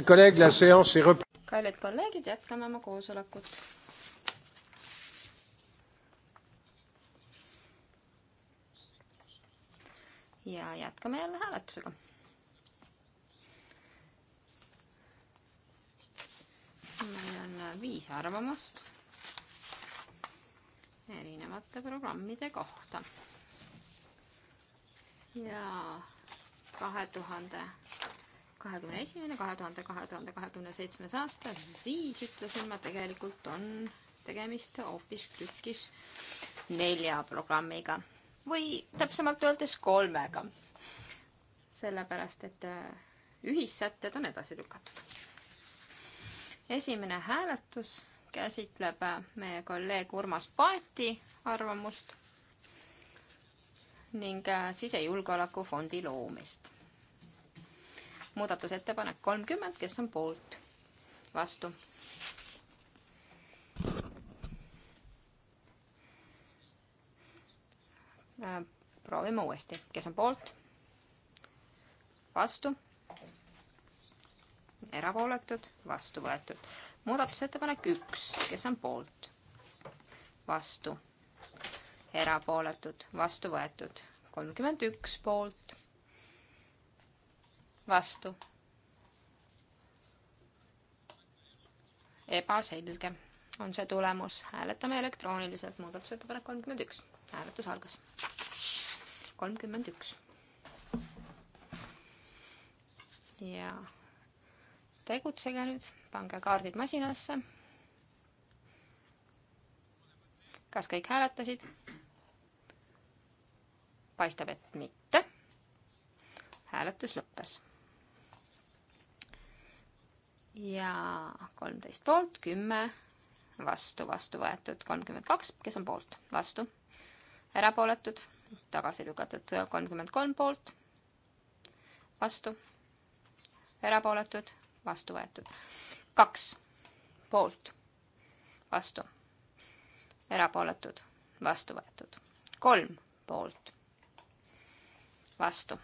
kallid kolleegid, jätkame oma koosolekut. ja jätkame jälle hääletusega. meil on viis arvamust erinevate programmide kohta. ja kahe tuhande kahekümne esimene, kahe tuhande, kahe tuhande kahekümne seitsmes aasta, viis ütlesin ma, tegelikult on tegemist hoopistükkis nelja programmiga või täpsemalt öeldes kolmega. sellepärast, et äh, ühissätted on edasi lükatud. esimene hääletus käsitleb äh, meie kolleeg Urmas Paeti arvamust ning äh, sisejulgeolekufondi loomist muudatusettepanek kolmkümmend, kes on poolt? vastu. Äh, proovime uuesti, kes on poolt? vastu. erapooletud, vastu võetud. muudatusettepanek üks, kes on poolt? vastu. erapooletud, vastu võetud. kolmkümmend üks poolt vastu. ebaselge on see tulemus, hääletame elektrooniliselt, muudatusettepanek kolmkümmend üks, hääletus algas. kolmkümmend üks. ja tegutsege nüüd, pange kaardid masinasse. kas kõik hääletasid? paistab, et mitte. hääletus lõppes ja kolmteist poolt, kümme vastu, vastu võetud kolmkümmend kaks, kes on poolt, vastu, erapooletud, tagasi lükatud kolmkümmend kolm poolt, vastu, erapooletud, vastu võetud, kaks poolt, vastu, erapooletud, vastu võetud, kolm poolt, vastu,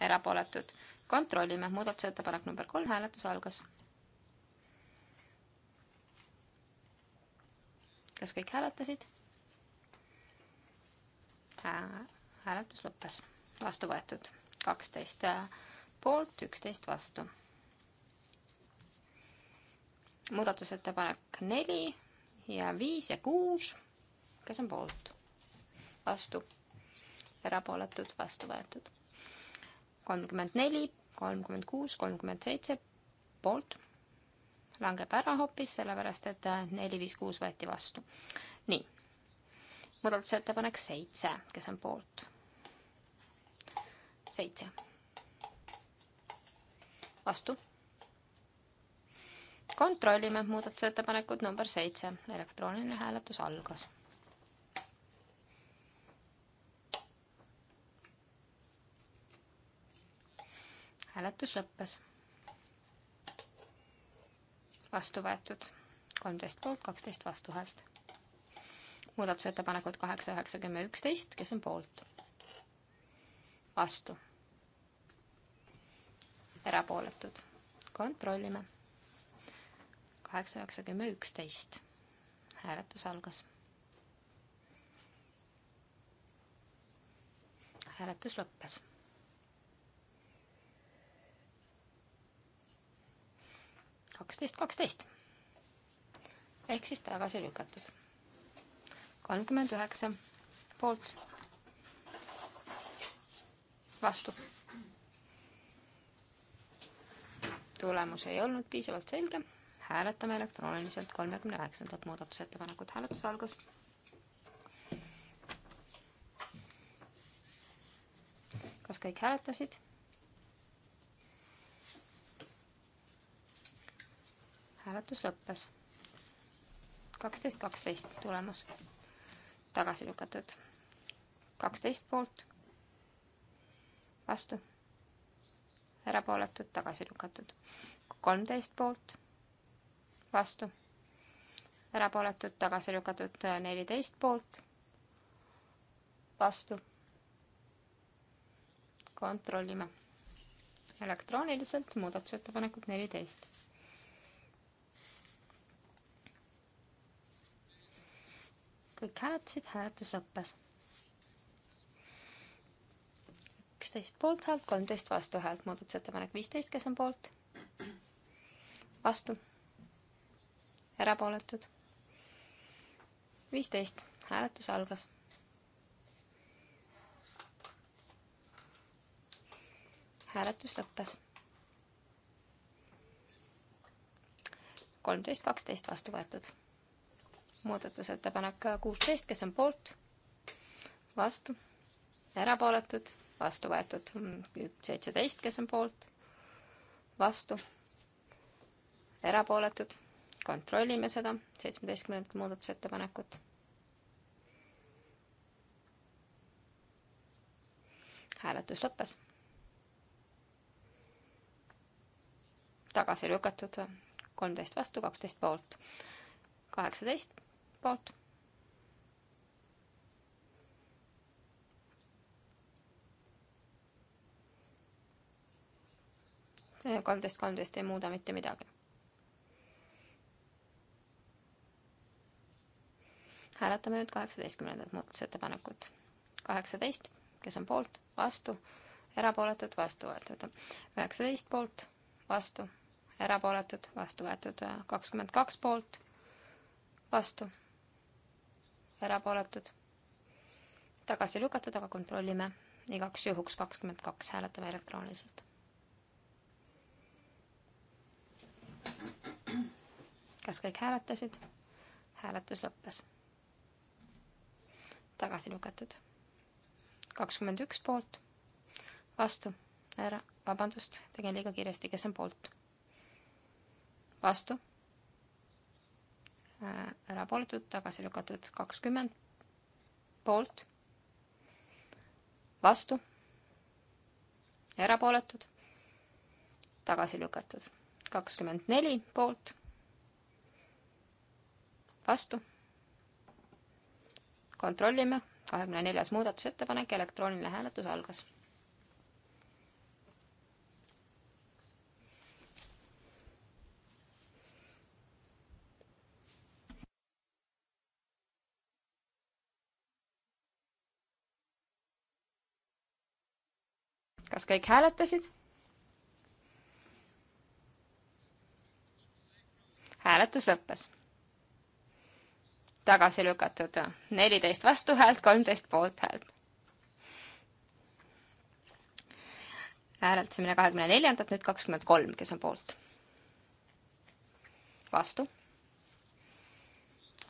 erapooletud, kontrollime, muudatusettepanek number kolm, hääletus algas. kas kõik hääletasid? hääletus lõppes, vastu võetud kaksteist äh, poolt, üksteist vastu. muudatusettepanek neli ja viis ja kuus, kes on poolt, vastu, erapooletud, vastu võetud. kolmkümmend neli kolmkümmend kuus, kolmkümmend seitse poolt langeb ära hoopis, sellepärast et äh, neli, viis, kuus võeti vastu. nii, muudatusettepanek seitse, kes on poolt? seitse. vastu. kontrollime muudatusettepanekut number seitse, elektrooniline hääletus algas hääletus lõppes. vastu võetud kolmteist poolt, kaksteist vastuhäält. muudatusettepanekud kaheksa, üheksa, kümme, üksteist, kes on poolt? vastu. erapooletud. kontrollime. kaheksa, üheksa, kümme, üksteist. hääletus algas. hääletus lõppes kaksteist, kaksteist. ehk siis tagasi lükatud. kolmkümmend üheksa poolt, vastu. tulemus ei olnud piisavalt selge, hääletame elektrooniliselt kolmekümne üheksandat muudatusettepanekut, hääletus algas. kas kõik hääletasid? hääletus lõppes. kaksteist, kaksteist tulemus. tagasi lükatud. kaksteist poolt, vastu, erapooletud, tagasi lükatud. kolmteist poolt, vastu, erapooletud, tagasi lükatud. neliteist poolt, vastu. kontrollime elektrooniliselt muudatusettepanekut neliteist kõik hääletasid, hääletus lõppes. üksteist poolthäält, kolmteist vastuhäält, muudatusettepanek viisteist, kes on poolt? vastu? erapooletud? viisteist, hääletus algas hääletus lõppes. kolmteist, kaksteist vastu võetud muudatusettepanek kuusteist, kes on poolt, vastu, erapooletud, vastu võetud, seitseteist, kes on poolt, vastu, erapooletud, kontrollime seda, seitsmeteistkümnendat muudatusettepanekut. hääletus lõppes. tagasi lükatud kolmteist vastu, kaksteist poolt, kaheksateist poolt. see kolmteist kolmteist ei muuda mitte midagi. hääletame nüüd kaheksateistkümnendat muudatusettepanekut. kaheksateist, kes on poolt, vastu, erapooletud, vastu võetud. üheksateist poolt, vastu, erapooletud, vastu võetud. kakskümmend kaks poolt, vastu erapooletud, tagasi lükatud, aga kontrollime igaks juhuks kakskümmend kaks, hääletame elektrooniliselt. kas kõik hääletasid? hääletus lõppes. tagasi lükatud. kakskümmend üks poolt, vastu, ära, vabandust, tegin liiga kiiresti, kes on poolt? vastu erapooletud, äh, tagasi lükatud kakskümmend poolt, vastu, erapooletud, tagasi lükatud kakskümmend neli poolt, vastu. kontrollime, kahekümne neljas muudatusettepanek, elektrooniline hääletus algas kas kõik hääletasid? hääletus lõppes. tagasi lükatud neliteist vastuhäält, kolmteist poolthäält. hääletasime kahekümne neljandat, nüüd kakskümmend kolm, kes on poolt. vastu.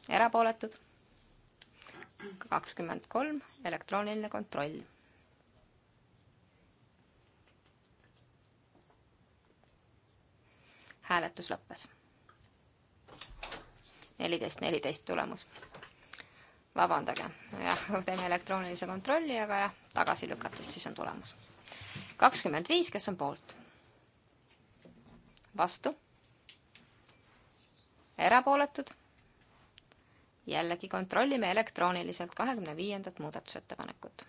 erapooletud kakskümmend kolm, elektrooniline kontroll hääletus lõppes. neliteist, neliteist tulemus. vabandage, jah, teeme elektroonilise kontrolli, aga jah, tagasi lükatud, siis on tulemus. kakskümmend viis, kes on poolt? vastu? erapooletud? jällegi kontrollime elektrooniliselt kahekümne viiendat muudatusettepanekut.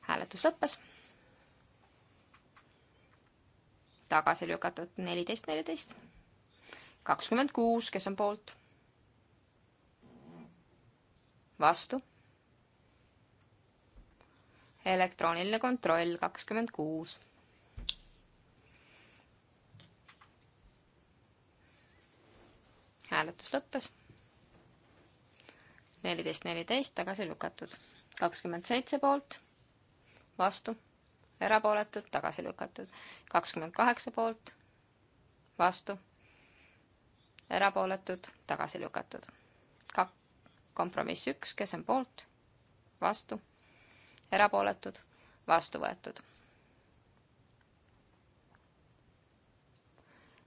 hääletus lõppes tagasi lükatud neliteist, neliteist. kakskümmend kuus, kes on poolt? vastu. elektrooniline kontroll kakskümmend kuus. hääletus lõppes. neliteist, neliteist tagasi lükatud, kakskümmend seitse poolt, vastu erapooletud, tagasi lükatud. kakskümmend kaheksa poolt, vastu, erapooletud, tagasi lükatud. kak-, kompromiss üks, kes on poolt, vastu, erapooletud, vastu võetud.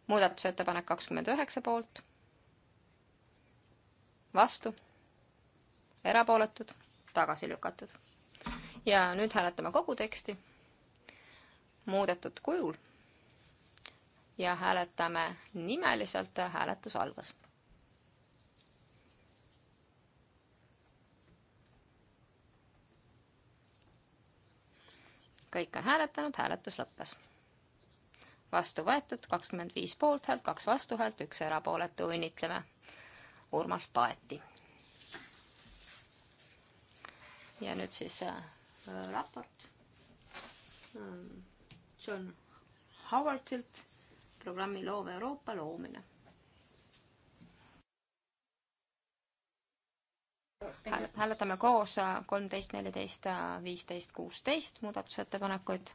muudatusettepanek kakskümmend üheksa poolt, vastu, erapooletud, tagasi lükatud. ja nüüd hääletame kogu teksti muudetud kujul ja hääletame nimeliselt, hääletus algas. kõik on hääletanud, hääletus lõppes. vastu võetud kakskümmend viis poolthäält, kaks vastuhäält, üks erapooletu, õnnitleme Urmas Paeti. ja nüüd siis äh, raport ähm, John Howardilt programmi Loov Euroopa loomine. hääletame koos äh, kolmteist, neliteist, äh, viisteist, kuusteist muudatusettepanekuid.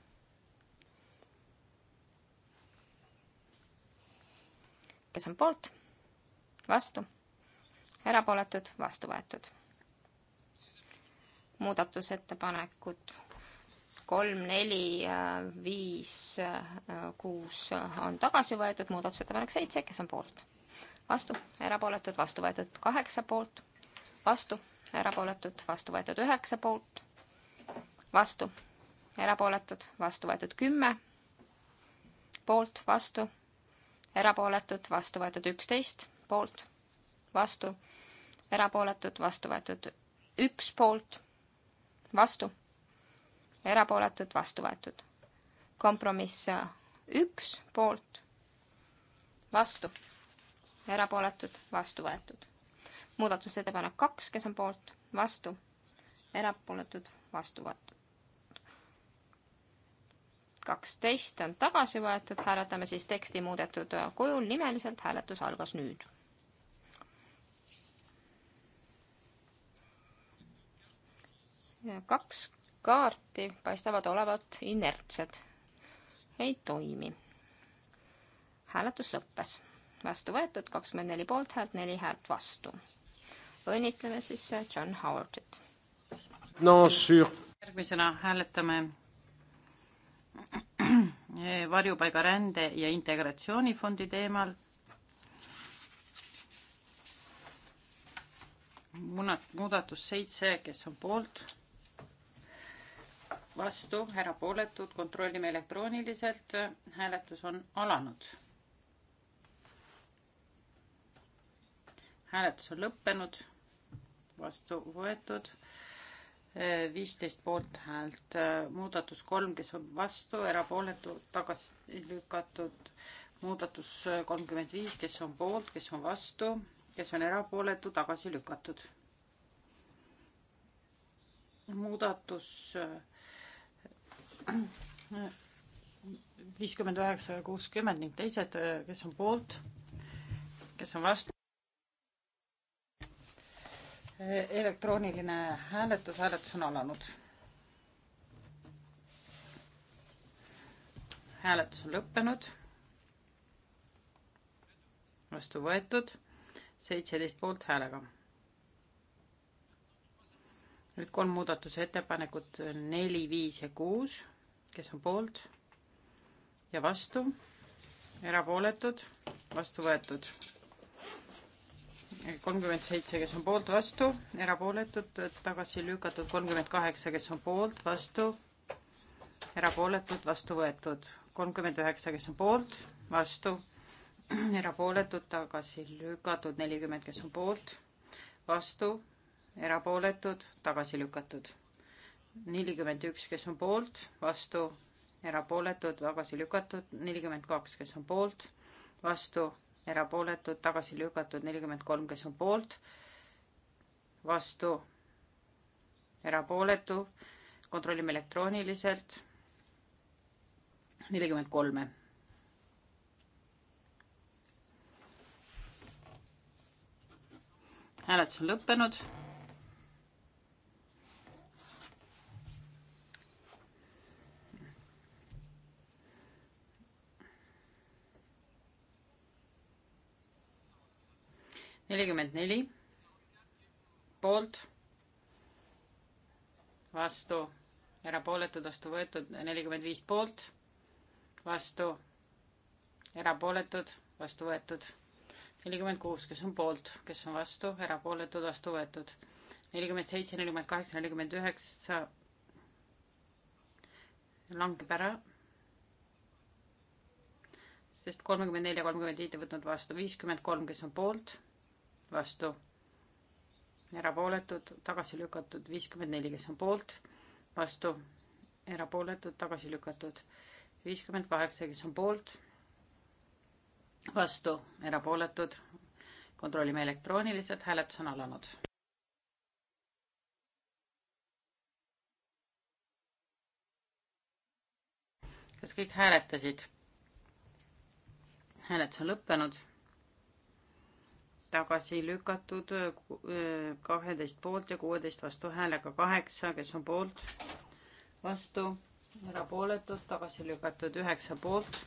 kes on poolt? vastu? erapooletud? vastu võetud? muudatusettepanekud kolm, neli, viis, kuus on tagasi võetud, muudatusettepanek seitse, kes on poolt? vastu, erapooletud, vastu võetud kaheksa poolt, vastu, erapooletud, vastu võetud üheksa poolt, vastu, erapooletud, vastu võetud kümme, poolt, vastu, erapooletud, vastu võetud üksteist, poolt, vastu, erapooletud, vastu võetud üks poolt, vastu erapooletud, vastu võetud. kompromiss üks poolt, vastu, erapooletud, vastu võetud. muudatusettepanek kaks, kes on poolt, vastu, erapooletud, vastu võetud. kaksteist on tagasi võetud, hääletame siis teksti muudetud kujul nimeliselt, hääletus algas nüüd kaks kaarti, paistavad olevat inertsed. ei toimi. hääletus lõppes. vastu võetud kakskümmend neli poolthäält, neli häält vastu. õnnitleme siis John Howardit. no sure. järgmisena hääletame varjupaigarände ja integratsioonifondi teemal muudatus seitse, kes on poolt, vastu, erapooletud, kontrollime elektrooniliselt, hääletus on alanud. hääletus on lõppenud, vastu võetud, viisteist poolthäält, muudatus kolm, kes on vastu, erapooletu, tagasi lükatud, muudatus kolmkümmend viis, kes on poolt, kes on vastu, kes on erapooletu, tagasi lükatud. muudatus äh, viiskümmend üheksa ja kuuskümmend ning teised, kes on poolt, kes on vastu. elektrooniline hääletus, hääletus on alanud. hääletus on lõppenud. vastu võetud seitseteist poolthäälega nüüd kolm muudatusettepanekut, neli, viis ja kuus kes on poolt ja vastu, erapooletud, vastu võetud. kolmkümmend seitse, kes on poolt, vastu, erapooletud, tagasi lükatud, kolmkümmend kaheksa, kes on poolt, vastu, erapooletud, vastu võetud. kolmkümmend üheksa, kes on poolt, vastu, erapooletud, tagasi lükatud, nelikümmend, kes on poolt, vastu, erapooletud, tagasi lükatud nelikümmend üks, kes on poolt, vastu, erapooletud, tagasi lükatud, nelikümmend kaks, kes on poolt, vastu, erapooletud, tagasi lükatud, nelikümmend kolm, kes on poolt, vastu, erapooletu, kontrollime elektrooniliselt, nelikümmend kolme. hääletus on lõppenud nelikümmend neli poolt, vastu, erapooletud, vastu võetud, nelikümmend viis poolt, vastu, erapooletud, vastu võetud, nelikümmend kuus, kes on poolt, kes on vastu, erapooletud, vastu võetud, nelikümmend seitse, nelikümmend kaheksa, nelikümmend üheksa langeb ära sest kolmekümmend neli ja kolmkümmend viit ei võtnud vastu, viiskümmend kolm, kes on poolt, vastu, erapooletud, tagasi lükatud viiskümmend neli, kes on poolt, vastu, erapooletud, tagasi lükatud viiskümmend kaheksa, kes on poolt, vastu, erapooletud, kontrollime elektrooniliselt, hääletus on alanud. kas kõik hääletasid? hääletus on lõppenud tagasi lükatud kaheteist poolt ja kuueteist vastu häälega kaheksa, kes on poolt, vastu, erapooletud, tagasi lükatud üheksa poolt,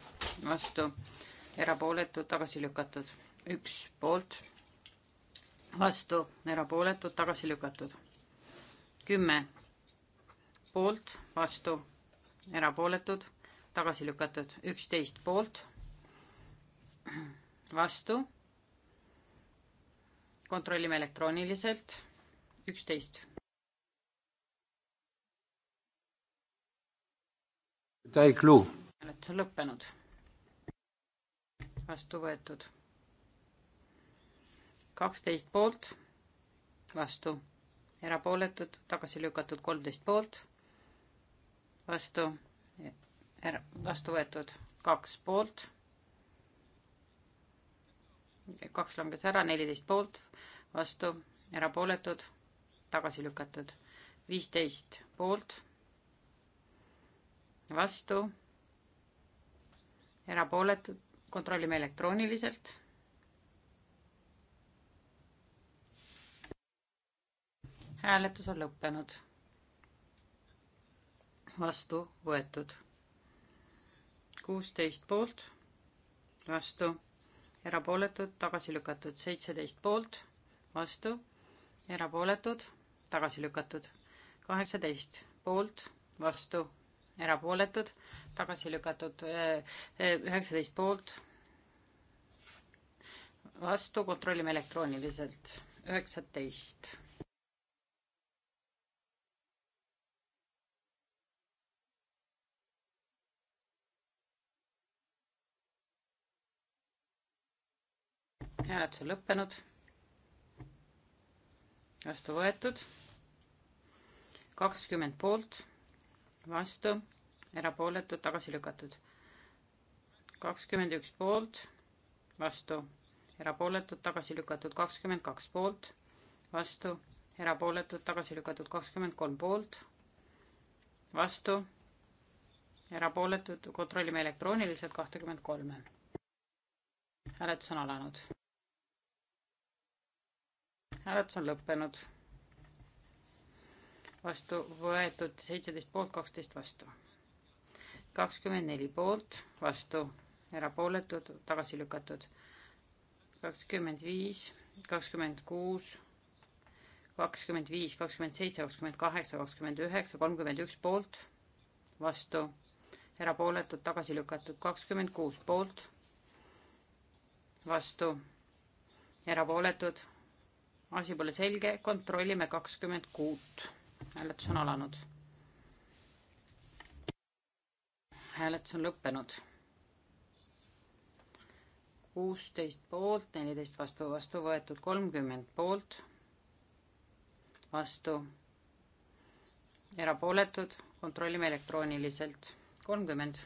vastu, erapooletud, tagasi lükatud üks poolt, vastu, erapooletud, tagasi lükatud kümme poolt, vastu, erapooletud, tagasi lükatud üksteist poolt, vastu kontrollime elektrooniliselt, üksteist. hääletus on lõppenud. vastu võetud. kaksteist poolt, vastu, erapooletud, tagasi lükatud kolmteist poolt, vastu, vastu võetud kaks poolt kaks langes ära, neliteist poolt, vastu, erapooletud, tagasi lükatud. viisteist poolt, vastu, erapooletud, kontrollime elektrooniliselt. hääletus on lõppenud. vastu võetud. kuusteist poolt, vastu erapooletud, tagasi lükatud, seitseteist poolt, vastu, erapooletud, tagasi lükatud, kaheksateist poolt, vastu, erapooletud, tagasi lükatud, üheksateist poolt, vastu, kontrollime elektrooniliselt, üheksateist hääletus on lõppenud. vastu võetud. kakskümmend poolt, vastu, erapooletud, tagasi lükatud. kakskümmend üks poolt, vastu, erapooletud, tagasi lükatud, kakskümmend kaks poolt, vastu, erapooletud, tagasi lükatud, kakskümmend kolm poolt, vastu, erapooletud, kontrollime elektrooniliselt kahtekümmend kolme. hääletus on alanud hääletus on lõppenud. vastu võetud seitseteist poolt, kaksteist vastu. kakskümmend neli poolt, vastu, erapooletud, tagasi lükatud. kakskümmend viis, kakskümmend kuus, kakskümmend viis, kakskümmend seitse, kakskümmend kaheksa, kakskümmend üheksa, kolmkümmend üks poolt, vastu, erapooletud, tagasi lükatud, kakskümmend kuus poolt, vastu erapooletud, asi pole selge, kontrollime kakskümmend kuut. hääletus on alanud. hääletus on lõppenud. kuusteist poolt, neliteist vastu, vastu võetud kolmkümmend poolt, vastu, erapooletud, kontrollime elektrooniliselt, kolmkümmend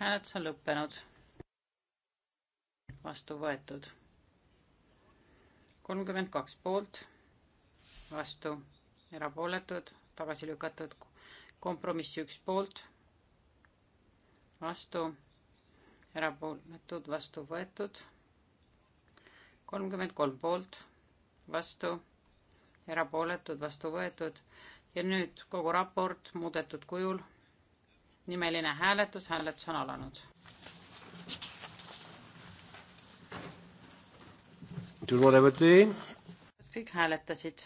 hääletus on lõppenud vastu võetud. kolmkümmend kaks poolt, vastu, erapooletud, tagasi lükatud, kompromissi üks poolt, vastu, erapooletud, vastu võetud, kolmkümmend kolm poolt, vastu, erapooletud, vastu võetud ja nüüd kogu raport muudetud kujul, nimeline hääletus, hääletus on alanud kas kõik hääletasid?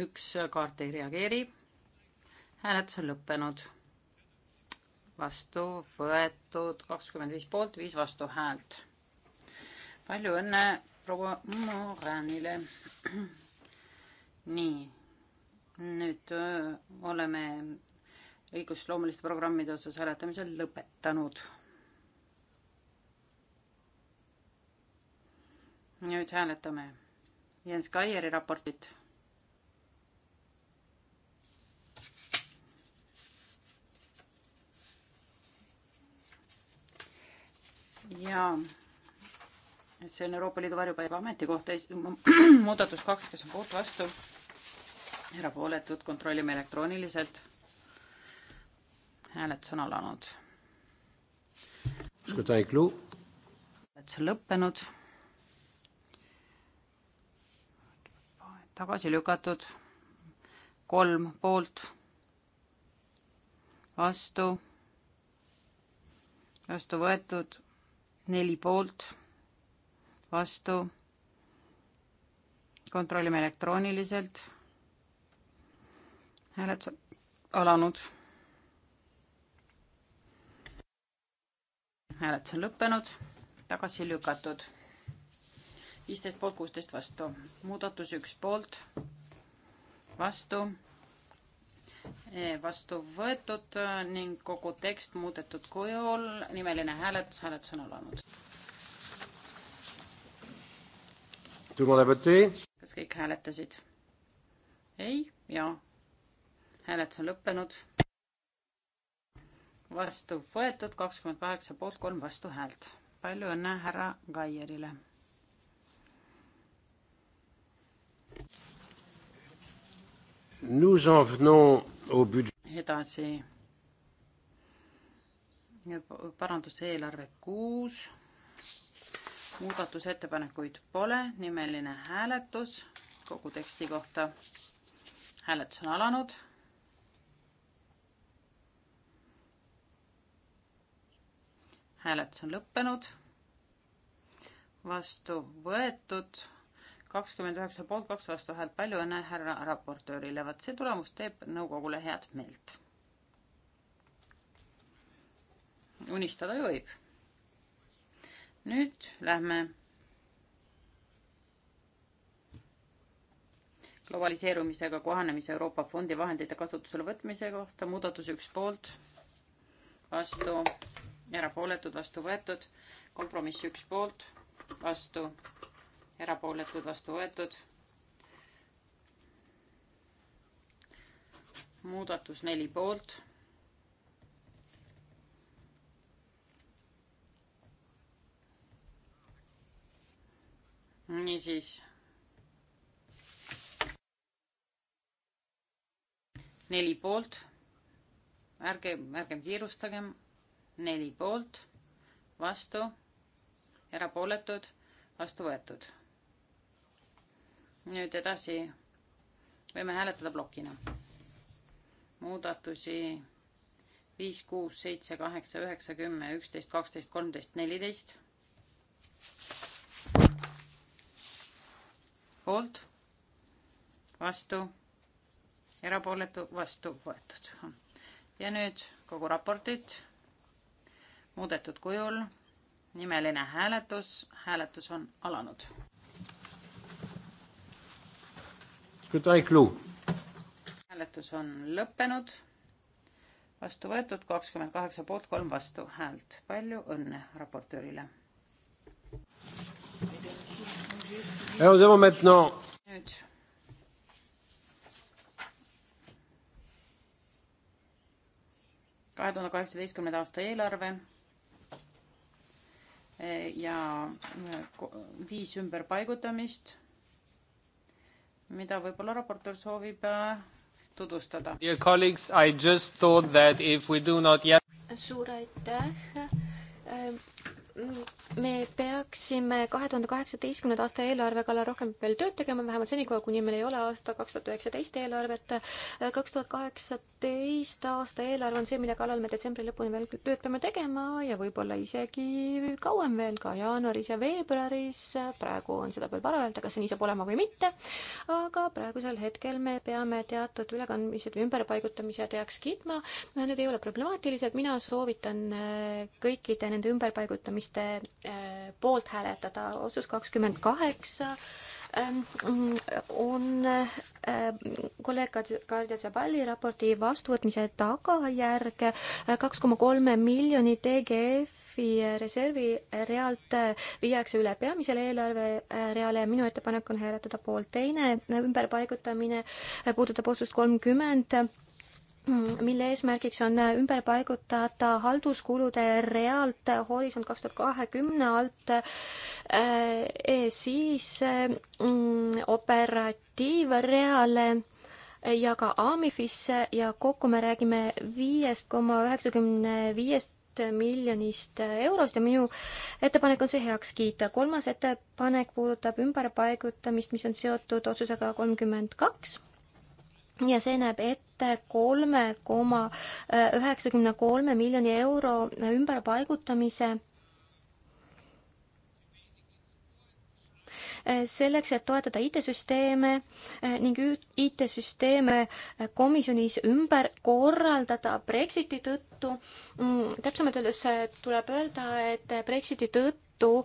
üks kaart ei reageeri. hääletus on lõppenud. vastu võetud kakskümmend viis poolt, viis vastuhäält. palju õnne proua Moranile. nii, nüüd öö, äh, oleme õigusloomuliste programmide osas hääletamise lõpetanud nüüd hääletame Jens Kaieri raportit. ja see on Euroopa Liidu varjupaiga ametikohta muudatus kaks, kes on poolt vastu, erapooletud, kontrollime elektrooniliselt. hääletus on alanud. hääletus on lõppenud tagasi lükatud, kolm poolt, vastu, vastu võetud, neli poolt, vastu, kontrollime elektrooniliselt, hääletus alanud hääletus on lõppenud, tagasi lükatud viisteist poolt, kuusteist vastu. muudatus üks poolt, vastu, e, vastu võetud ning kogu tekst muudetud kujul, nimeline hääletus, hääletus on alanud. kas kõik hääletasid? ei, jaa. hääletus on lõppenud. vastu võetud kakskümmend kaheksa poolt, kolm vastuhäält. palju õnne härra Gaierile edasi. paranduseelarve kuus. muudatusettepanekuid pole, nimeline hääletus kogu teksti kohta. hääletus on alanud. hääletus on lõppenud. vastu võetud kakskümmend üheksa poolt, kaks vastuhäält, palju õnne härra raportöörile, vaat see tulemus teeb nõukogule head meelt. unistada ju võib. nüüd lähme globaliseerumisega kohanemise Euroopa Fondi vahendite kasutusele võtmise kohta, muudatus üks poolt, vastu, erapooletud, vastu võetud, kompromiss üks poolt, vastu erapooletud, vastu võetud. muudatus neli poolt. niisiis. neli poolt. ärge, ärgem kiirustagem. neli poolt, vastu, erapooletud, vastu võetud nüüd edasi võime hääletada plokina. muudatusi viis, kuus, seitse, kaheksa, üheksa, kümme, üksteist, kaksteist, kolmteist, neliteist. poolt, vastu, erapooletu, vastu võetud. ja nüüd kogu raportit muudetud kujul nimeline hääletus, hääletus on alanud. hääletus on lõppenud. vastu võetud kakskümmend kaheksa poolt, kolm vastuhäält. palju õnne raportöörile. nüüd kahe tuhande kaheksateistkümnenda aasta eelarve ja viis ümberpaigutamist mida võib-olla raportöör soovib äh, tutvustada. suur aitäh me peaksime kahe tuhande kaheksateistkümnenda aasta eelarve kallal rohkem veel tööd tegema, vähemalt senikaua, kuni meil ei ole aasta kaks tuhat üheksateist eelarvet. kaks tuhat kaheksateist aasta eelarve on see, mille kallal me detsembri lõpuni veel tööd peame tegema ja võib-olla isegi kauem veel, ka jaanuaris ja veebruaris. praegu on seda veel vara öelda, kas see nii saab olema või mitte. aga praegusel hetkel me peame teatud ülekandmised või ümberpaigutamised heaks kiitma. Need ei ole problemaatilised, mina soovitan äh, kõikide nende ümberpaigutamiste muudatuste äh, poolt hääletada. otsus kakskümmend kaheksa ähm, on äh, kolleeg Kadri Zabali raporti vastuvõtmise tagajärg äh, kaks koma kolme miljoni TGF-i reservi realt viiakse üle peamisele eelarvereale ja minu ettepanek on hääletada poolt. teine ümberpaigutamine puudutab otsust kolmkümmend 30 Mm, mille eesmärgiks on äh, ümber paigutada halduskulude realt Horisont kaks tuhat kahekümne alt e siis äh, mm, operatiivreale ja ka AMIF-isse ja kokku me räägime viiest koma üheksakümne viiest miljonist eurost ja minu ettepanek on see heaks kiita. kolmas ettepanek puudutab ümberpaigutamist, mis on seotud otsusega kolmkümmend kaks ja see näeb ette kolme koma äh, üheksakümne kolme miljoni euro ümberpaigutamise äh, selleks, et toetada IT-süsteeme äh, ning IT-süsteeme komisjonis ümber korraldada Brexiti tõttu. Mm, täpsemalt öeldes tuleb öelda, et Brexiti tõttu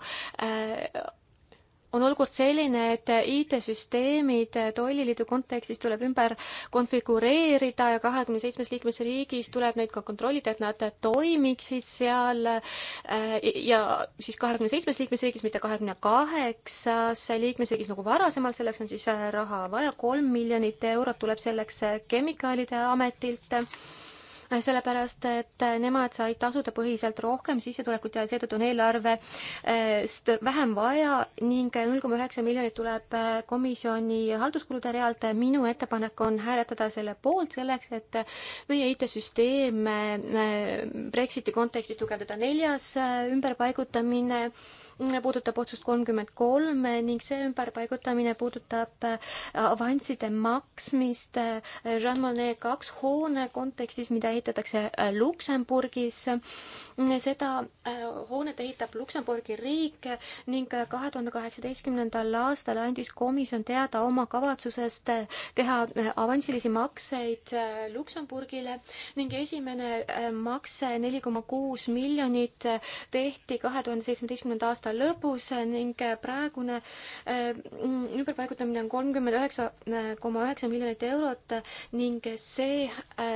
on olukord selline, et IT-süsteemid tolliliidu kontekstis tuleb ümber konfigureerida ja kahekümne seitsmes liikmesriigis tuleb neid ka kontrollida, et nad toimiksid seal äh, ja siis kahekümne seitsmes liikmesriigis, mitte kahekümne kaheksas liikmesriigis nagu varasemalt, selleks on siis äh, raha vaja, kolm miljonit eurot tuleb selleks äh, Kemikaalide Ametilt sellepärast et nemad said tasudepõhiselt rohkem sissetulekut ja seetõttu on eelarvest vähem vaja ning null koma üheksa miljonit tuleb komisjoni halduskulude realt. minu ettepanek on hääletada selle poolt selleks, et meie IT-süsteeme Brexiti kontekstis tugevdada. neljas ümberpaigutamine puudutab otsust kolmkümmend kolm ning see ümberpaigutamine puudutab äh, avansside maksmist äh, Jean Monnet kaks hoone kontekstis, mida ehitatakse äh, Luksemburgis. seda hoonet ehitab Luksemburgi riik ning kahe tuhande kaheksateistkümnendal aastal andis komisjon teada oma kavatsusest teha avansilisi makseid Luksemburgile ning esimene makse neli koma kuus miljonit tehti kahe tuhande seitsmeteistkümnenda aasta aasta lõpus ning äh, praegune äh, ümberpaigutamine on kolmkümmend üheksa äh, koma üheksa miljonit eurot ning see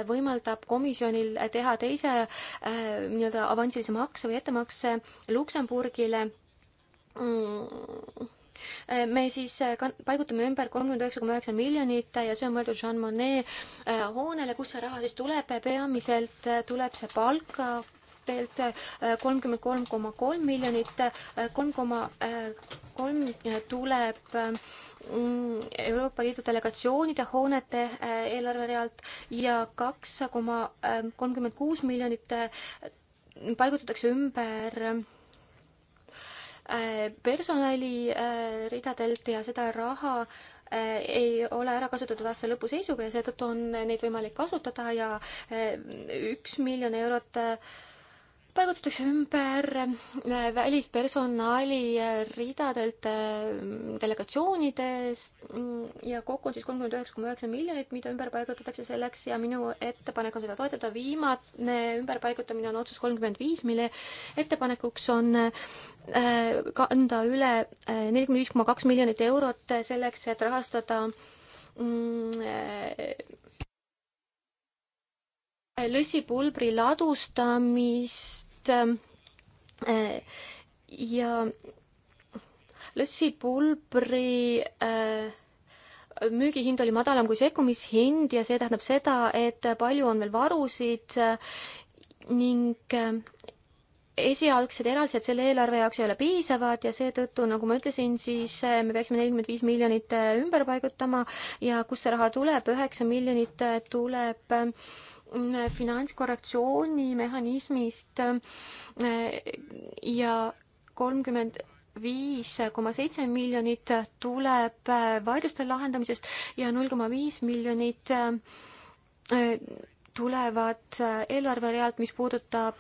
võimaldab komisjonil teha teise nii-öelda avansilise makse või ettemakse Luksemburgile mm. me siis paigutame ümber kolmkümmend üheksa koma üheksa miljonit ja see on mõeldud Jean Monnet hoonele, kust see raha siis tuleb, peamiselt tuleb see palka teilt äh, kolmkümmend kolm koma kolm miljonit, äh, kolm koma äh, kolm tuleb Euroopa Liidu delegatsioonide hoonete eelarverealt ja kaks koma kolmkümmend kuus miljonit paigutatakse ümber personaliridadelt ja seda raha ei ole ära kasutatud aasta lõpu seisuga ja seetõttu on neid võimalik kasutada ja üks miljon eurot paigutatakse ümber äh, välispersonali äh, ridadelt äh, delegatsioonidest mm, ja kokku on siis kolmkümmend üheksa koma üheksa miljonit, mida ümber paigutatakse selleks ja minu ettepanek on seda toetada. viimane ümberpaigutamine on otsus kolmkümmend viis, mille ettepanekuks on kanda üle nelikümmend viis koma kaks miljonit eurot selleks, et rahastada mm, lõsipulbri ladustamist äh, ja lõssipulbri äh, müügihind oli madalam kui sekkumishind ja see tähendab seda, et palju on veel varusid äh, ning esialgsed eraldised selle eelarve jaoks ei ole piisavad ja seetõttu, nagu ma ütlesin, siis me peaksime nelikümmend viis miljonit ümber paigutama ja kust see raha tuleb, üheksa miljonit tuleb äh, finantskorrektsioonimehhanismist eh, ja kolmkümmend viis koma seitse miljonit tuleb eh, vaidluste lahendamisest ja null koma viis miljonit eh, tulevad eelarverealt, mis puudutab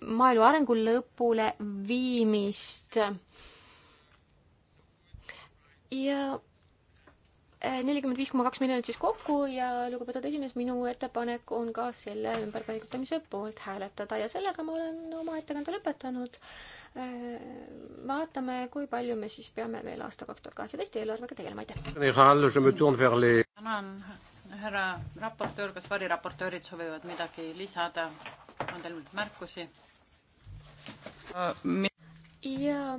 maaelu arengu lõpule viimist. ja nelikümmend viis koma kaks miljonit siis kokku ja lugupeetud esimees, minu ettepanek on ka selle ümberpaigutamise poolt hääletada ja sellega ma olen oma ettekande lõpetanud. Äh, vaatame, kui palju me siis peame veel aasta kaks tuhat kaheksateist eelarvega tegelema, aitäh. tänan, härra raportöör, kas variraportöörid soovivad midagi lisada? on teil märkusi? Äh, ja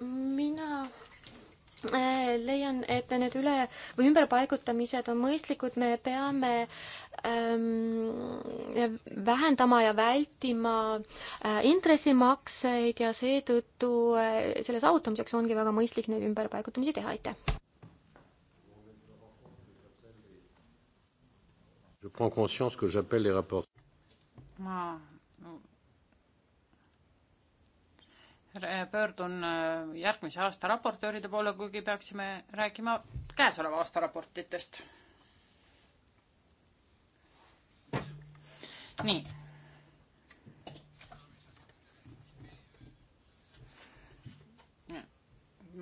mina Äh, leian, et need üle või ümberpaigutamised on mõistlikud, me peame ähm, vähendama ja vältima äh, intressimakseid ja seetõttu äh, selle saavutamiseks ongi väga mõistlik neid ümberpaigutamisi teha, aitäh. ma pöördun äh, järgmise aasta raportööride poole, kuigi peaksime rääkima käesoleva aasta raportitest. nii.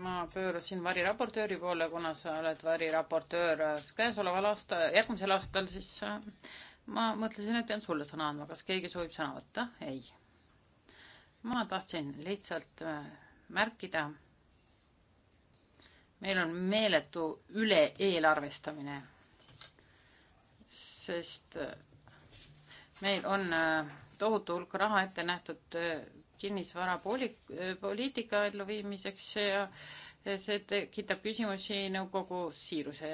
ma pöörasin variraportööri poole, kuna sa oled variraportöör käesoleval aasta, järgmisel aastal, siis äh, ma mõtlesin, et pean sulle sõna andma, kas keegi soovib sõna võtta? ei ma tahtsin lihtsalt äh, märkida, meil on meeletu üle-eelarvestamine, sest äh, meil on äh, tohutu hulk raha ette nähtud kinnisvara poli-, poliitika elluviimiseks ja see tekitab küsimusi nõukogu siiruse,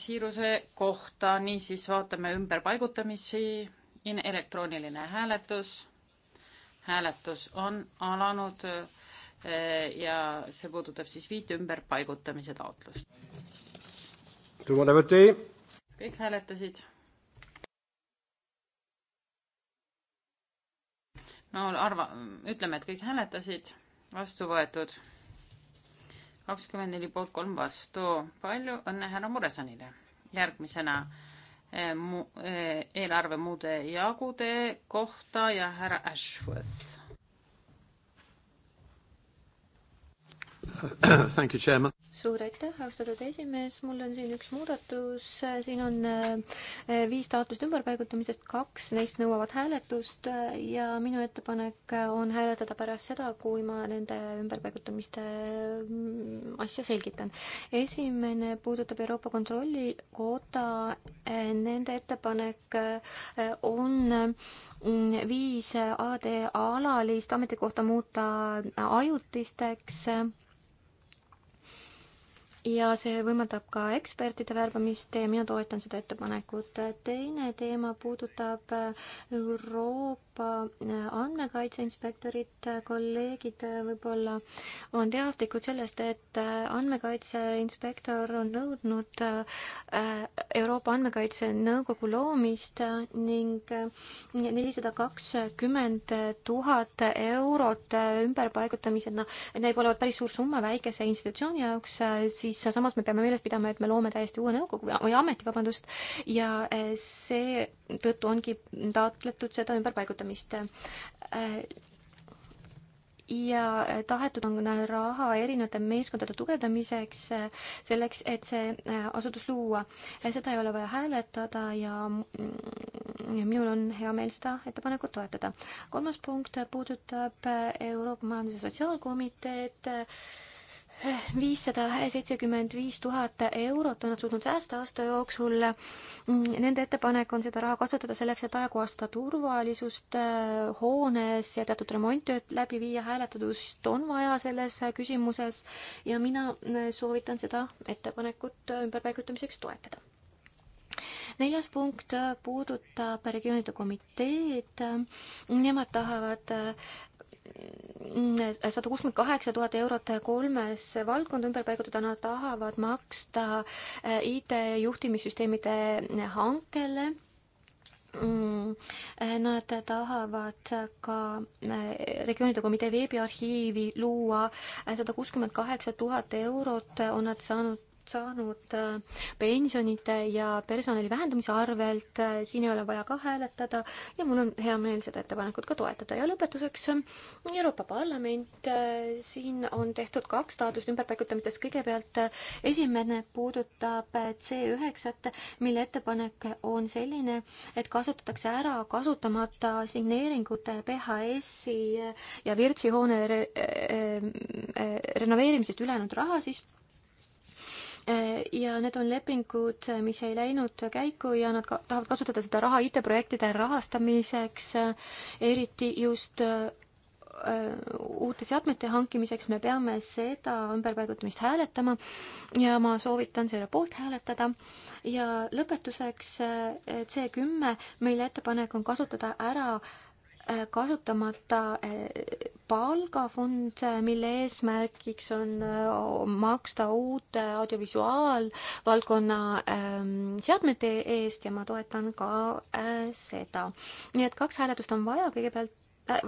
siiruse kohta, niisiis vaatame ümberpaigutamisi, elektrooniline hääletus hääletus on alanud eh, ja see puudutab siis viit ümberpaigutamise taotlust. kõik hääletasid? no arva, ütleme, et kõik hääletasid, vastu võetud kakskümmend neli poolt kolm vastu. palju õnne härra Muresanile. järgmisena Eh, eh, eelarve muude jagude kohta ja härra Ashworth. Thank you, chairman suur aitäh, austatud esimees, mul on siin üks muudatus, siin on äh, viis taotlust ümberpaigutamisest, kaks neist nõuavad hääletust ja minu ettepanek on hääletada pärast seda, kui ma nende ümberpaigutamiste mm, asja selgitan. esimene puudutab Euroopa Kontrollikoda, nende ettepanek äh, on mm, viis AD alalist ametikohta muuta ajutisteks ja see võimaldab ka ekspertide värbamist ja mina toetan seda ettepanekut. teine teema puudutab Euroopa Euroopa äh, andmekaitse inspektorit, äh, kolleegid äh, võib-olla on teadlikud sellest, et andmekaitse inspektor on nõudnud Euroopa Andmekaitse Nõukogu loomist ning nelisada kakskümmend tuhat eurot ümberpaigutamisena, neil olevat päris suur summa väikese institutsiooni jaoks, siis samas me peame meeles pidama, et me loome täiesti uue nõukogu või ameti, vabandust, ja seetõttu ongi taotletud seda ümberpaigutamist hindamist ja tahetud on raha erinevate meeskondade tugevdamiseks, selleks, et see asutus luua. seda ei ole vaja hääletada ja mm, minul on hea meel seda ettepanekut toetada. kolmas punkt puudutab Euroopa Majandus- ja Sotsiaalkomiteed viissada seitsekümmend viis tuhat eurot on nad suutnud säästa aasta jooksul. Nende ettepanek on seda raha kasutada selleks, et ajakohastada turvalisust hoones ja teatud remonttööd läbi viia. hääletust on vaja selles küsimuses ja mina soovitan seda ettepanekut ümberpaigutamiseks toetada. neljas punkt puudutab regioonide komiteed. Nemad tahavad sada kuuskümmend kaheksa tuhat eurot kolmes valdkonda ümber paigutada, nad tahavad maksta äh, IT-juhtimissüsteemide hankele. Mm, äh, nad tahavad ka äh, regioonide komitee veebiarhiivi luua, sada kuuskümmend kaheksa tuhat eurot on nad saanud saanud äh, pensionite ja personali vähendamise arvelt, äh, siin ei ole vaja ka hääletada ja mul on hea meel seda ettepanekut ka toetada ja lõpetuseks äh, Euroopa Parlament, siin on tehtud kaks taotlust ümberpaigutamiseks, kõigepealt esimene puudutab C üheksat, mille ettepanek on selline, et kasutatakse ära kasutamata signeeringute PHS-i ja Virtsi hoone re, re, renoveerimisest ülejäänud raha siis Äh, ja need on lepingud, äh, mis ei läinud käiku ja nad ka tahavad kasutada seda raha IT-projektide rahastamiseks, äh, eriti just uute seadmete hankimiseks me peame seda ümberpaigutamist hääletama ja ma soovitan selle poolt hääletada. ja lõpetuseks C kümme, mille ettepanek on kasutada ära äh, Äh, kasutamata äh, palgafond, äh, mille eesmärgiks on maksta uut audiovisuaalvaldkonna ähm, seadmete eest ja ma toetan ka seda. nii et kaks hääletust on vaja, kõigepealt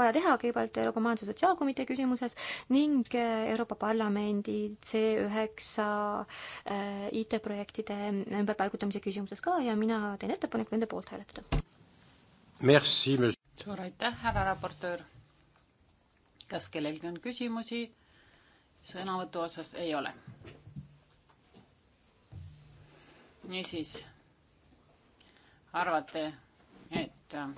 vaja teha kõigepealt Euroopa Majandus- ja Sotsiaalkomitee küsimuses ning Euroopa Parlamendi C9 IT-projektide ümberpaigutamise küsimuses ka ja mina teen ettepaneku nende poolt hääletada suur aitäh, härra raportöör. kas kellelgi on küsimusi sõnavõtu osas? ei ole. niisiis, arvate, et äh,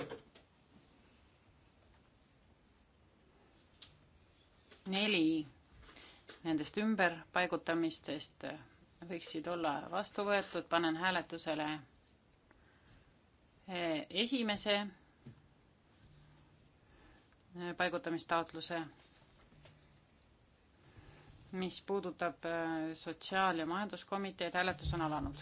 neli nendest ümberpaigutamistest võiksid olla vastu võetud, panen hääletusele äh, esimese paigutamistaotluse, mis puudutab äh, sotsiaal- ja majanduskomiteed, hääletus on alanud.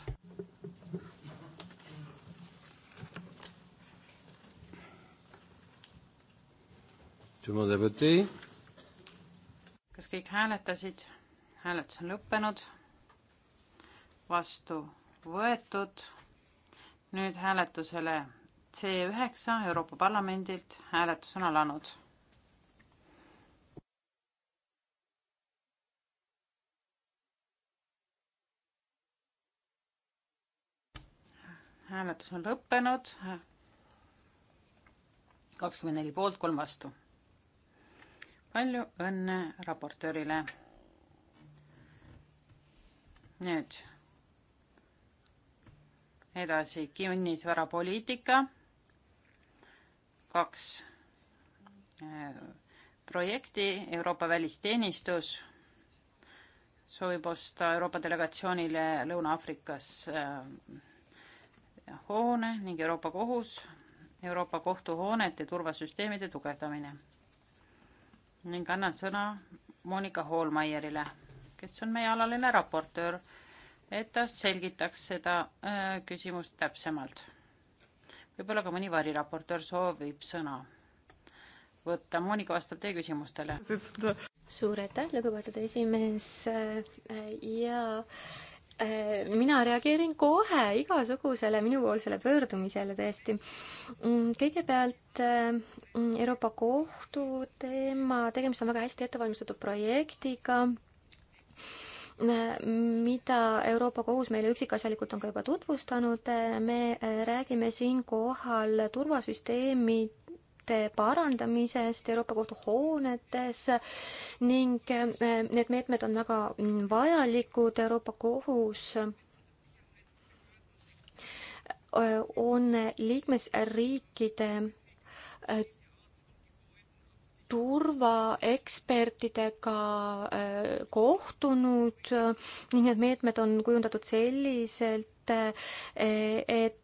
kas kõik hääletasid? hääletus on lõppenud, vastu võetud, nüüd hääletusele C üheksa Euroopa Parlamendilt, hääletus on alanud. hääletus on lõppenud. kakskümmend neli poolt, kolm vastu. palju õnne raportöörile. nüüd edasi kinnisvarapoliitika kaks äh, projekti, Euroopa välisteenistus soovib osta Euroopa delegatsioonile Lõuna-Aafrikas äh, hoone ning Euroopa Kohus, Euroopa Kohtu hoonete turvasüsteemide tugevdamine. ning annan sõna Monika Hoolmeierile, kes on meie alaline raportöör, et ta selgitaks seda äh, küsimust täpsemalt võib-olla ka mõni variraportöör soovib sõna võtta. Monika vastab teie küsimustele. suur aitäh, lugupeetud esimees ja eh, mina reageerin kohe igasugusele minupoolsele pöördumisele tõesti. Mm, kõigepealt eh, Euroopa Kohtu teema, tegemist on väga hästi ettevalmistatud projektiga mida Euroopa Kohus meile üksikasjalikult on ka juba tutvustanud, me räägime siinkohal turvasüsteemi meetmete parandamisest Euroopa Kohtu hoonetes ning eh, need meetmed on väga mm, vajalikud, Euroopa Kohus eh, on liikmesriikide eh, turvaekspertidega äh, kohtunud äh, ning need meetmed on kujundatud selliselt, äh, et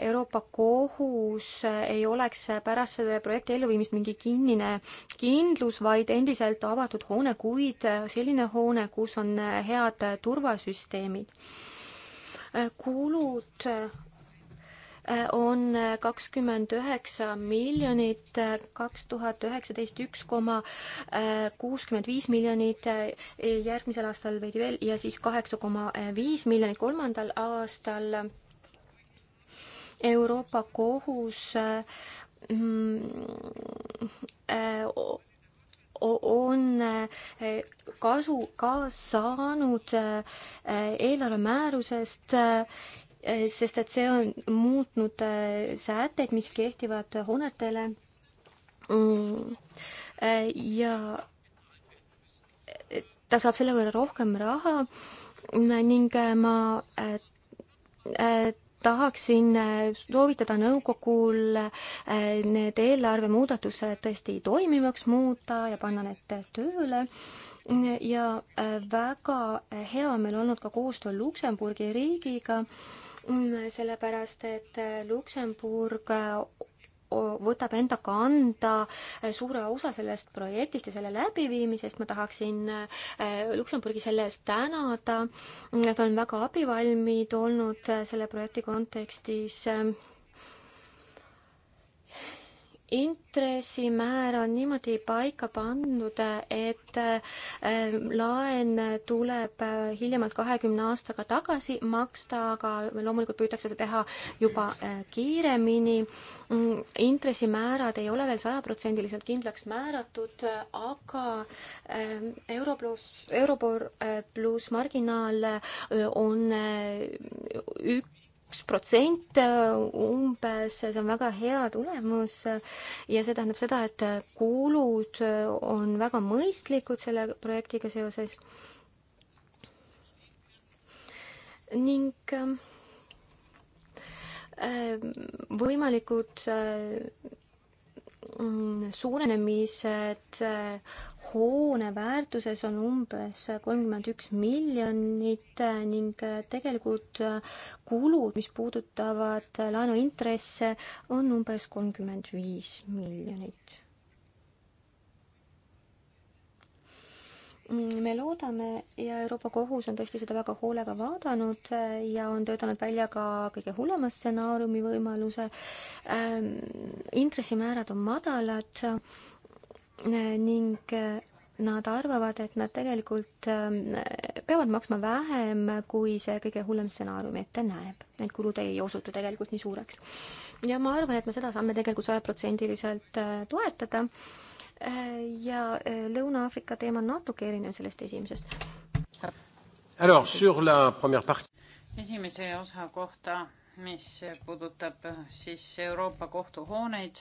Euroopa Kohus ei oleks pärast selle projekti elluviimist mingi kinnine kindlus, vaid endiselt avatud hoone, kuid selline hoone, kus on head turvasüsteemid. kulud Äh, on äh, kakskümmend üheksa miljonit, äh, kaks tuhat üheksateist üks koma kuuskümmend viis miljonit, järgmisel aastal veidi veel ja siis kaheksa koma viis miljonit kolmandal aastal. Euroopa Kohus mm, on kasu ka saanud eelarvemäärusest Eh, sest et see on muutnud eh, sätteid, mis kehtivad hoonetele. Mm. Eh, ja ta saab selle võrra rohkem raha ning ma tahaksin soovitada nõukogul need eelarvemuudatused tõesti toimivaks muuta ja panna need tööle. ja väga hea on meil olnud ka koostöö Luksemburgi riigiga Mm, sellepärast et äh, Luksemburg äh, võtab enda kanda äh, suure osa sellest projektist ja selle läbiviimisest. ma tahaksin Luksemburgi selle eest tänada. Mm, nad on väga abivalmid olnud selle projekti kontekstis intressimäär on niimoodi paika pandud, et äh, laen tuleb äh, hiljemalt kahekümne aastaga tagasi maksta, aga loomulikult püütakse seda teha juba äh, kiiremini. Mm, intressimäärad ei ole veel sajaprotsendiliselt kindlaks määratud, aga ähm, euro pluss, eurobor pluss marginaal on üks üks protsent äh, umbes, see on väga hea tulemus ja see tähendab seda, et kulud äh, on väga mõistlikud selle projektiga seoses. ning äh, võimalikud mm, suurenemised hoone väärtuses on umbes kolmkümmend üks miljonit äh, ning äh, tegelikud äh, kulud, mis puudutavad laenuintresse, on umbes kolmkümmend viis miljonit mm, me loodame ja Euroopa Kohus on tõesti seda väga hoolega vaadanud ja on töötanud välja ka kõige hullema stsenaariumi võimaluse ähm,. intressimäärad on madalad ning äh, nad arvavad, et nad tegelikult äh, peavad maksma vähem, kui see kõige hullem stsenaarium ette näeb. Need kulud ei osutu tegelikult nii suureks. ja ma arvan, et me seda saame tegelikult sajaprotsendiliselt äh, toetada. ja Lõuna-Aafrika teema on natuke erinev sellest esimesest. Alors sur la première partie. esimese osa kohta, mis puudutab siis Euroopa kohtuhooneid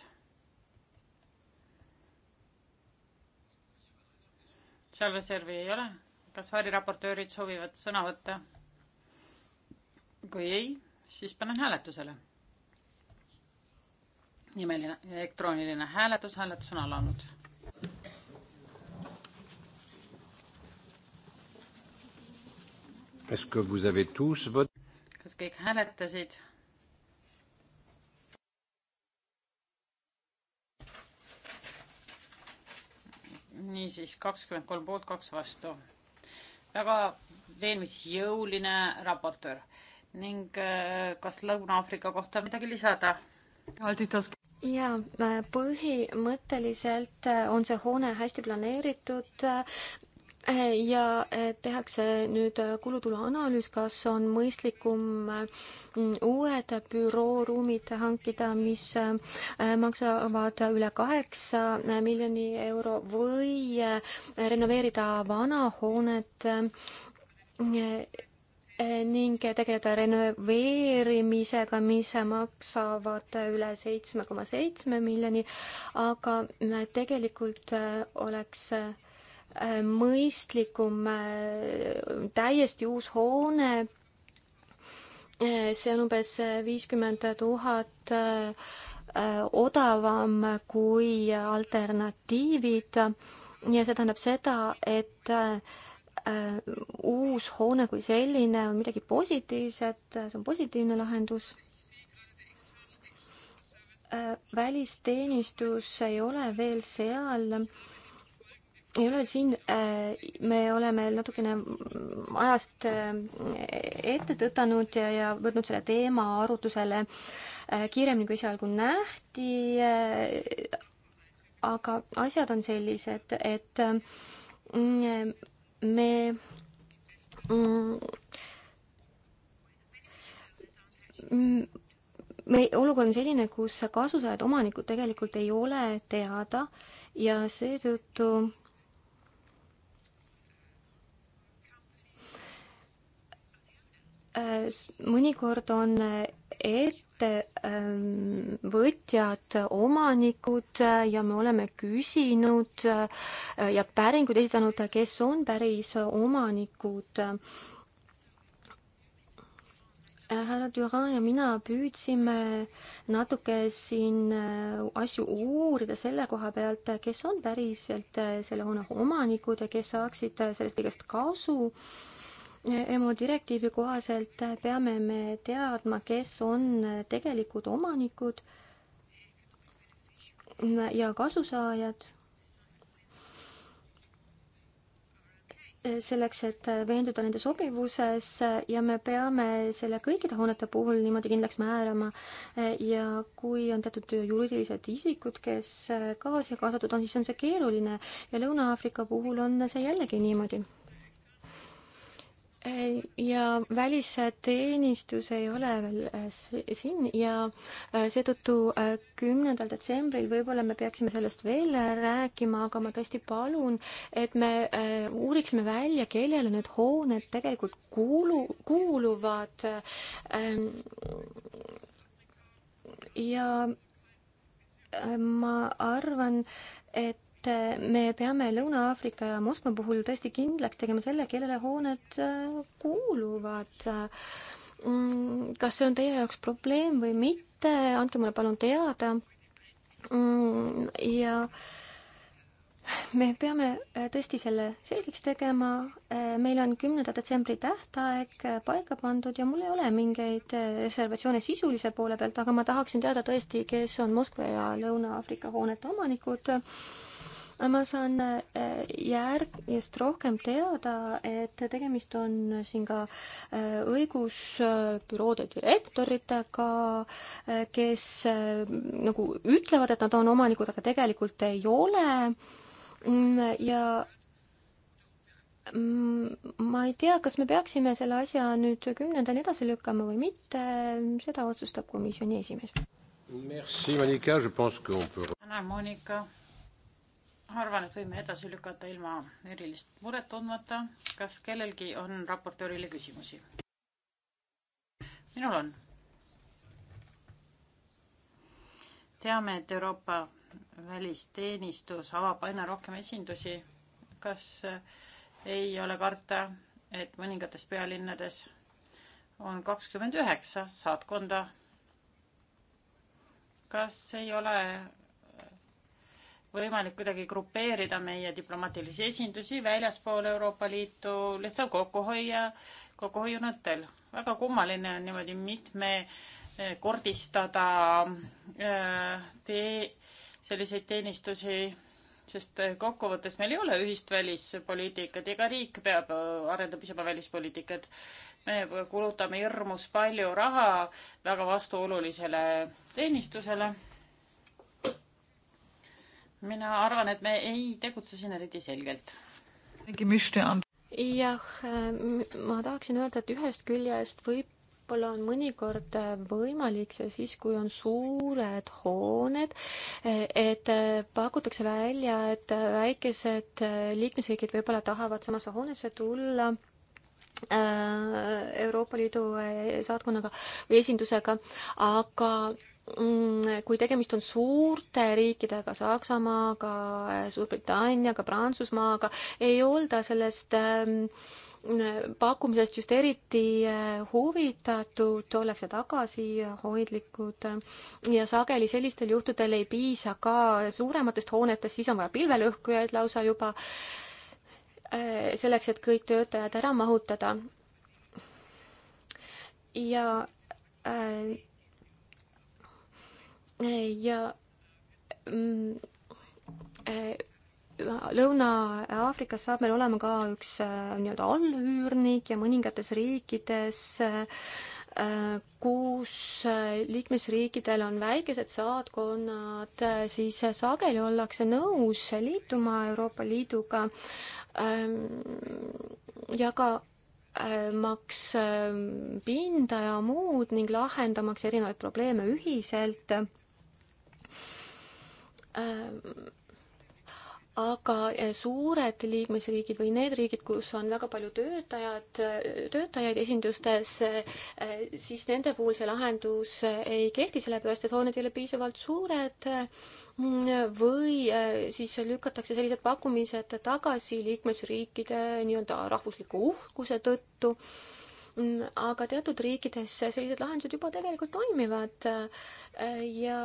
seal reservi ei ole. kas variraportöörid soovivad sõna võtta? kui ei, siis panen hääletusele. nimeline elektrooniline hääletus, hääletus on alanud. kas kõik hääletasid? niisiis kakskümmend kolm poolt, kaks vastu. väga veenmisjõuline raportöör ning äh, kas Lõuna-Aafrika kohta midagi lisada? jaa, äh, põhimõtteliselt äh, on see hoone hästi planeeritud, ja äh, tehakse nüüd äh, kulutulu analüüs, kas on mõistlikum mm, uued bürooruumid hankida, mis äh, maksavad üle kaheksa miljoni euro või renoveerida vana hoonet ning tegeleda renoveerimisega, mis maksavad üle seitsme koma seitsme miljoni, aga tegelikult oleks Äh, mõistlikum, äh, täiesti uus hoone. Äh, see on umbes viiskümmend tuhat odavam kui alternatiivid ja see tähendab seda, et uus hoone kui selline on midagi positiivset, see on positiivne lahendus välisteenistus ei ole veel seal, ei ole siin, äh, me oleme natukene ajast äh, ette tõtanud ja, ja võtnud selle teema arutlusele äh, kiiremini, kui esialgu nähti. aga asjad on sellised, et me mm, me, olukord on selline, kus kasusaajad, omanikud tegelikult ei ole teada ja seetõttu Äh, mõnikord on äh, ettevõtjad ähm, omanikud äh, ja me oleme küsinud ja päringuid esitanud, kes on päris omanikud härra Duran ja mina püüdsime natuke siin asju uurida selle koha pealt, kes on päriselt selle hoone omanikud ja kes saaksid sellest kõigest kasu. EMU direktiivi kohaselt peame me teadma, kes on tegelikud omanikud ja kasusaajad, selleks, et veenduda nende sobivuses ja me peame selle kõikide hoonete puhul niimoodi kindlaks määrama ja kui on teatud juriidilised isikud, kes ka siia kaasatud on, siis on see keeruline ja Lõuna-Aafrika puhul on see jällegi niimoodi ja välisteenistus ei ole veel äh, siin ja äh, seetõttu äh, kümnendal detsembril võib-olla me peaksime sellest veel rääkima, aga ma tõesti palun, et me uuriksime välja, kellele need hooned tegelikult kuulu, kuuluvad. Ähm, ja ma arvan, et et me peame Lõuna-Aafrika ja Moskva puhul tõesti kindlaks tegema selle, kellele hooned äh, kuuluvad. Mm, kas see on teie jaoks probleem või mitte, andke mulle palun teada. Mm, ja me peame äh, tõesti selle selgeks tegema, äh, meil on kümnenda detsembri tähtaeg paika pandud ja mul ei ole mingeid reservatsioone sisulise poole pealt, aga ma tahaksin teada tõesti, kes on Moskva ja Lõuna-Aafrika hoonete omanikud ma saan äh, järgmist rohkem teada, et tegemist on siin ka äh, õigusbüroode direktoritega, äh, kes nagu ütlevad, et nad on omanikud, aga tegelikult ei ole. Mm, ja mm, ma ei tea, kas me peaksime selle asja nüüd kümnendani edasi lükkama või mitte, seda otsustab komisjoni esimees. Merci Monika, je pense qu'on peut. tänan Monika arvan, et võime edasi lükata ilma erilist muret tundmata. kas kellelgi on raportöörile küsimusi? minul on. teame, et Euroopa välisteenistus avab aina rohkem esindusi. kas ei ole karta, et mõningates pealinnades on kakskümmend üheksa saatkonda? kas ei ole võimalik kuidagi grupeerida meie diplomaatilisi esindusi väljaspool Euroopa Liitu lihtsalt kokkuhoia, kokkuhoiunõttel. väga kummaline on niimoodi mitmekordistada eh, eh, tee, selliseid teenistusi, sest eh, kokkuvõttes meil ei ole ühist välispoliitikat, iga riik peab, arendab ise oma välispoliitikat. me kulutame hirmus palju raha väga vastuolulisele teenistusele mina arvan, et me ei tegutse siin eriti selgelt. jah, ma tahaksin öelda, et ühest küljest võib-olla on mõnikord võimalik see siis, kui on suured hooned, et pakutakse välja, et väikesed liikmesriigid võib-olla tahavad samasse hoonesse tulla äh, Euroopa Liidu äh, saatkonnaga või esindusega, aga Mm, kui tegemist on suurte riikidega, Saksamaaga, Suurbritanniaga, Prantsusmaaga, ei olda sellest ähm, pakkumisest just eriti äh, huvitatud, ollakse tagasihoidlikud ja sageli sellistel juhtudel ei piisa ka suurematest hoonetest, siis on vaja pilvelõhkujaid lausa juba äh, selleks, et kõik töötajad ära mahutada. ja äh, ja mm, äh, Lõuna-Aafrikas saab meil olema ka üks äh, nii-öelda allüürnik ja mõningates riikides, äh, kus liikmesriikidel on väikesed saatkonnad, siis sageli ollakse nõus liituma Euroopa Liiduga ähm, ja ka maks pinda ja muud ning lahendamaks erinevaid probleeme ühiselt Äh, aga äh, suured liikmesriigid või need riigid, kus on väga palju töötajad, äh, töötajaid esindustes, siis nende puhul see lahendus ei kehti, sellepärast et hooned ei ole piisavalt suured või siis lükatakse sellised pakkumised tagasi liikmesriikide nii-öelda rahvusliku uhkuse tõttu aga teatud riikides sellised lahendused juba tegelikult toimivad ja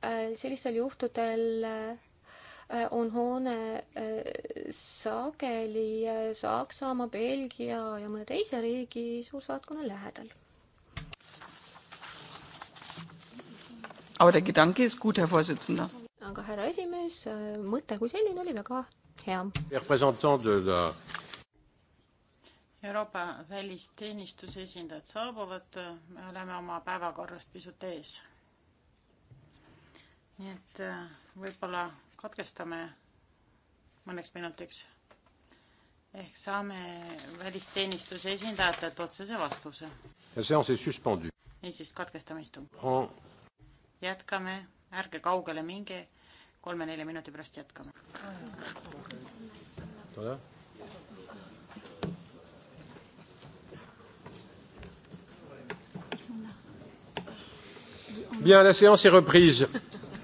Äh, sellistel juhtudel äh, on hoone äh, sageli Saksamaa, Belgia ja mõne teise riigi suursaatkonna lähedal. aga härra esimees, mõte kui selline oli väga hea. Euroopa välisteenistuse esindajad saabuvad, me oleme oma päevakorrast pisut ees nii et äh, võib-olla katkestame mõneks minutiks. ehk saame välisteenistuse esindajatelt otsese vastuse. niisiis, katkestame istungi. jätkame, ärge kaugele minge, kolme-nelja minuti pärast jätkame. tule. Bien, la séance est reprise.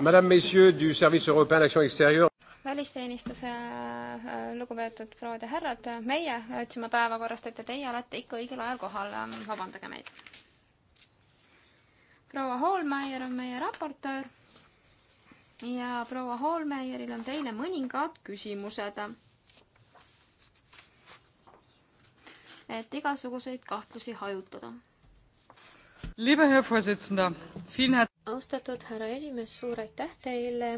Madame, messieurs du service européen d'action extérieure. välisteenistuse äh, lugupeetud prouad ja härrad, meie otsime päevakorrast, et teie olete ikka õigel ajal kohal, vabandage meid. proua Hoolmeier on meie raportöör ja proua Hoolmeieril on teile mõningad küsimused. et igasuguseid kahtlusi hajutada. Lieber Herr Vorsitzender, vielen austatud härra esimees, suur aitäh teile.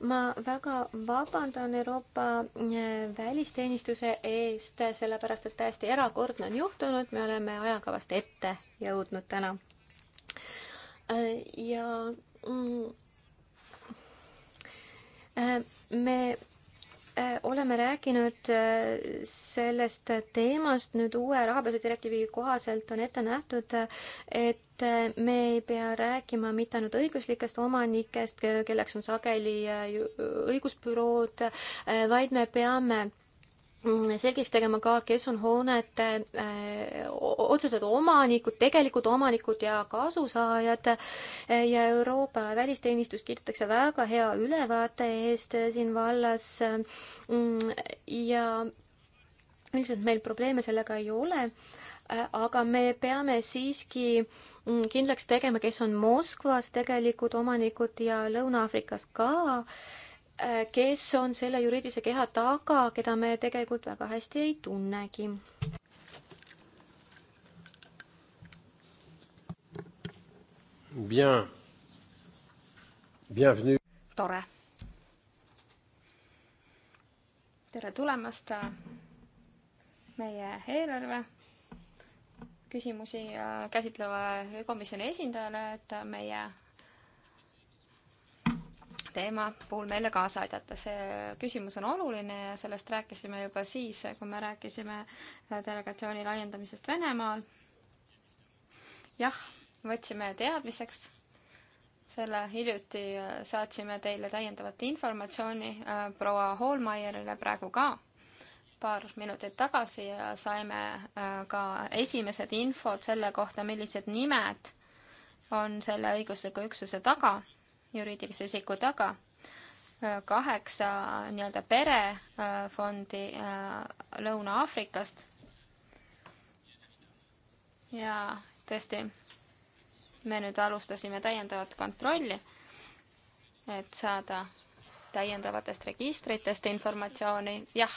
ma väga vabandan Euroopa eh, välisteenistuse eest, sellepärast et täiesti erakordne on juhtunud, me oleme ajakavast ette jõudnud täna. Eh, ja mm, eh, me oleme rääkinud sellest teemast nüüd uue rahapesudirektiivi kohaselt on ette nähtud, et et äh, me ei pea rääkima mitte ainult õiguslikest omanikest, kelleks on sageli äh, õigusbürood, äh, vaid me peame mm, selgeks tegema ka, kes on hoonete otsesed omanikud, tegelikud omanikud ja kasusaajad. ja Euroopa välisteenistus kiidetakse väga hea ülevaate eest siin vallas. Mm, ja üldiselt meil probleeme sellega ei ole Äh, aga me peame siiski mm, kindlaks tegema, kes on Moskvas tegelikud omanikud ja Lõuna-Aafrikas ka, äh, kes on selle juriidilise keha taga, keda me tegelikult väga hästi ei tunnegi. Bien. Bienvenue. tore. tere tulemast äh, meie eelarve küsimusi äh, käsitleva komisjoni esindajale, et meie teema puhul meile kaasa aidata. see küsimus on oluline ja sellest rääkisime juba siis, kui me rääkisime äh, delegatsiooni laiendamisest Venemaal. jah, võtsime teadmiseks selle hiljuti äh, saatsime teile täiendavat informatsiooni proua Hoolmeierile praegu ka paar minutit tagasi ja saime äh, ka esimesed infod selle kohta, millised nimed on selle õigusliku üksuse taga, juriidilise isiku taga. Äh, kaheksa nii-öelda perefondi äh, Lõuna-Aafrikast. ja tõesti, me nüüd alustasime täiendavat kontrolli, et saada täiendavatest registritest informatsiooni, jah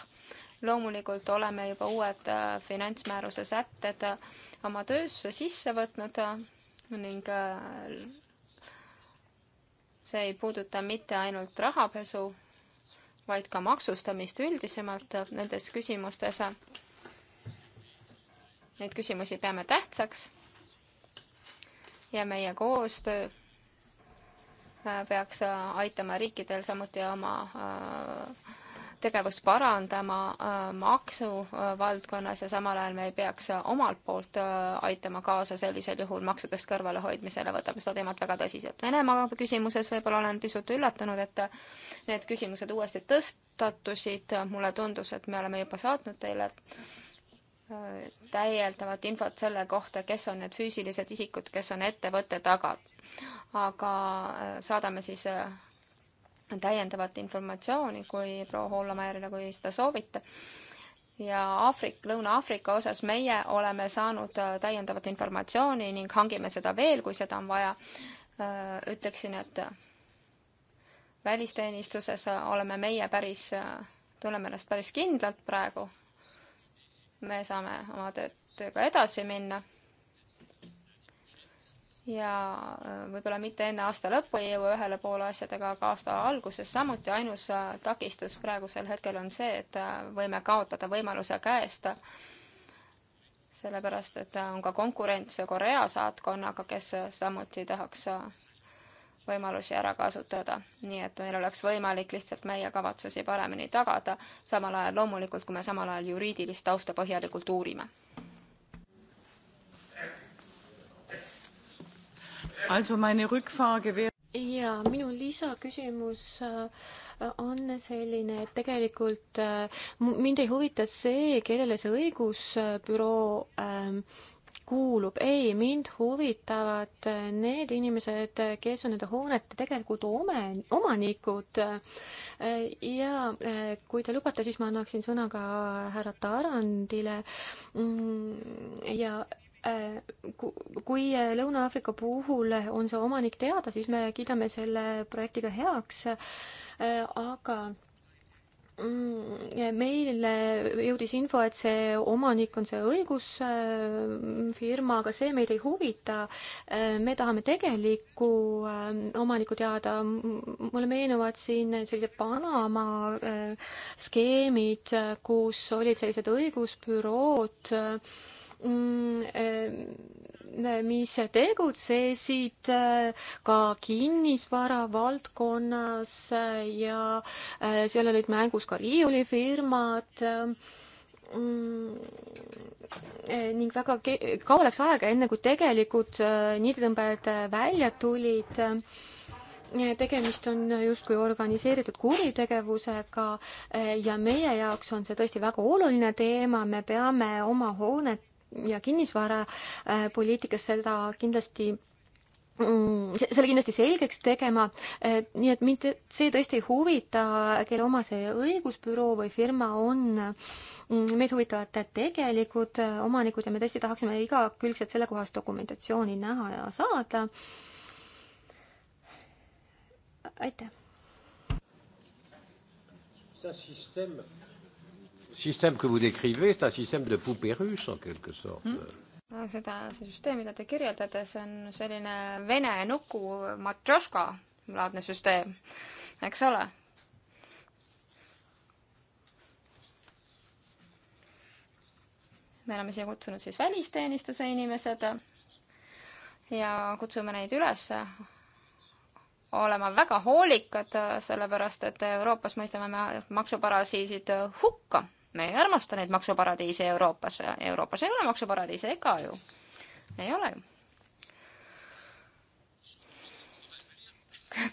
loomulikult oleme juba uued äh, finantsmääruse sätted äh, oma töösse sisse võtnud äh, ning see ei puuduta mitte ainult rahapesu, vaid ka maksustamist üldisemalt nendes küsimustes. Neid küsimusi peame tähtsaks ja meie koostöö peaks aitama riikidel samuti oma äh, tegevust parandama äh, maksuvaldkonnas äh, ja samal ajal me ei peaks äh, omalt poolt aitama kaasa sellisel juhul maksudest kõrvalehoidmisele, võtame seda teemat väga tõsiselt. Venemaa küsimuses võib-olla olen pisut üllatunud, et need küsimused uuesti tõstatusid, mulle tundus, et me oleme juba saatnud teile täiendavat infot selle kohta, kes on need füüsilised isikud, kes on ettevõtte taga. aga saadame siis täiendavat informatsiooni, kui proua Hollamäerile, nagu kui seda soovite. ja Aafrik, Lõuna-Aafrika osas meie oleme saanud äh, täiendavat informatsiooni ning hangime seda veel, kui seda on vaja. Äh, ütleksin, et välisteenistuses äh, oleme meie päris, tunneme ennast päris kindlalt praegu. me saame oma tööd, tööga edasi minna ja äh, võib-olla mitte enne aasta lõppu ei jõua ühele poole asjadega, aga aasta alguses samuti ainus äh, takistus praegusel hetkel on see, et äh, võime kaotada võimaluse käest, sellepärast et on ka konkurents Korea saatkonnaga, kes samuti tahaks võimalusi ära kasutada, nii et meil oleks võimalik lihtsalt meie kavatsusi paremini tagada, samal ajal loomulikult, kui me samal ajal juriidilist tausta põhjalikult uurime ja minu lisaküsimus äh, on selline, et tegelikult äh, mind ei huvita see, kellele see õigusbüroo ähm, kuulub, ei, mind huvitavad äh, need inimesed, kes on nende hoonete tegelikult omen-, omanikud. ja kui te lubate, siis ma annaksin sõna ka härra Tarandile. Mm, ja Äh, kui äh, Lõuna-Aafrika puhul on see omanik teada, siis me kiidame selle projektiga heaks, äh, aga mm, meile jõudis info, et see omanik on see õigusfirma, aga see meid ei huvita. me tahame tegelikku omanikku teada. mulle meenuvad siin sellised Panama skeemid, kus olid sellised õigusbürood Mm, mis tegutsesid äh, ka kinnisvara valdkonnas äh, ja äh, seal olid mängus ka riiulifirmad mm, ning väga kaua läks aega, enne kui tegelikud niiditõmbajad välja tulid tegemist on justkui organiseeritud kuritegevusega ja meie jaoks on see tõesti väga oluline teema, me peame oma hoonet ja kinnisvarapoliitikas äh, seda kindlasti mm, selle kindlasti selgeks tegema, nii et mind see tõesti ei huvita, kelle oma see õigusbüroo või firma on, mm, meid huvitavad tegelikud äh, omanikud ja me tõesti tahaksime igakülgselt sellekohast dokumentatsiooni näha ja saada. aitäh. see süsteem système que vous décrivez, c'est un système de poupée russe en quelque sorte mm. no seda, see süsteem, mida te kirjeldate, see on selline vene nuku matrjoška laadne süsteem, eks ole. me oleme siia kutsunud siis välisteenistuse inimesed ja kutsume neid üles olema väga hoolikad, sellepärast et Euroopas mõistame me maksuparasiisid hukka me ei armasta neid maksuparadiise Euroopas. Euroopas ei ole maksuparadiise ega ju. ei ole ju.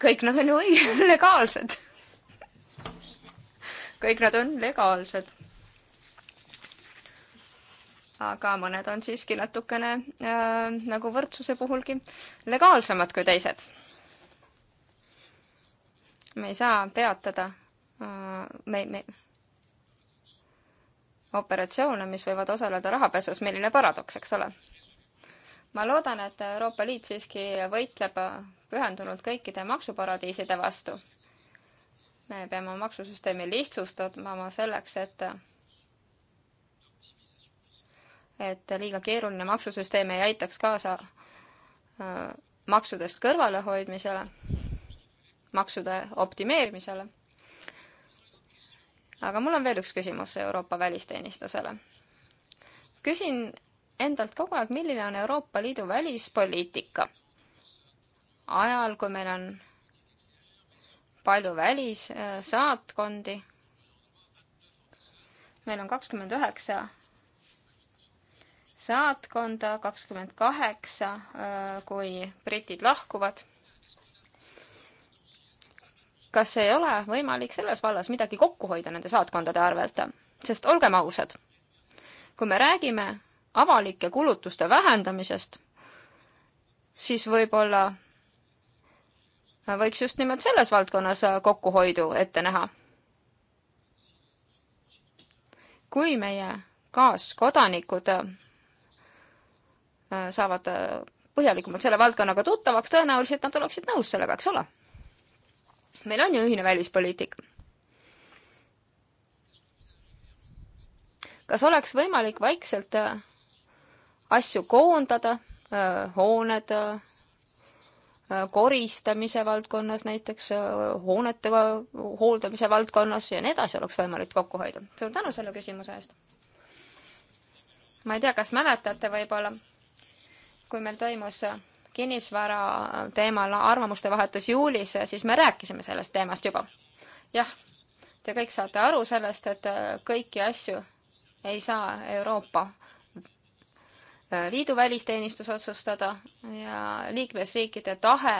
kõik nad on ju legaalsed. kõik nad on legaalsed. aga mõned on siiski natukene äh, nagu võrdsuse puhulgi legaalsemad kui teised. me ei saa peatada äh,, me, me operatsioone, mis võivad osaleda rahapesus, milline paradoks, eks ole. ma loodan, et Euroopa Liit siiski võitleb pühendunult kõikide maksuparadiiside vastu. me peame oma maksusüsteemi lihtsustama selleks, et et liiga keeruline maksusüsteem ei aitaks kaasa äh, maksudest kõrvalehoidmisele, maksude optimeerimisele aga mul on veel üks küsimus Euroopa välisteenistusele. küsin endalt kogu aeg, milline on Euroopa Liidu välispoliitika ajal, kui meil on palju välissaatkondi. meil on kakskümmend üheksa saatkonda, kakskümmend kaheksa, äh, kui britid lahkuvad kas ei ole võimalik selles vallas midagi kokku hoida nende saatkondade arvelt? sest olgem ausad, kui me räägime avalike kulutuste vähendamisest, siis võib-olla võiks just nimelt selles valdkonnas kokkuhoidu ette näha. kui meie kaaskodanikud äh, saavad äh, põhjalikumalt selle valdkonnaga tuttavaks, tõenäoliselt nad oleksid nõus sellega, eks ole meil on ju ühine välispoliitika. kas oleks võimalik vaikselt äh, asju koondada, äh, hooned, äh, koristamise valdkonnas näiteks, hoonete hooldamise valdkonnas ja nii edasi oleks võimalik kokku hoida. suur tänu selle küsimuse eest. ma ei tea, kas mäletate võib-olla, kui meil toimus kinnisvara teemal arvamuste vahetus juulis, siis me rääkisime sellest teemast juba. jah, te kõik saate aru sellest, et äh, kõiki asju ei saa Euroopa äh, Liidu välisteenistus otsustada ja liikmesriikide tahe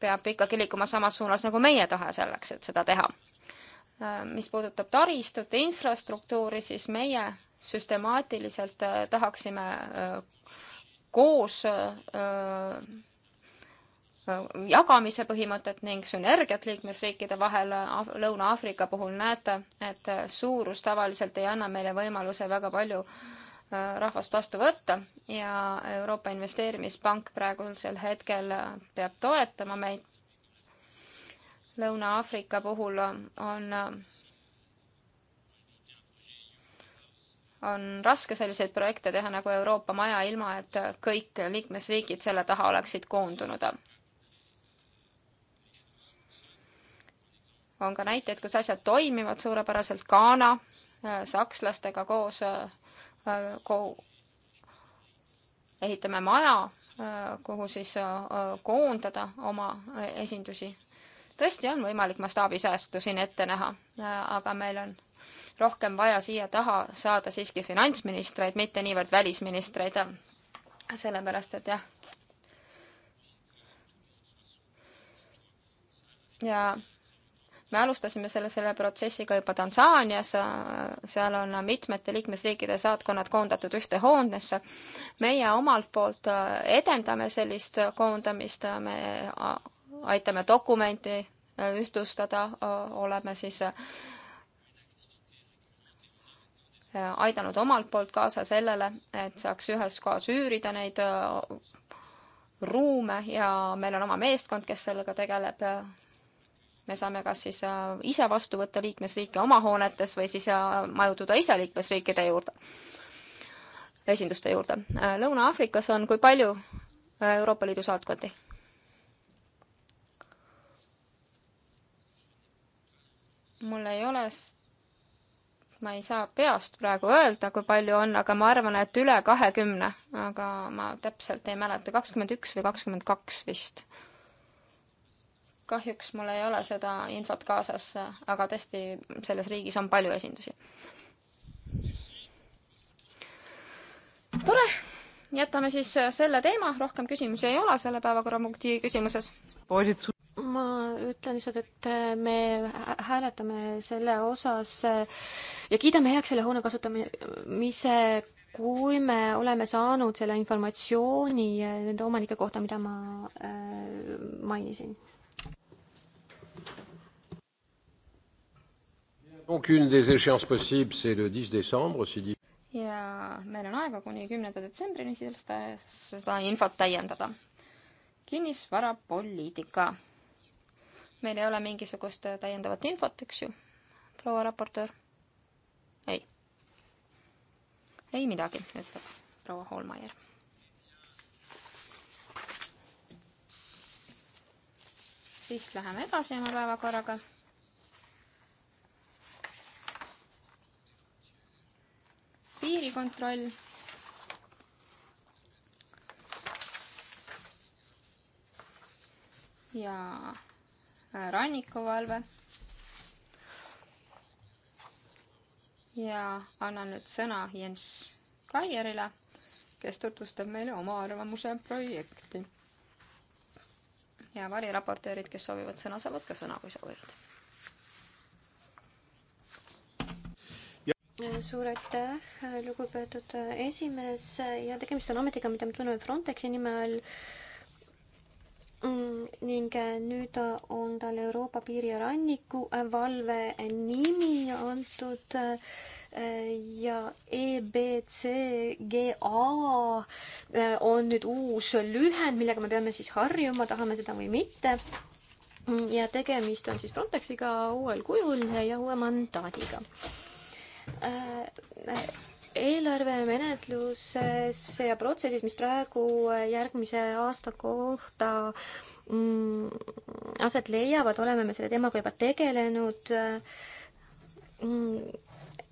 peab ikkagi liikuma samas suunas nagu meie tahe selleks, et seda teha. Äh, mis puudutab taristut ja infrastruktuuri, siis meie süstemaatiliselt tahaksime koos äh, äh, jagamise põhimõtet ning sünergiat liikmesriikide vahel Lõuna-Aafrika puhul näete, et äh, suurus tavaliselt ei anna meile võimaluse väga palju rahvast vastu võtta ja Euroopa Investeerimispank praegusel hetkel peab toetama meid. Lõuna-Aafrika puhul on on raske selliseid projekte teha nagu Euroopa Maja, ilma et kõik liikmesriigid selle taha oleksid koondunud. on ka näiteid, kus asjad toimivad suurepäraselt, Ghana äh, sakslastega koos äh, ko ehitame maja, äh, kuhu siis koondada oma esindusi. tõesti on võimalik mastaabisäästu siin ette näha, aga meil on rohkem vaja siia taha saada siiski finantsministreid, mitte niivõrd välisministreid. sellepärast, et jah. ja me alustasime selle, selle protsessiga juba Tansaanias, seal on mitmete liikmesriikide saatkonnad koondatud ühte hoonesse. meie omalt poolt edendame sellist koondamist, me aitame dokumenti ühtlustada, oleme siis Äh, aidanud omalt poolt kaasa sellele, et saaks ühes kohas üürida neid äh, ruume ja meil on oma meeskond, kes sellega tegeleb. me saame kas siis äh, ise vastu võtta liikmesriike oma hoonetes või siis majutuda ise liikmesriikide juurde, esinduste juurde. Lõuna-Aafrikas on kui palju Euroopa Liidu saatkondi? mul ei ole ma ei saa peast praegu öelda, kui palju on, aga ma arvan, et üle kahekümne, aga ma täpselt ei mäleta, kakskümmend üks või kakskümmend kaks vist. kahjuks mul ei ole seda infot kaasas, aga tõesti, selles riigis on palju esindusi. tore, jätame siis selle teema, rohkem küsimusi ei ole selle päevakorrapunkti küsimuses ma ütlen lihtsalt, et äh, me hääletame selle osas äh, ja kiidame heaks selle hoone kasutamise, kui me oleme saanud selle informatsiooni äh, nende omanike kohta, mida ma mainisin. Donc une des échéances possibles, c'est le 10 décembre, si dit ja meil on aega kuni kümnenda detsembrini siis seda, seda infot täiendada. kinnisvarapoliitika meil ei ole mingisugust äh, täiendavat infot, eks ju, proua raportöör? ei. ei midagi, ütleb proua Holmaier. siis läheme edasi oma päevakorraga piirikontroll. ja Äh, rannikuvalve. ja annan nüüd sõna Jens Kaierile, kes tutvustab meile oma arvamuse projekti. ja variraportöörid, kes soovivad sõna, saavad ka sõna, kui soovivad suur aitäh, lugupeetud esimees ja tegemist on ametiga, mida me tunneme Frontexi nime all Mm, ning äh, nüüd äh, on tal Euroopa Piiri ja Ranniku äh, valve nimi antud ja EBCGA on nüüd uus lühend, millega me peame siis harjuma, tahame seda või mitte. Mm, ja tegemist on siis Frontexiga uuel kujul ja uue mandaadiga eelarvemenetluses ja protsessis, mis praegu järgmise aasta kohta mm, aset leiavad, oleme me selle teemaga juba tegelenud mm,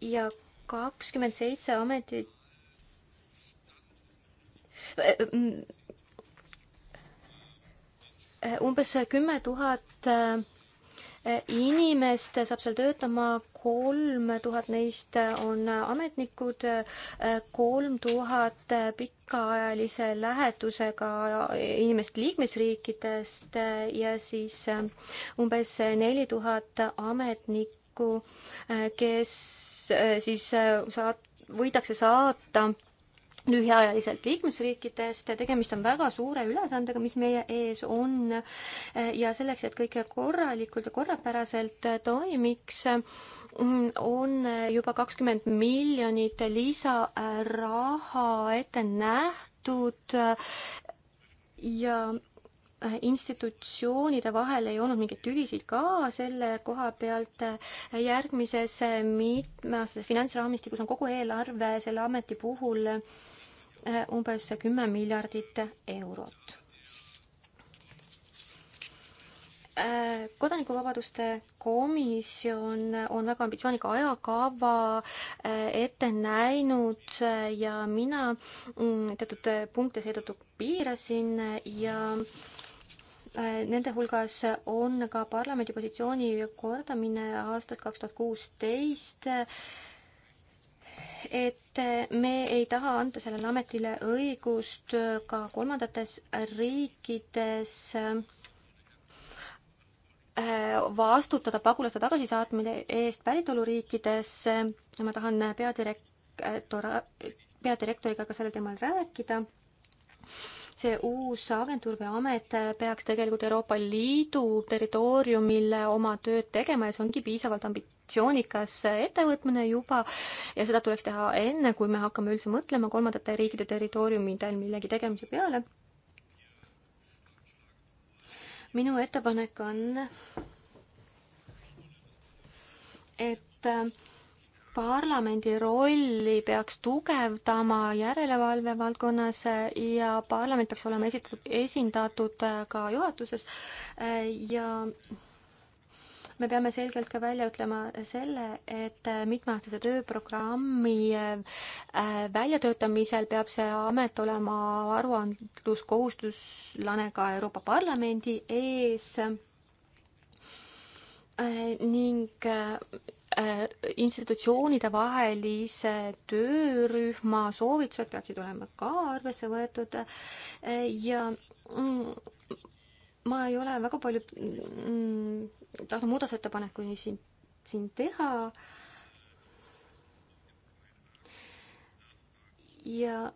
ja kakskümmend seitse ametit mm, umbes kümme tuhat 000 äh, inimest saab seal töötama, kolm tuhat neist on ametnikud, kolm tuhat pikaajalise lähetusega inimest liikmesriikidest ja siis umbes neli tuhat ametnikku, kes eh, siis saat-, võidakse saata lühiajaliselt liikmesriikidest, tegemist on väga suure ülesandega, mis meie ees on ja selleks, et kõik korralikult ja korrapäraselt toimiks, on juba kakskümmend miljonit lisaraha ette nähtud ja institutsioonide vahel ei olnud mingeid tülisid ka selle koha pealt. järgmises mitmeaastases finantsraamistikus on kogu eelarve selle ameti puhul umbes kümme miljardit eurot. kodanikuvabaduste komisjon on väga ambitsioonika ajakava äh, ette näinud äh, ja mina mm, teatud punkte seetõttu piirasin äh, ja Nende hulgas on ka parlamendi positsiooni kordamine aastast kaks tuhat kuusteist et me ei taha anda sellele ametile õigust ka kolmandates riikides äh, vastutada pagulaste tagasisaatmine eest päritoluriikides. ma tahan peadirektor, äh, peadirektoriga ka sellel teemal rääkida see uus agentuur või amet peaks tegelikult Euroopa Liidu territooriumil oma tööd tegema ja see ongi piisavalt ambi-, ambitsioonikas ettevõtmine juba ja seda tuleks teha enne, kui me hakkame üldse mõtlema kolmandate riikide territooriumidel millegi tegemise peale. minu ettepanek on, et parlamendi rolli peaks tugevdama järelevalve valdkonnas ja parlament peaks olema esitatud, esindatud ka juhatuses ja me peame selgelt ka välja ütlema selle, et mitmeaastase tööprogrammi äh, väljatöötamisel peab see amet olema aruandluskohustuslane ka Euroopa Parlamendi ees äh, ning äh, institutsioonide vahelise töörühma soovitused peaksid olema ka arvesse võetud ja mm, ma ei ole väga palju mm, tahtnud muudatusettepanekuid siin, siin teha. ja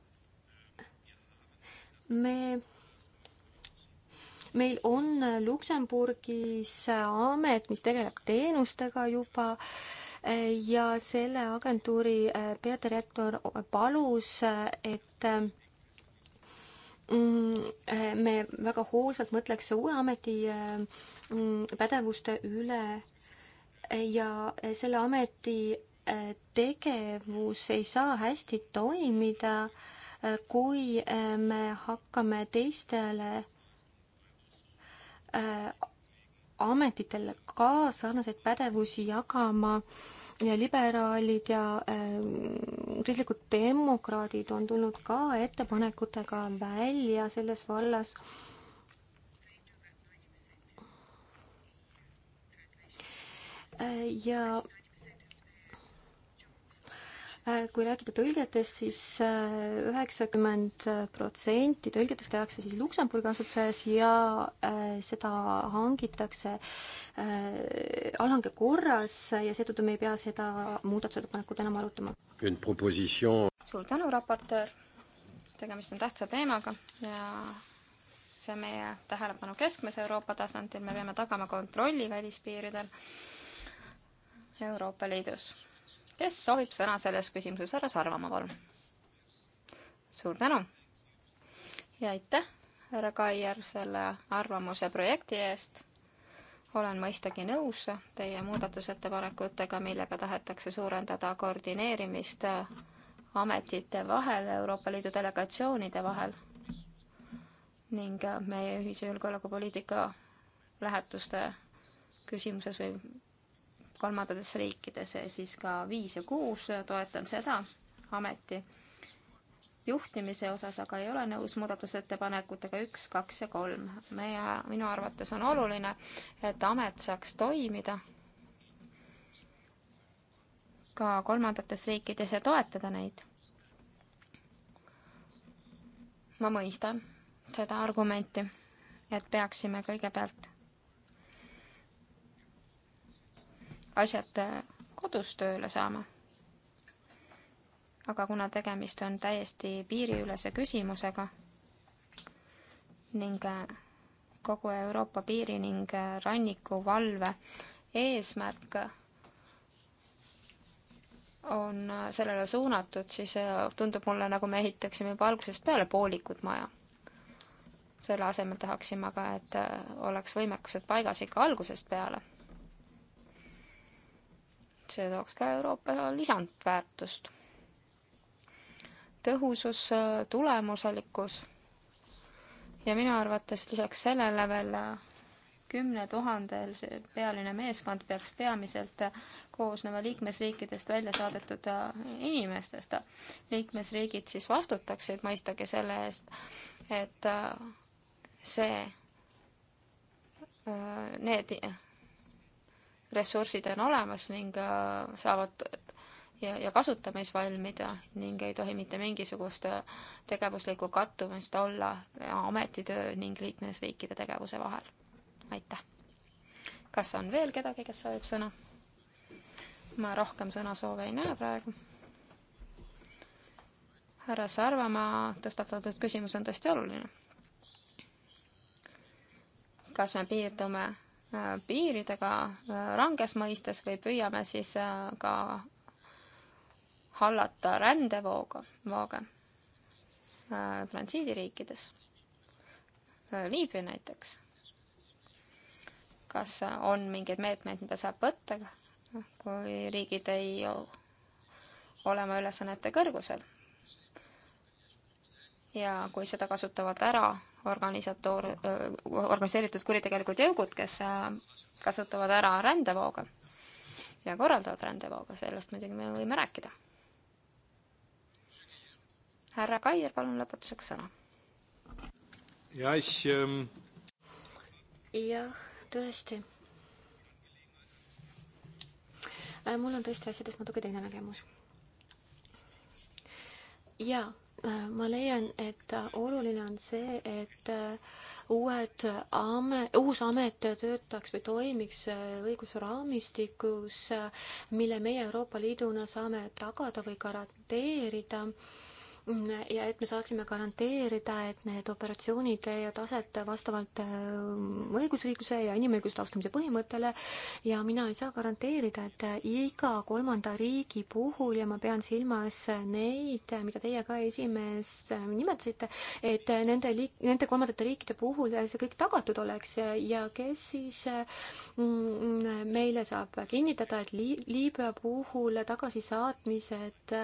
me meil on Luksemburgis amet, mis tegeleb teenustega juba ja selle agentuuri eh, peadirektor palus, eh, et eh, Mm, me väga hoolsalt mõtleks uue ameti äh, mm, pädevuste üle ja selle ameti äh, tegevus ei saa hästi toimida, äh, kui me hakkame teistele ametitele ka sarnaseid pädevusi jagama äh, liberaalid ja kristlikud ähm, demokraadid on tulnud ka ettepanekutega välja selles vallas äh, ja Äh, kui rääkida tõlgetest siis, siis äh, üheksakümmend protsenti tõlgetest tehakse siis Luksemburgi asutuses ja äh, seda hangitakse allhanke korras ja seetõttu me ei pea seda muudatusettepanekut enam arutama. suur tänu, raportöör! tegemist on tähtsa teemaga ja see on meie tähelepanu keskmes Euroopa tasandil, me peame tagama kontrolli välispiiridel Euroopa Liidus kes soovib sõna selles küsimuses, härra Sarvamaa, palun. suur tänu ja aitäh, härra Kaier, selle arvamuse projekti eest olen mõistagi nõus teie muudatusettepanekutega, millega tahetakse suurendada koordineerimist ametite vahel, Euroopa Liidu delegatsioonide vahel ning meie ühise julgeolekupoliitika lähetuste küsimuses või kolmandates riikides, siis ka viis ja kuus, toetan seda ameti juhtimise osas, aga ei ole nõus muudatusettepanekutega üks, kaks ja kolm. meie, minu arvates on oluline, et amet saaks toimida ka kolmandates riikides ja toetada neid. ma mõistan seda argumenti, et peaksime kõigepealt asjad äh, kodus tööle saama. aga kuna tegemist on täiesti piiriülese küsimusega ning äh, kogu Euroopa piiri ning äh, rannikuvalve eesmärk on sellele suunatud, siis tundub mulle, nagu me ehitaksime juba algusest peale poolikut maja. selle asemel tahaksime aga, et oleks võimekused paigas ikka algusest peale see tooks ka Euroopa lisandväärtust. tõhusus, tulemuslikkus ja minu arvates lisaks sellele veel äh, kümne tuhandel pealine meeskond peaks peamiselt äh, koosnema liikmesriikidest välja saadetud äh, inimestest. liikmesriigid siis vastutaksid mõistagi selle eest, et see, need ressursid on olemas ning äh, saavad ja, ja kasutamisvalmida ning ei tohi mitte mingisugust äh, tegevuslikku kattumist olla äh, ametitöö ning liikmesriikide tegevuse vahel. aitäh! kas on veel kedagi, kes soovib sõna? ma rohkem sõnasoove ei näe praegu. härra Sarvamaa tõstatatud küsimus on tõesti oluline. kas me piirdume piiridega äh, ranges mõistes või püüame siis äh, ka hallata rändevooga, vooge äh, transiidiriikides, Liibüa näiteks. kas on mingeid meetmeid, mida saab võtta, kui riigid ei ole oma ülesannete kõrgusel? ja kui seda kasutavad ära organisatoor, organiseeritud kuritegelikud jõugud, kes äh, kasutavad ära rändevooga ja korraldavad rändevooga, sellest muidugi me võime rääkida. härra Kaier, palun lõpetuseks sõna. jah, ähm, tõesti. Äh, mul on tõesti asjadest natuke teine nägemus. jaa ma leian, et oluline on see, et äh, uued amet, uus amet töötaks või toimiks äh, õigusraamistikus, äh, mille meie Euroopa Liiduna saame tagada või garanteerida Mm, ja et me saaksime garanteerida, et need operatsioonid ja taset vastavalt äh, õigusriikluse ja inimõiguste austamise põhimõttele ja mina ei saa garanteerida, et äh, iga kolmanda riigi puhul ja ma pean silmas neid, äh, mida teie ka esimees nimetasite, et nende liik-, nende kolmandate riikide puhul see kõik tagatud oleks ja kes siis mm, meile saab kinnitada, et Liibüa puhul tagasisaatmised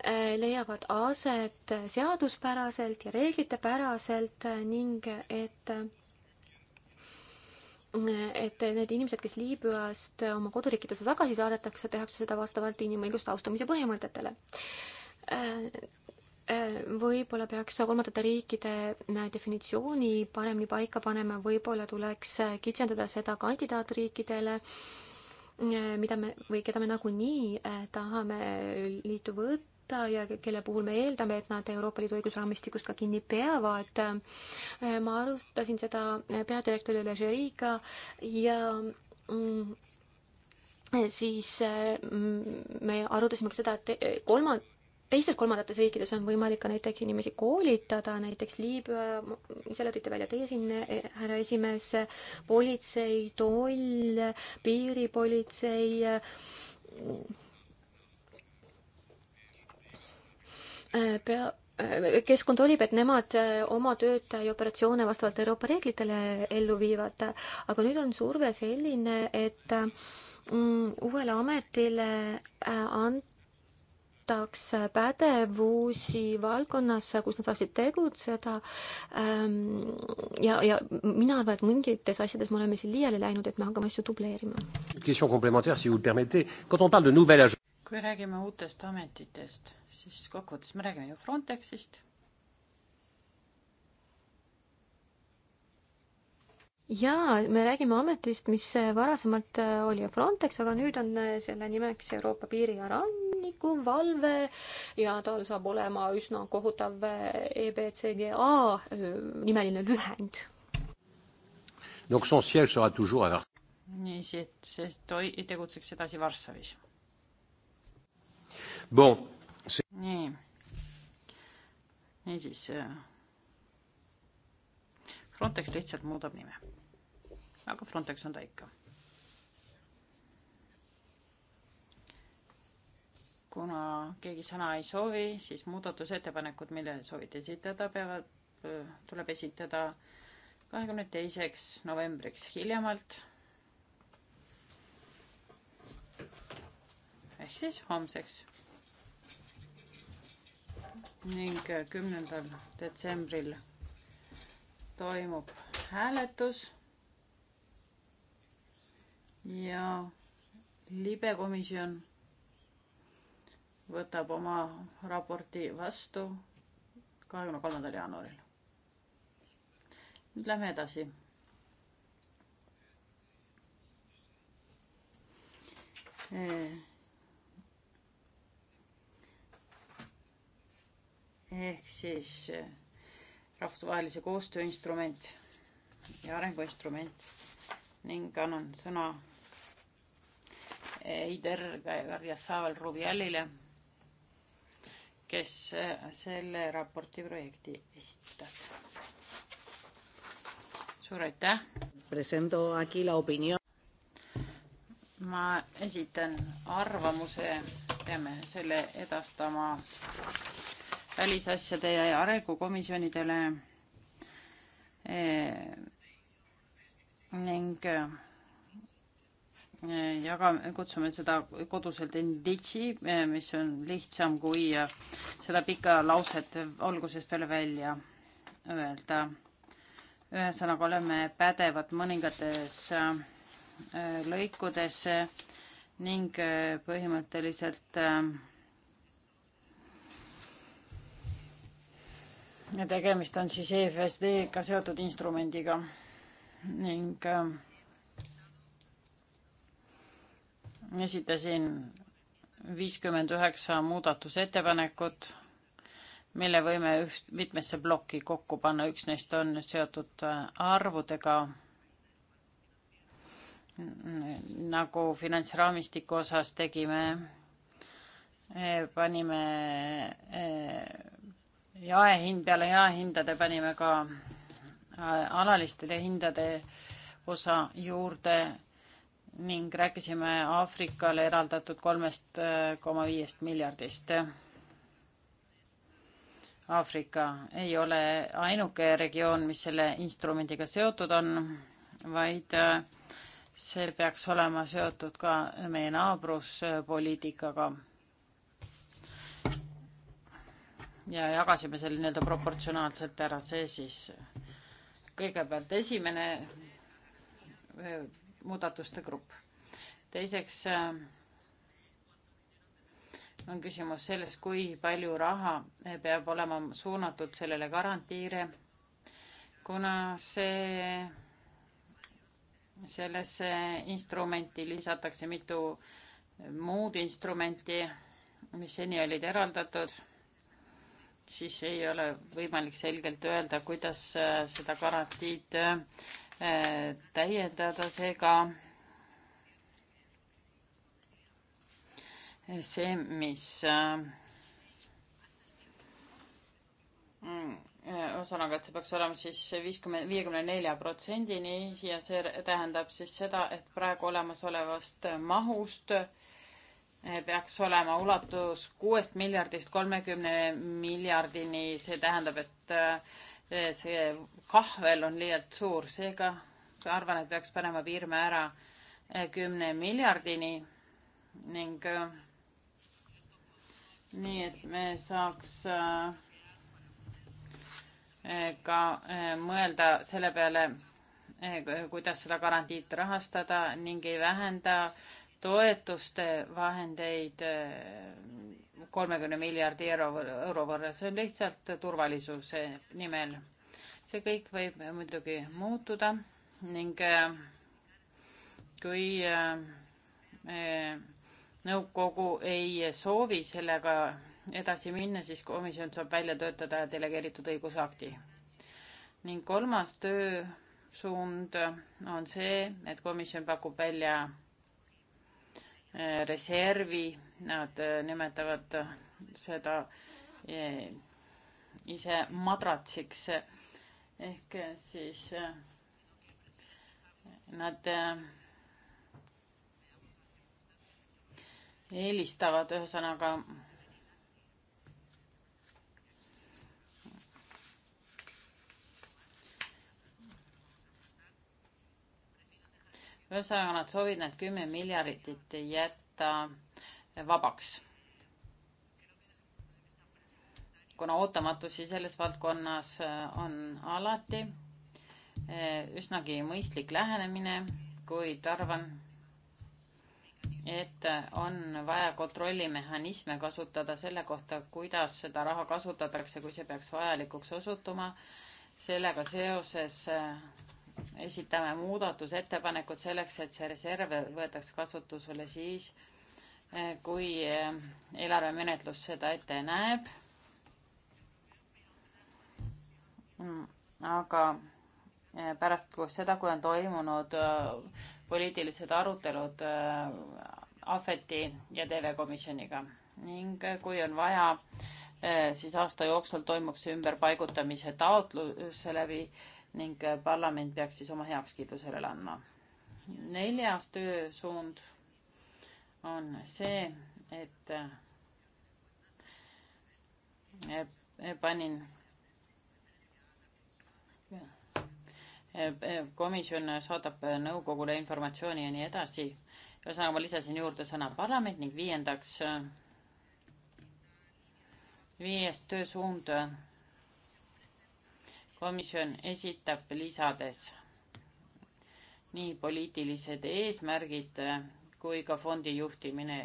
Äh, leiavad aset seaduspäraselt ja reeglitepäraselt ning et et need inimesed, kes Liibüast oma koduriikidesse tagasi saadetakse, tehakse seda vastavalt inimõiguste austamise põhimõtetele äh, äh, võib-olla peaks kolmandate riikide definitsiooni paremini paika panema, võib-olla tuleks kitsendada seda kandidaatriikidele, mida me või keda me nagunii tahame liitu võtta, võtta ja kelle puhul me eeldame, et nad Euroopa Liidu õigusraamistikust ka kinni peavad. ma arutasin seda peadirektori Legeriga ja mm, siis mm, me arutasime ka seda, et kolmand-, teistes kolmandates riikides on võimalik ka näiteks inimesi koolitada, näiteks Liibüa, selle tõite välja teie siin, härra esimees, politsei, toll, piiripolitsei, Äh, pea, äh, keskkond olib, et nemad äh, oma tööd ja operatsioone vastavalt Euroopa reeglitele ellu viivad, aga nüüd on surve selline, et mm, uuele ametile antaks pädevusi valdkonnas, kus nad saaksid tegutseda. Ähm, ja, ja mina arvan, et mingites asjades me oleme siin liiale läinud, et me hakkame asju dubleerima kui räägime uutest ametitest, siis kokkuvõttes me räägime ju Frontexist. jaa, me räägime ametist, mis varasemalt äh, oli Frontex, aga nüüd on äh, selle nimeks Euroopa Piiri ja Ranniku Valve ja tal saab olema üsna kohutav äh, EBCGA nimeline lühend. Donc son siège sera toujours à Varssavis. nii, see, see toi-, tegutseks edasi Varssavis Bon. nii. niisiis. Äh, Frontex lihtsalt muudab nime. aga Frontex on ta ikka. kuna keegi sõna ei soovi, siis muudatusettepanekud, mille soovite esitada, peavad, äh, tuleb esitada kahekümne teiseks novembriks hiljemalt ehk siis homseks ning äh, kümnendal detsembril toimub hääletus ja libekomisjon võtab oma raporti vastu kahekümne kolmandal jaanuaril. nüüd lähme edasi. Eh ehk siis eh, rahvusvahelise koostöö instrument ja arenguinstrument ning annan sõna eh, Eider Garjasaval Rubialile, kes eh, selle raporti projekti esitas. suur aitäh! ma esitan arvamuse, peame selle edastama välisasjade ja arengukomisjonidele ning eh, jagame, kutsume seda koduselt enditsi, eh, mis on lihtsam kui eh, seda pika lauset algusest peale välja öelda. ühesõnaga oleme pädevad mõningates lõikudes ning põhimõtteliselt äh, ja tegemist on siis EFSD-ga seotud instrumendiga ning äh, esitasin viiskümmend üheksa muudatusettepanekut, mille võime üht, mitmesse plokki kokku panna, üks neist on seotud äh, arvudega nagu finantsraamistiku osas tegime, äh, panime jaehind, peale jaehindade panime ka äh, alalistele hindade osa juurde ning rääkisime Aafrikale eraldatud kolmest äh, koma viiest miljardist. Aafrika ei ole ainuke regioon, mis selle instrumendiga seotud on, vaid äh, see peaks olema seotud ka meie naabruspoliitikaga ja jagasime selle nii-öelda proportsionaalselt ära, see siis kõigepealt esimene eh, muudatuste grupp. teiseks eh, on küsimus selles, kui palju raha peab olema suunatud sellele garantiire, kuna see, sellesse instrumenti lisatakse mitu muud instrumenti, mis seni olid eraldatud siis ei ole võimalik selgelt öelda, kuidas äh, seda garantiid äh, täiendada, seega see, mis ühesõnaga, äh, mm, et see peaks olema siis viiskümmend, viiekümne nelja protsendini ja see tähendab siis seda, et praegu olemasolevast mahust äh, Eh, peaks olema ulatus kuuest miljardist kolmekümne miljardini, see tähendab, et eh, see kahvel on liialt suur, seega arvan, et peaks panema piirmäära eh, kümne miljardini ning nii et me saaks ka mõelda selle peale, kuidas seda garantiid rahastada ning ei vähenda toetuste vahendeid eh, kolmekümne miljardi euro, euro võrra, see on lihtsalt turvalisuse nimel. see kõik võib muidugi muutuda ning eh, kui eh, nõukogu ei soovi sellega edasi minna, siis komisjon saab välja töötada delegeeritud õigusakti. ning kolmas töösuund on see, et komisjon pakub välja reservi, nad äh, nimetavad seda äh, ise madratsiks ehk siis äh, nad eelistavad ühesõnaga ühesõnaga nad soovivad need kümme miljardit jätta vabaks. kuna ootamatusi selles valdkonnas äh, on alati äh, üsnagi mõistlik lähenemine, kuid arvan, et on vaja kontrollimehhanisme kasutada selle kohta, kuidas seda raha kasutatakse, kui see peaks vajalikuks osutuma. sellega seoses äh, esitame muudatusettepanekud selleks, et see reserv võetaks kasutusele siis, eh, kui eh, eelarvemenetlus seda ette näeb. Mm, aga eh, pärast kus seda, kui on toimunud poliitilised arutelud Ahveti ja TV Komisjoniga ning kui on vaja, siis aasta jooksul toimuks ümberpaigutamise taotluse läbi ning äh, parlament peaks siis oma heakskiidu sellele andma. neljas töösuund on see, et äh, äh, panin komisjon saadab nõukogule informatsiooni ja nii edasi. ühesõnaga, ma lisasin juurde sõna parlament ning viiendaks, viies töösuund komisjon esitab lisades nii poliitilised eesmärgid kui ka fondi juhtimine.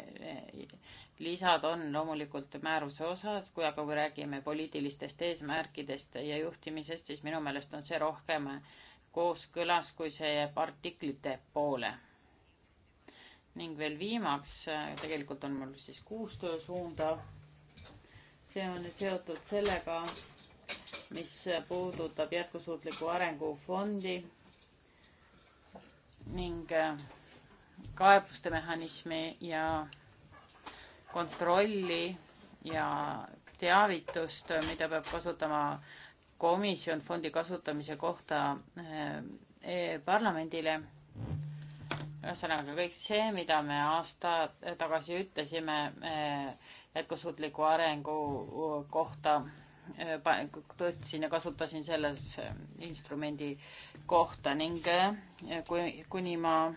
lisad on loomulikult määruse osas, kui aga kui räägime poliitilistest eesmärkidest ja juhtimisest, siis minu meelest on see rohkem kooskõlas, kui see jääb artiklite poole. ning veel viimaks, tegelikult on mul siis kuus töösuunda. see on seotud sellega, mis puudutab jätkusuutliku arengu fondi ning äh, kaebuste mehhanismi ja kontrolli ja teavitust, mida peab kasutama komisjon fondi kasutamise kohta äh, e parlamendile. ühesõnaga kõik see, mida me aasta tagasi ütlesime äh, jätkusuutliku arengu kohta Äh, tõtsin ja kasutasin selles äh, instrumendi kohta ning äh, kui, kuni ma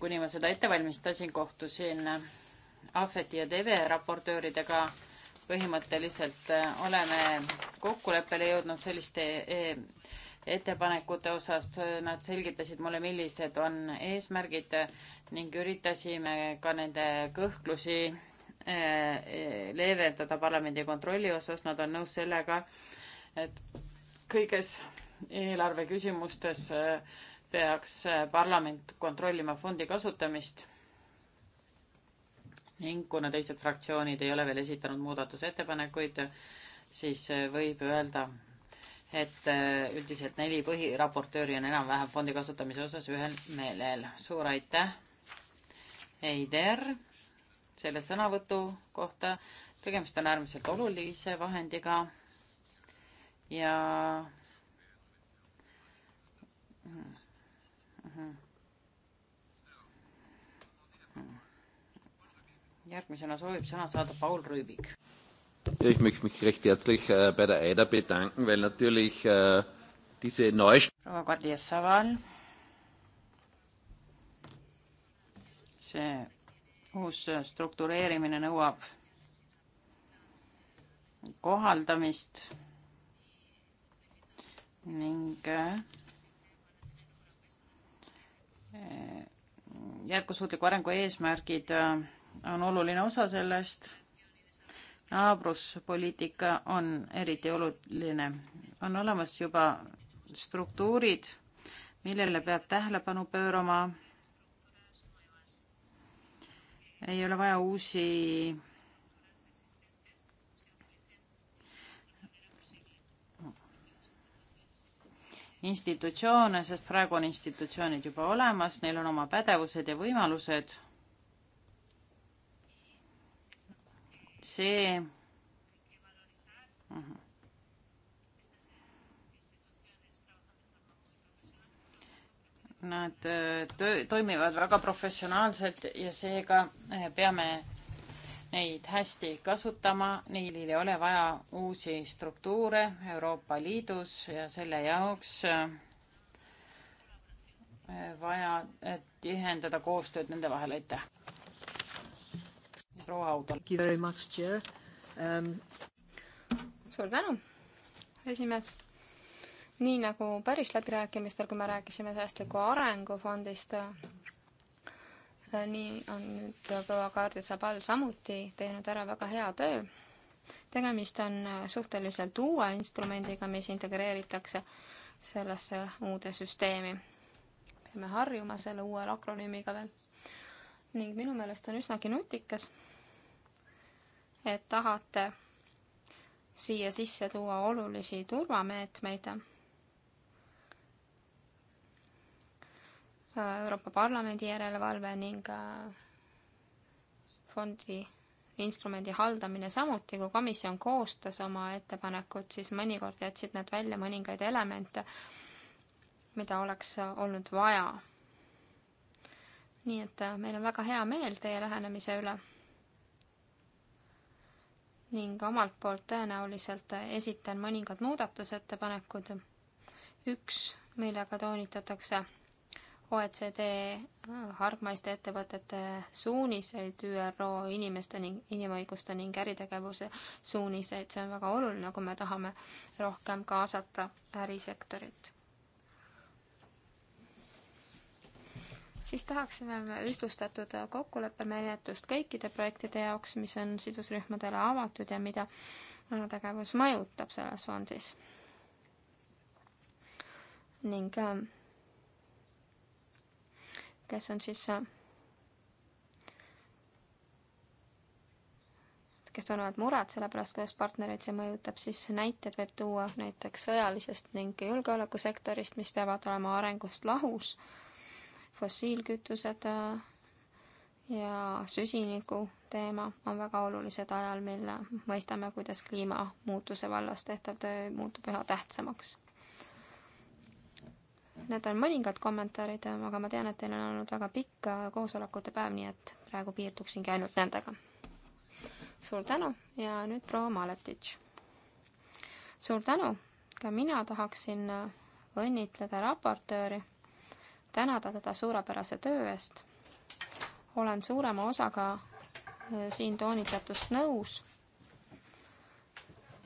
kuni ma seda ette valmistasin, kohtusin Ahveti ja TV raportööridega. põhimõtteliselt oleme kokkuleppele jõudnud selliste ettepanekute osas, nad selgitasid mulle, millised on eesmärgid ning üritasime ka nende kõhklusi eh, leevendada parlamendi kontrolli osas, nad on nõus sellega, et kõiges eelarve küsimustes eh, peaks eh, parlament kontrollima fondi kasutamist ning kuna teised fraktsioonid ei ole veel esitanud muudatusettepanekuid, siis võib öelda, et äh, üldiselt neli põhiraportööri on enam-vähem fondi kasutamise osas ühel meelel. suur aitäh, Heider, selle sõnavõtu kohta. tegemist on äärmiselt olulise vahendiga ja järgmisena soovib sõna saada Paul Rüübik Ja, ich möchte mich recht herzlich äh, bei der EIDA bedanken, weil natürlich äh, diese Neustellung. see uus äh, struktureerimine nõuab kohaldamist ning äh, äh, jätkusuutliku arengu eesmärgid on oluline osa sellest naabruspoliitika on eriti oluline. on olemas juba struktuurid, millele peab tähelepanu pöörama. ei ole vaja uusi institutsioone, sest praegu on institutsioonid juba olemas, neil on oma pädevused ja võimalused see Nad äh, töö, toimivad väga professionaalselt ja seega äh, peame neid hästi kasutama, neil ei ole vaja uusi struktuure Euroopa Liidus ja selle jaoks äh, vaja tihendada koostööd nende vahel, aitäh! proua Audal. Um, suur tänu, esimees nii nagu päris läbirääkimistel, kui me rääkisime säästliku arengufondist, äh, nii on nüüd proua Kaardi Sabal samuti teinud ära väga hea töö. tegemist on äh, suhteliselt uue instrumendiga, mis integreeritakse sellesse uude süsteemi. peame harjuma selle uue akronüümiga veel. ning minu meelest on üsnagi nutikas et tahate siia sisse tuua olulisi turvameetmeid. Euroopa Parlamendi järelevalve ning äh, fondi instrumendi haldamine samuti, kui komisjon koostas oma ettepanekut, siis mõnikord jätsid nad välja mõningaid elemente, mida oleks olnud vaja. nii et äh, meil on väga hea meel teie lähenemise üle ning omalt poolt tõenäoliselt esitan mõningad muudatusettepanekud. üks, millega toonitatakse OECD äh, hargmaiste ettevõtete suuniseid, ÜRO inimeste ning inimõiguste ning äritegevuse suuniseid, see on väga oluline, kui me tahame rohkem kaasata ärisektorit. siis tahaksime me ühtlustatud kokkuleppemenetlust kõikide projektide jaoks, mis on sidusrühmadele avatud ja mida tegevus mõjutab selles fondis. ning ähm, kes on siis äh, kes tunnevad muret selle pärast, kuidas partnereid see mõjutab, siis näiteid võib tuua näiteks sõjalisest ning julgeolekusektorist, mis peavad olema arengust lahus fossiilkütused äh, ja süsiniku teema on väga olulised ajal, mil mõistame, kuidas kliimamuutuse vallas tehtav töö muutub üha tähtsamaks. Need on mõningad kommentaarid, aga ma tean, et teil on olnud väga pikk äh, koosolekute päev, nii et praegu piirduksingi ainult nendega. suur tänu ja nüüd proua Maletitš. suur tänu, ka mina tahaksin äh, õnnitleda raportööri tänada teda suurepärase töö eest. olen suurema osaga eh, siin toonitatust nõus,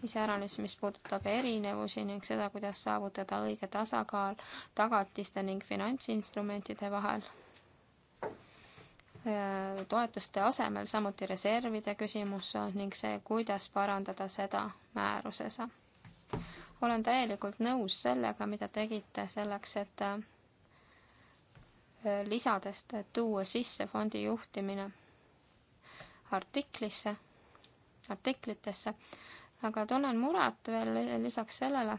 iseäranis, mis puudutab erinevusi ning seda, kuidas saavutada õige tasakaal tagatiste ning finantsinstrumentide vahel eh, toetuste asemel samuti reservide küsimus ning see, kuidas parandada seda määruses. olen täielikult nõus sellega, mida tegite selleks, et eh, lisadest tuua sisse fondi juhtimine artiklisse, artiklitesse, aga tunnen muret veel lisaks sellele,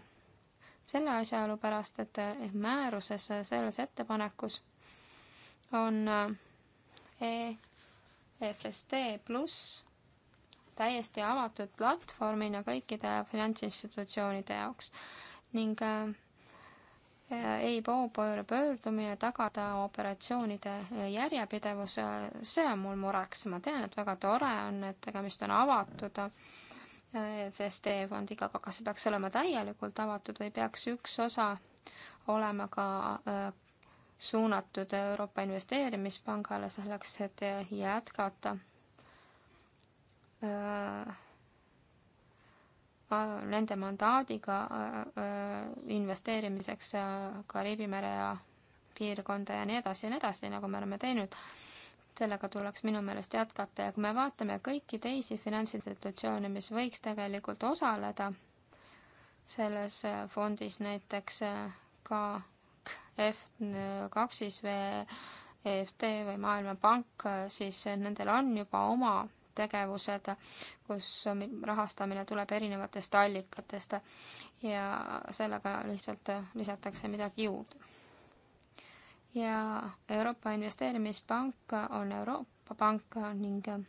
selle asjaolu pärast, et määruses selles ettepanekus on äh, EFSD pluss täiesti avatud platvormina kõikide finantsinstitutsioonide jaoks ning äh, EIBO poole pöördumine, tagada operatsioonide järjepidevus, see on mul mureks. ma tean, et väga tore on, et tegemist on avatud äh, FSD fondiga, aga kas see peaks olema täielikult avatud või peaks üks osa olema ka äh, suunatud Euroopa Investeerimispangale selleks, et jätkata äh, nende mandaadiga äh, äh, investeerimiseks äh, Kariibi mere ja piirkonda ja nii edasi ja nii edasi, nagu me oleme teinud. sellega tuleks minu meelest jätkata ja kui me vaatame kõiki teisi finantsinstitutsioone, mis võiks tegelikult osaleda selles fondis, näiteks ka F2-is või EFT või Maailmapank, siis nendel on juba oma tegevused, kus rahastamine tuleb erinevatest allikatest ja sellega lihtsalt lisatakse midagi juurde. ja Euroopa Investeerimispank on Euroopa pank ning äh,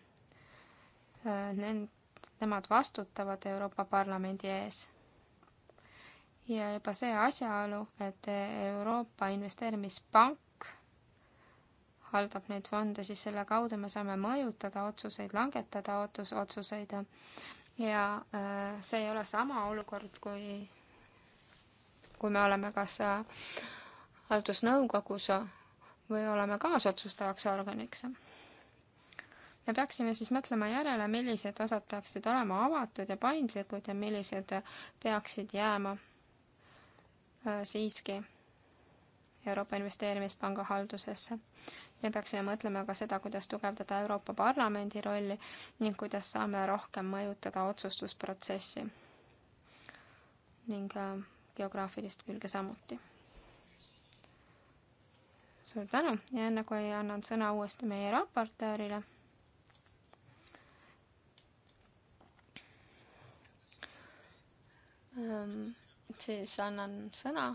nend-, nemad vastutavad Euroopa Parlamendi ees ja juba see asjaolu, et Euroopa Investeerimispank haldab neid fonde, siis selle kaudu me saame mõjutada otsuseid, langetada otus, otsuseid ja äh, see ei ole sama olukord, kui, kui me oleme kas äh, haldusnõukogus või oleme kaasotsustavaks organiks. me peaksime siis mõtlema järele, millised osad peaksid olema avatud ja paindlikud ja millised peaksid jääma äh, siiski Euroopa Investeerimispanga haldusesse. me peaksime mõtlema ka seda, kuidas tugevdada Euroopa Parlamendi rolli ning kuidas saame rohkem mõjutada otsustusprotsessi ning äh, geograafilist külge samuti. suur tänu ja enne kui annan sõna uuesti meie raportöörile, ähm, siis annan sõna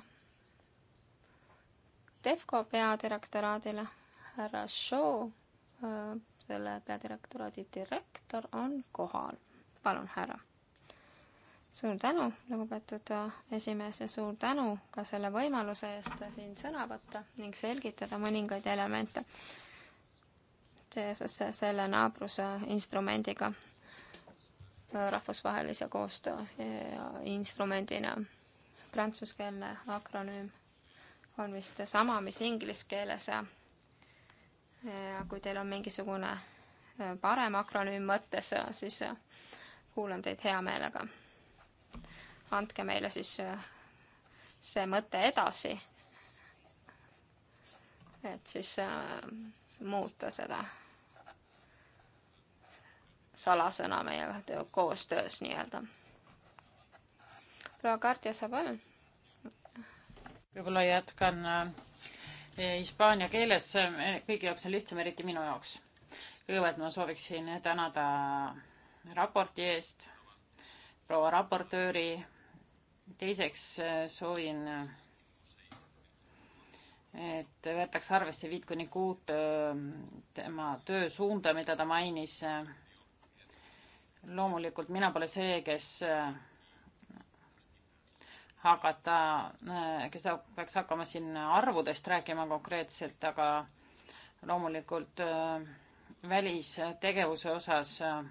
Defco peadirektoraadile, härra Shaw, äh, selle peadirektoraadi direktor on kohal. palun, härra. suur tänu, lugupeetud äh, esimees ja suur tänu ka selle võimaluse eest siin sõna võtta ning selgitada mõningaid elemente seoses selle naabruse instrumendiga, äh, rahvusvahelise koostöö instrumendina, prantsuskeelne akronüüm on vist sama, mis inglise keeles. ja kui teil on mingisugune äh, parem akronüüm mõttes, äh, siis äh, kuulan teid hea meelega. andke meile siis see mõte edasi. et siis muuta seda salasõna meie koostöös nii-öelda. proua Kardia Sabal võib-olla jätkan äh, hispaania keeles, äh, kõigi jaoks on lihtsam, eriti minu jaoks. kõigepealt ma sooviksin tänada raporti eest, proua raportööri. teiseks äh, soovin, et võetaks arvesse viit kuni kuut tema töösuunda, mida ta mainis. loomulikult mina pole see, kes hakata, äh, kes peaks hakkama siin arvudest rääkima konkreetselt, aga loomulikult äh, välistegevuse osas äh,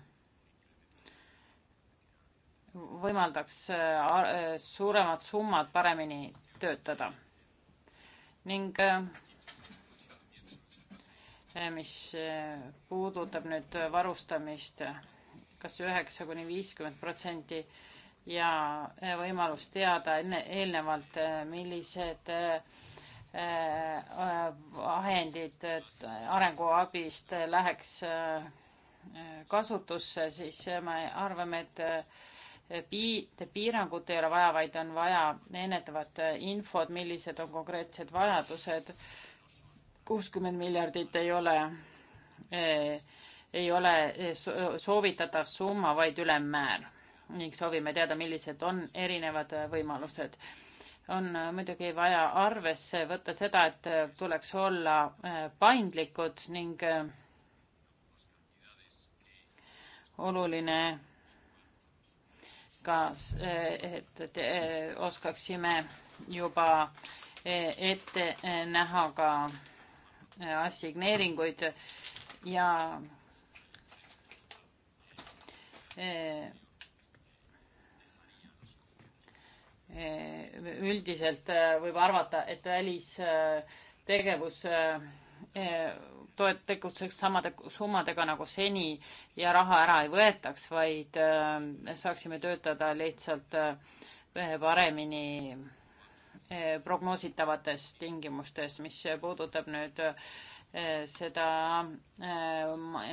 võimaldaks suuremad summad paremini töötada. ning mis puudutab nüüd varustamist kas, kas üheksa kuni viiskümmend protsenti ja eh, võimalus teada enne, eelnevalt, eh, millised vahendid eh, arenguabist läheks kasutusse, siis me arvame, et pii-, piirangut ei ole vaja, vaid on vaja ennetavat infot, millised on konkreetsed vajadused. kuuskümmend miljardit ei ole, ei ole soovitatav summa, vaid ülemmäär ning soovime teada, millised on erinevad võimalused. on muidugi vaja arvesse võtta seda, et tuleks olla äh, paindlikud ning äh, oluline ka see, äh, et oskaksime juba ette näha ka assigneeringuid ja üldiselt äh, võib arvata, et välistegevus äh, äh, toet-, tegutseks samade summadega nagu seni ja raha ära ei võetaks, vaid saaksime töötada lihtsalt paremini prognoositavates tingimustes, mis puudutab nüüd seda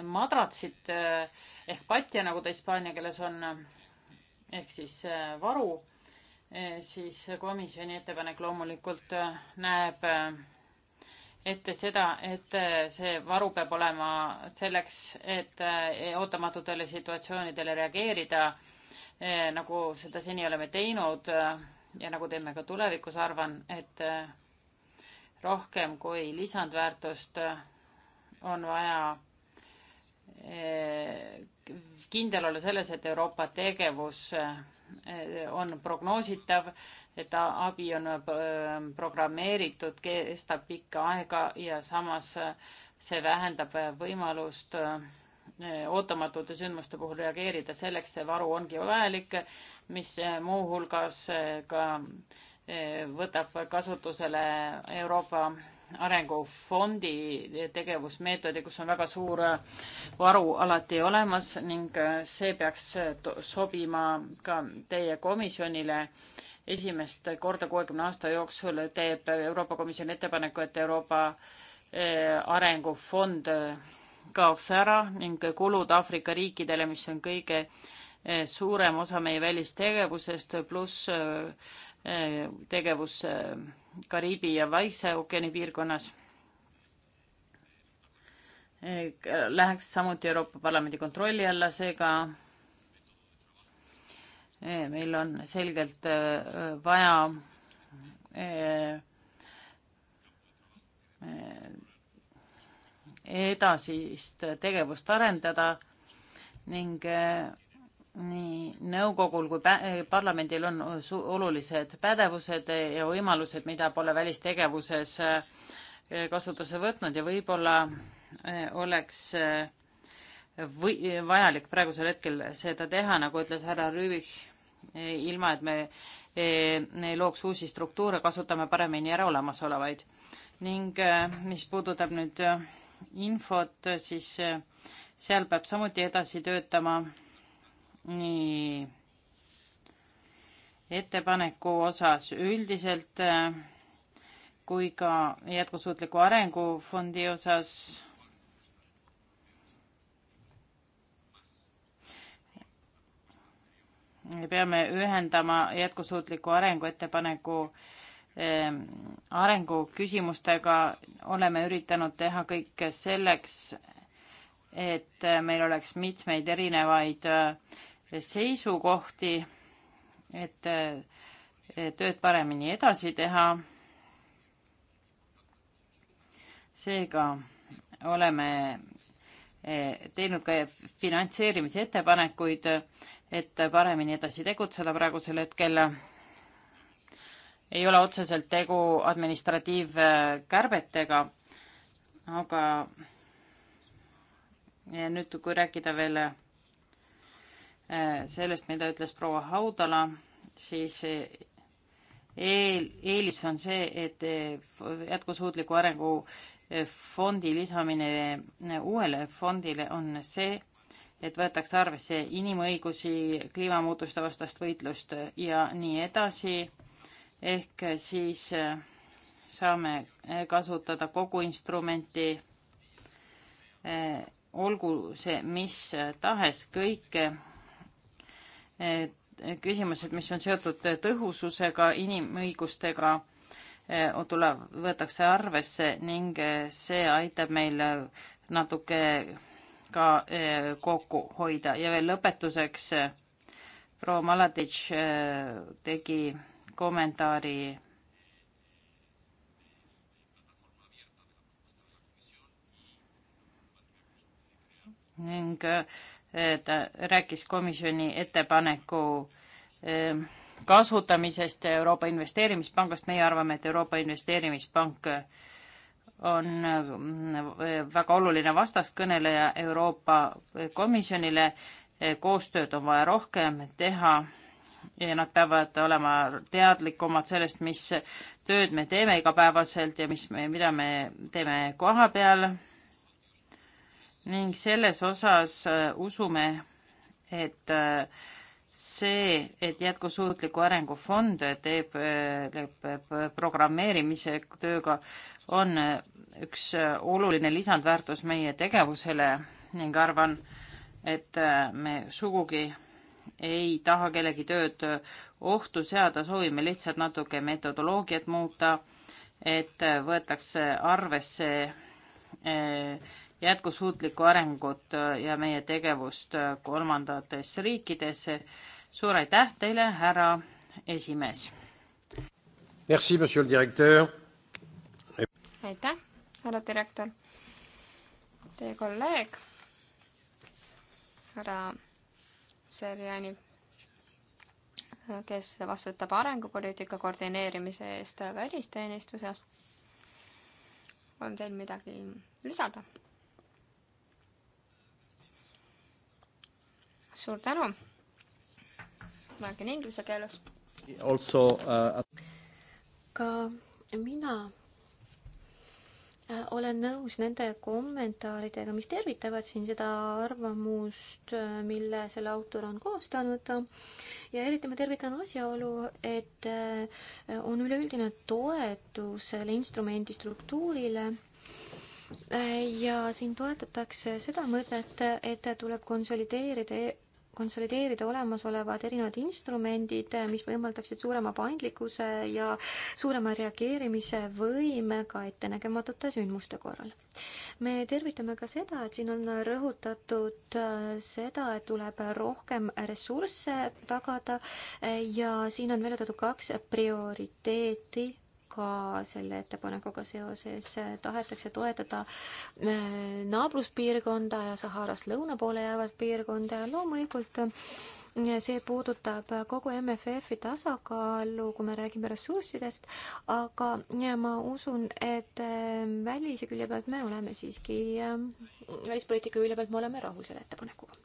madratsit ehk patja, nagu ta hispaania keeles on, ehk siis varu Eh, siis komisjoni ettepanek loomulikult eh, näeb eh, ette seda, et see varu peab olema selleks, et ootamatutele situatsioonidele reageerida, nagu seda seni oleme teinud ja nagu teeme ka tulevikus, arvan, et rohkem kui lisandväärtust on vaja kindel olla selles, et Euroopa tegevus Eh, on prognoositav, et abi on eh, programmeeritud, kestab pikka aega ja samas eh, see vähendab võimalust ootamatute sündmuste puhul reageerida, selleks see varu ongi vajalik, mis muuhulgas ka võtab kasutusele Euroopa arengufondi tegevusmeetodi, kus on väga suur varu alati olemas ning äh, see peaks äh, sobima ka teie komisjonile. esimest korda kuuekümne aasta jooksul teeb Euroopa Komisjon ettepaneku, et Euroopa äh, arengufond kaoks ära ning kulud Aafrika riikidele, mis on kõige suurem osa meie välistegevusest, pluss tegevus Kariibi ja Vaikse ookeani piirkonnas. Läheks samuti Euroopa Parlamendi kontrolli alla, seega eh, meil on selgelt eh, vaja eh, edasist tegevust arendada ning nii nõukogul kui eh, parlamendil on olulised pädevused ja võimalused, mida pole välistegevuses eh, kasutuse võtnud ja võib-olla eh, oleks või vajalik praegusel hetkel seda teha, nagu ütles härra Rüüvik, ilma et me, me looks uusi struktuure, kasutame paremini ära olemasolevaid. ning mis puudutab nüüd infot, siis seal peab samuti edasi töötama nii ettepaneku osas üldiselt äh, kui ka jätkusuutliku arengufondi osas me peame ühendama jätkusuutliku arengu ettepaneku äh, arengu küsimustega oleme üritanud teha kõike selleks, et äh, meil oleks mitmeid erinevaid äh, seisukohti, et äh, tööd paremini edasi teha. seega oleme teinud ka finantseerimise ettepanekuid, et paremini edasi tegutseda praegusel hetkel. ei ole otseselt tegu administratiivkärbetega, aga nüüd, kui rääkida veel äh, sellest, mida ütles proua Haudala, siis äh, eel, eelis on see, et äh, jätkusuutliku arengu fondi lisamine uuele fondile on see, et võetakse arvesse inimõigusi, kliimamuutuste vastast võitlust ja nii edasi. ehk siis saame kasutada kogu instrumenti olgu see mis tahes, kõik küsimused, mis on seotud tõhususega, inimõigustega, eh, tuleb, võetakse arvesse ning eh, see aitab meil natuke ka eh, kokku hoida ja veel lõpetuseks proua Maladitš tegi kommentaari ning eh, ta rääkis komisjoni ettepaneku eh, kasutamisest Euroopa Investeerimispangast. meie arvame, et Euroopa Investeerimispank on eh, väga oluline vastaskõneleja Euroopa Komisjonile. koostööd on vaja rohkem teha ja nad peavad olema teadlikumad sellest, mis tööd me teeme igapäevaselt ja mis, mida me teeme koha peal ning selles osas äh, usume, et äh, see, et jätkusuutliku arengu fond äh, teeb, teeb programmeerimise tööga, on üks oluline lisandväärtus meie tegevusele ning arvan, et me sugugi ei taha kellegi tööd ohtu seada, soovime lihtsalt natuke metodoloogiat muuta, et võetakse arvesse eh, jätkusuutlikku arengut äh, ja meie tegevust äh, kolmandates riikides. suur aitäh teile, härra esimees! aitäh, härra direktor! Teie kolleeg, härra Serjani kes vastutab arengupoliitika koordineerimise eest välisteenistuses. on teil midagi lisada? suur tänu. ma räägin inglise keeles. Also uh.... ka mina äh, olen nõus nende kommentaaridega, mis tervitavad siin seda arvamust, äh, mille selle autor on koostanud. ja eriti ma tervitan asjaolu, et äh, on üleüldine toetus selle instrumendi struktuurile. ja siin toetatakse seda mõtet, et tuleb konsolideerida konsolideerida olemasolevad erinevad instrumendid, mis võimaldaksid suurema paindlikkuse ja suurema reageerimise võimega ettenägematute sündmuste korral. me tervitame ka seda, et siin on rõhutatud äh, seda, et tuleb rohkem ressursse tagada äh, ja siin on välja toodud kaks prioriteeti ka selle ettepanekuga seoses tahetakse toetada äh, naabruspiirkonda ja Saharast lõuna poole jäävat piirkonda ja loomulikult äh, see puudutab kogu MFF-i tasakaalu, kui me räägime ressurssidest, aga ma usun, et äh, välise külje pealt me oleme siiski, välispoliitika külje pealt me oleme rahul selle ettepanekuga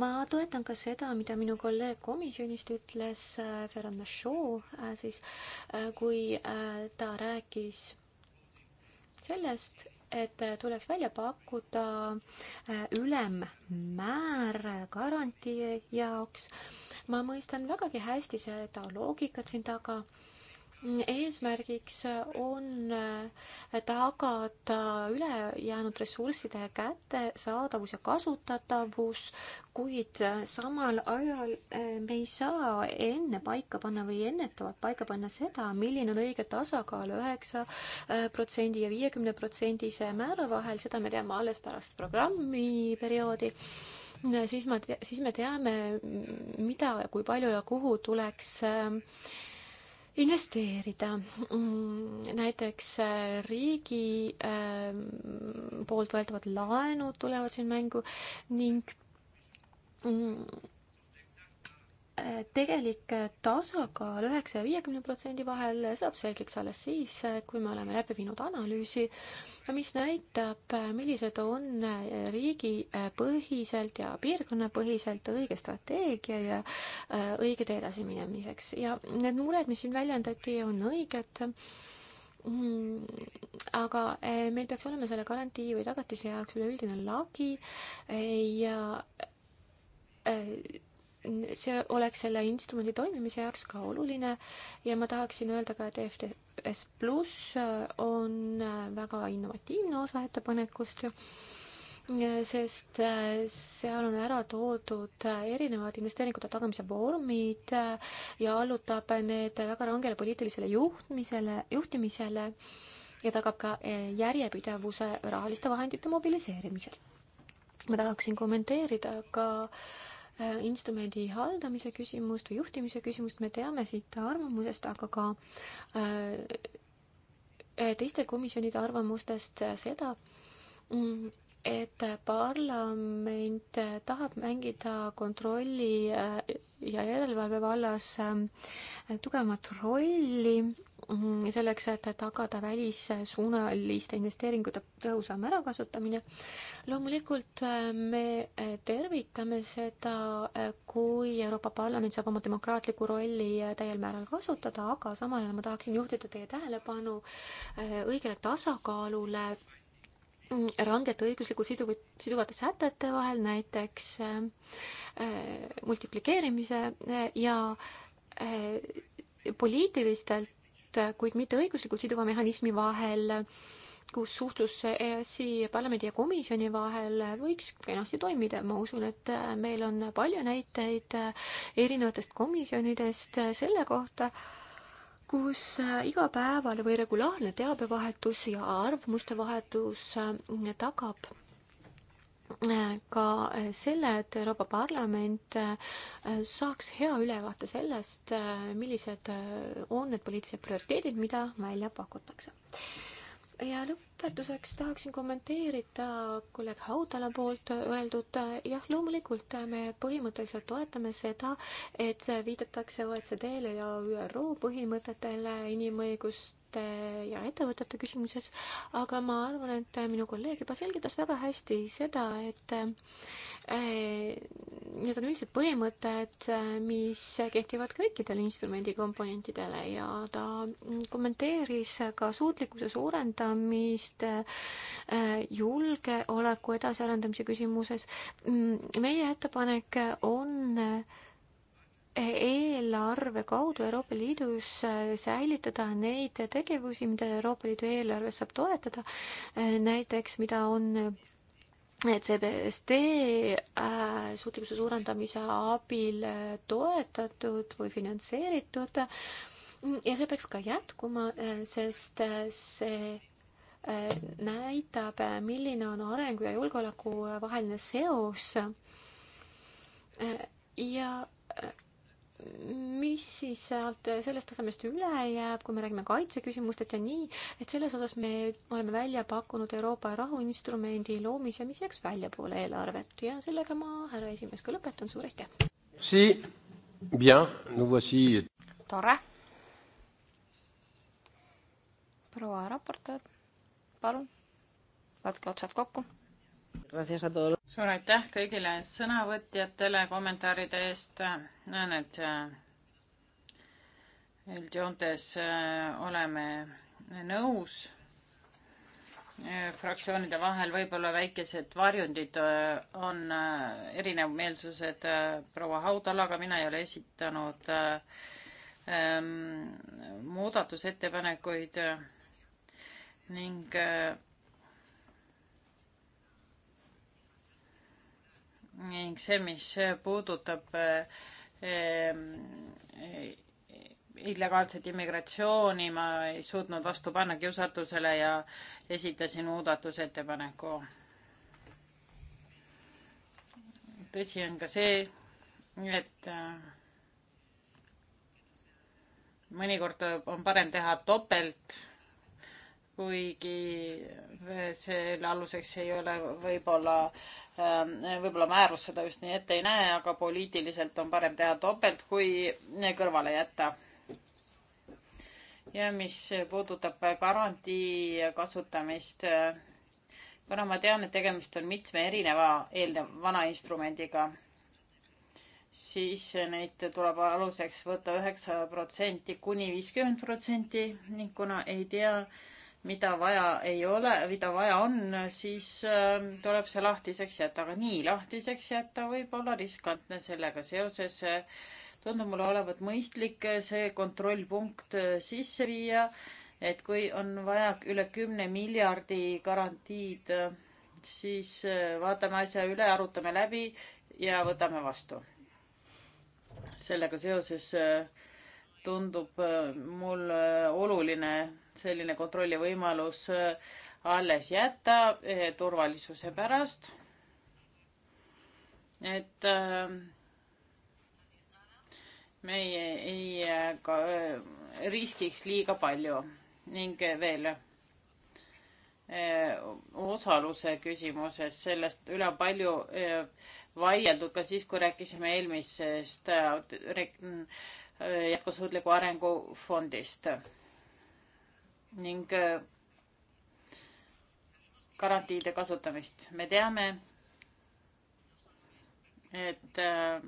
ma toetan ka seda, mida minu kolleeg komisjonist ütles, äh, Ferran Machot äh, siis, äh, kui ta rääkis sellest, et tuleks välja pakkuda ülemmäär garantii jaoks. ma mõistan vägagi hästi seda loogikat siin taga eesmärgiks on tagada ülejäänud ressursside kättesaadavus ja kasutatavus, kuid samal ajal eh, me ei saa enne paika panna või ennetavalt paika panna seda, milline on õige tasakaal üheksa eh, protsendi ja viiekümne protsendise määra vahel, seda me teame alles pärast programmiperioodi siis ma, siis me teame, mida ja kui palju ja kuhu tuleks äh, investeerida. Mm, näiteks äh, riigi ähm, poolt võetavad laenud tulevad siin mängu ning mm, tegelik tasakaal üheksa ja viiekümne protsendi vahel saab selgeks alles siis, kui me oleme läbi viinud analüüsi, mis näitab, millised on riigipõhiselt ja piirkonnapõhiselt õige strateegia ja äh, õige tee edasiminemiseks ja need mured, mis siin väljendati, on õiged mm, aga äh, meil peaks olema selle garantii või tagatise jaoks üleüldine lagi ja äh, see oleks selle instrumendi toimimise jaoks ka oluline ja ma tahaksin öelda ka, et EFTS pluss on väga innovatiivne osa ettepanekust, sest äh, seal on ära toodud äh, erinevad investeeringute tagamise vormid äh, ja allutab need väga rangele poliitilisele juhtmisele, juhtimisele ja tagab ka järjepidevuse rahaliste vahendite mobiliseerimisel. ma tahaksin kommenteerida ka äh, Äh, instrumendi haldamise küsimust või juhtimise küsimust, me teame siit arvamusest, aga ka äh, teiste komisjonide arvamustest seda, mm, et parlament tahab mängida kontrolli äh, ja järelevalve vallas äh, tugevamat rolli mm, selleks, et tagada välissuunaliste investeeringute tõhusam ärakasutamine. loomulikult äh, me tervitame seda, kui Euroopa Parlament saab oma demokraatlikku rolli täiel määral kasutada, aga samal ajal ma tahaksin juhtida teie tähelepanu õigele tasakaalule rangete õiguslikult siduvad, siduvate sätete vahel, näiteks äh, äh multiplikeerimise äh, ja äh, poliitilistelt, äh, kuid mitte õiguslikult siduva mehhanismi vahel, kus suhtlus EAS-i parlamendi ja komisjoni vahel võiks kenasti toimida. ma usun, et meil on palju näiteid erinevatest komisjonidest selle kohta äh,, kus äh, igapäevane või regulaarne teabevahetus ja arvamuste vahetus äh, tagab äh, ka selle, et Euroopa Parlament saaks hea ülevaate sellest, millised on need poliitilised prioriteedid, mida välja pakutakse ja lõpetuseks tahaksin kommenteerida kolleeg Haudala poolt öeldut. jah, loomulikult me põhimõtteliselt toetame seda, et viidatakse OECD-le ja ÜRO põhimõtetele inimõigust isikute ja ettevõtete küsimuses, aga ma arvan, et minu kolleeg juba selgitas väga hästi seda, et eh, need on üldised põhimõtted, mis kehtivad kõikidele instrumendi komponentidele ja ta kommenteeris ka suutlikkuse suurendamist eh, julgeoleku edasiarendamise küsimuses. Mm, meie ettepanek on eh, eelarve kaudu Euroopa Liidus äh, säilitada neid tegevusi, mida Euroopa Liidu eelarves saab toetada, äh, näiteks mida on äh, CBSD suutlikkuse suurendamise abil toetatud või finantseeritud ja see peaks ka jätkuma, sest see näitab, milline on arengu ja julgeoleku vaheline seos. ja mis siis sealt sellest tasemest üle jääb, kui me räägime kaitseküsimustest ja nii, et selles osas me oleme välja pakkunud Euroopa rahuinstrumendi loomise, mis jääks väljapoole eelarvet ja sellega ma, härra esimees, ka lõpetan, suur aitäh! Si, bien, nous voici. tore. proua raportöör, palun, võtke otsad kokku suur aitäh kõigile sõnavõtjatele kommentaaride eest. näen, et äh, üldjoontes äh, oleme nõus äh, fraktsioonide vahel võib-olla väikesed varjundid on erinevmeelsused proua Haudalaga, mina ei ole esitanud ähm, muudatusettepanekuid ning äh, ning see, mis puudutab ehm, eh, illegaalset immigratsiooni, ma ei suutnud vastu panna kiusatusele ja esitasin muudatusettepaneku. tõsi on ka see, et äh, mõnikord on parem teha topelt kuigi selle aluseks ei ole võib-olla, ähm, võib-olla määrus seda just nii ette ei näe, aga poliitiliselt on parem teha topelt kui kõrvale jätta. ja mis puudutab garantii kasutamist, kuna ma tean, et tegemist on mitme erineva eelnev vana instrumendiga, siis neid tuleb aluseks võtta üheksa protsenti kuni viiskümmend protsenti ning kuna ei tea, mida vaja ei ole, mida vaja on, siis ähm, tuleb see lahtiseks jätta, aga nii lahtiseks jätta võib olla riskantne sellega seoses. Äh, tundub mulle olevat mõistlik äh, see kontrollpunkt äh, sisse viia, et kui on vaja üle kümne miljardi garantiid, siis vaatame asja üle, arutame läbi ja võtame vastu. sellega seoses äh, tundub äh, mulle oluline selline kontrollivõimalus äh, alles jätta äh, turvalisuse pärast. et meie ei ka, riskiks liiga palju ning veel osaluse küsimuses, sellest üle palju vaieldud ka siis, kui rääkisime eelmisest Äh, jätkusuutliku arengu fondist ning äh, garantiide kasutamist. me teame, et äh,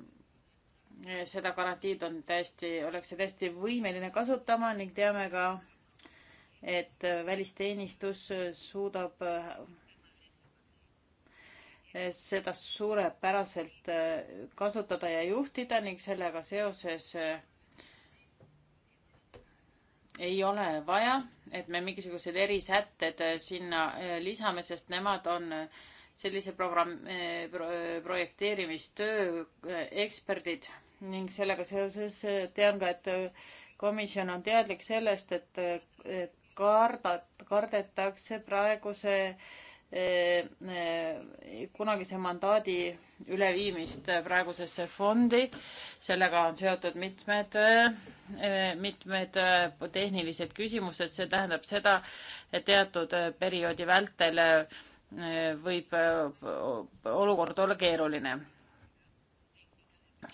seda garantiid on täiesti, ollakse täiesti võimeline kasutama ning teame ka, et välisteenistus suudab seda suurepäraselt kasutada ja juhtida ning sellega seoses ei ole vaja, et me mingisugused erisätted äh, sinna äh, lisame, sest nemad on äh, sellise programm pro,, projekteerimistöö eksperdid ning sellega seoses tean ka, et komisjon on teadlik sellest, et kardat-, kardetakse praeguse äh, kunagise mandaadi üleviimist praegusesse fondi. sellega on seotud mitmed, mitmed tehnilised küsimused, see tähendab seda, et teatud perioodi vältel võib olukord olla keeruline.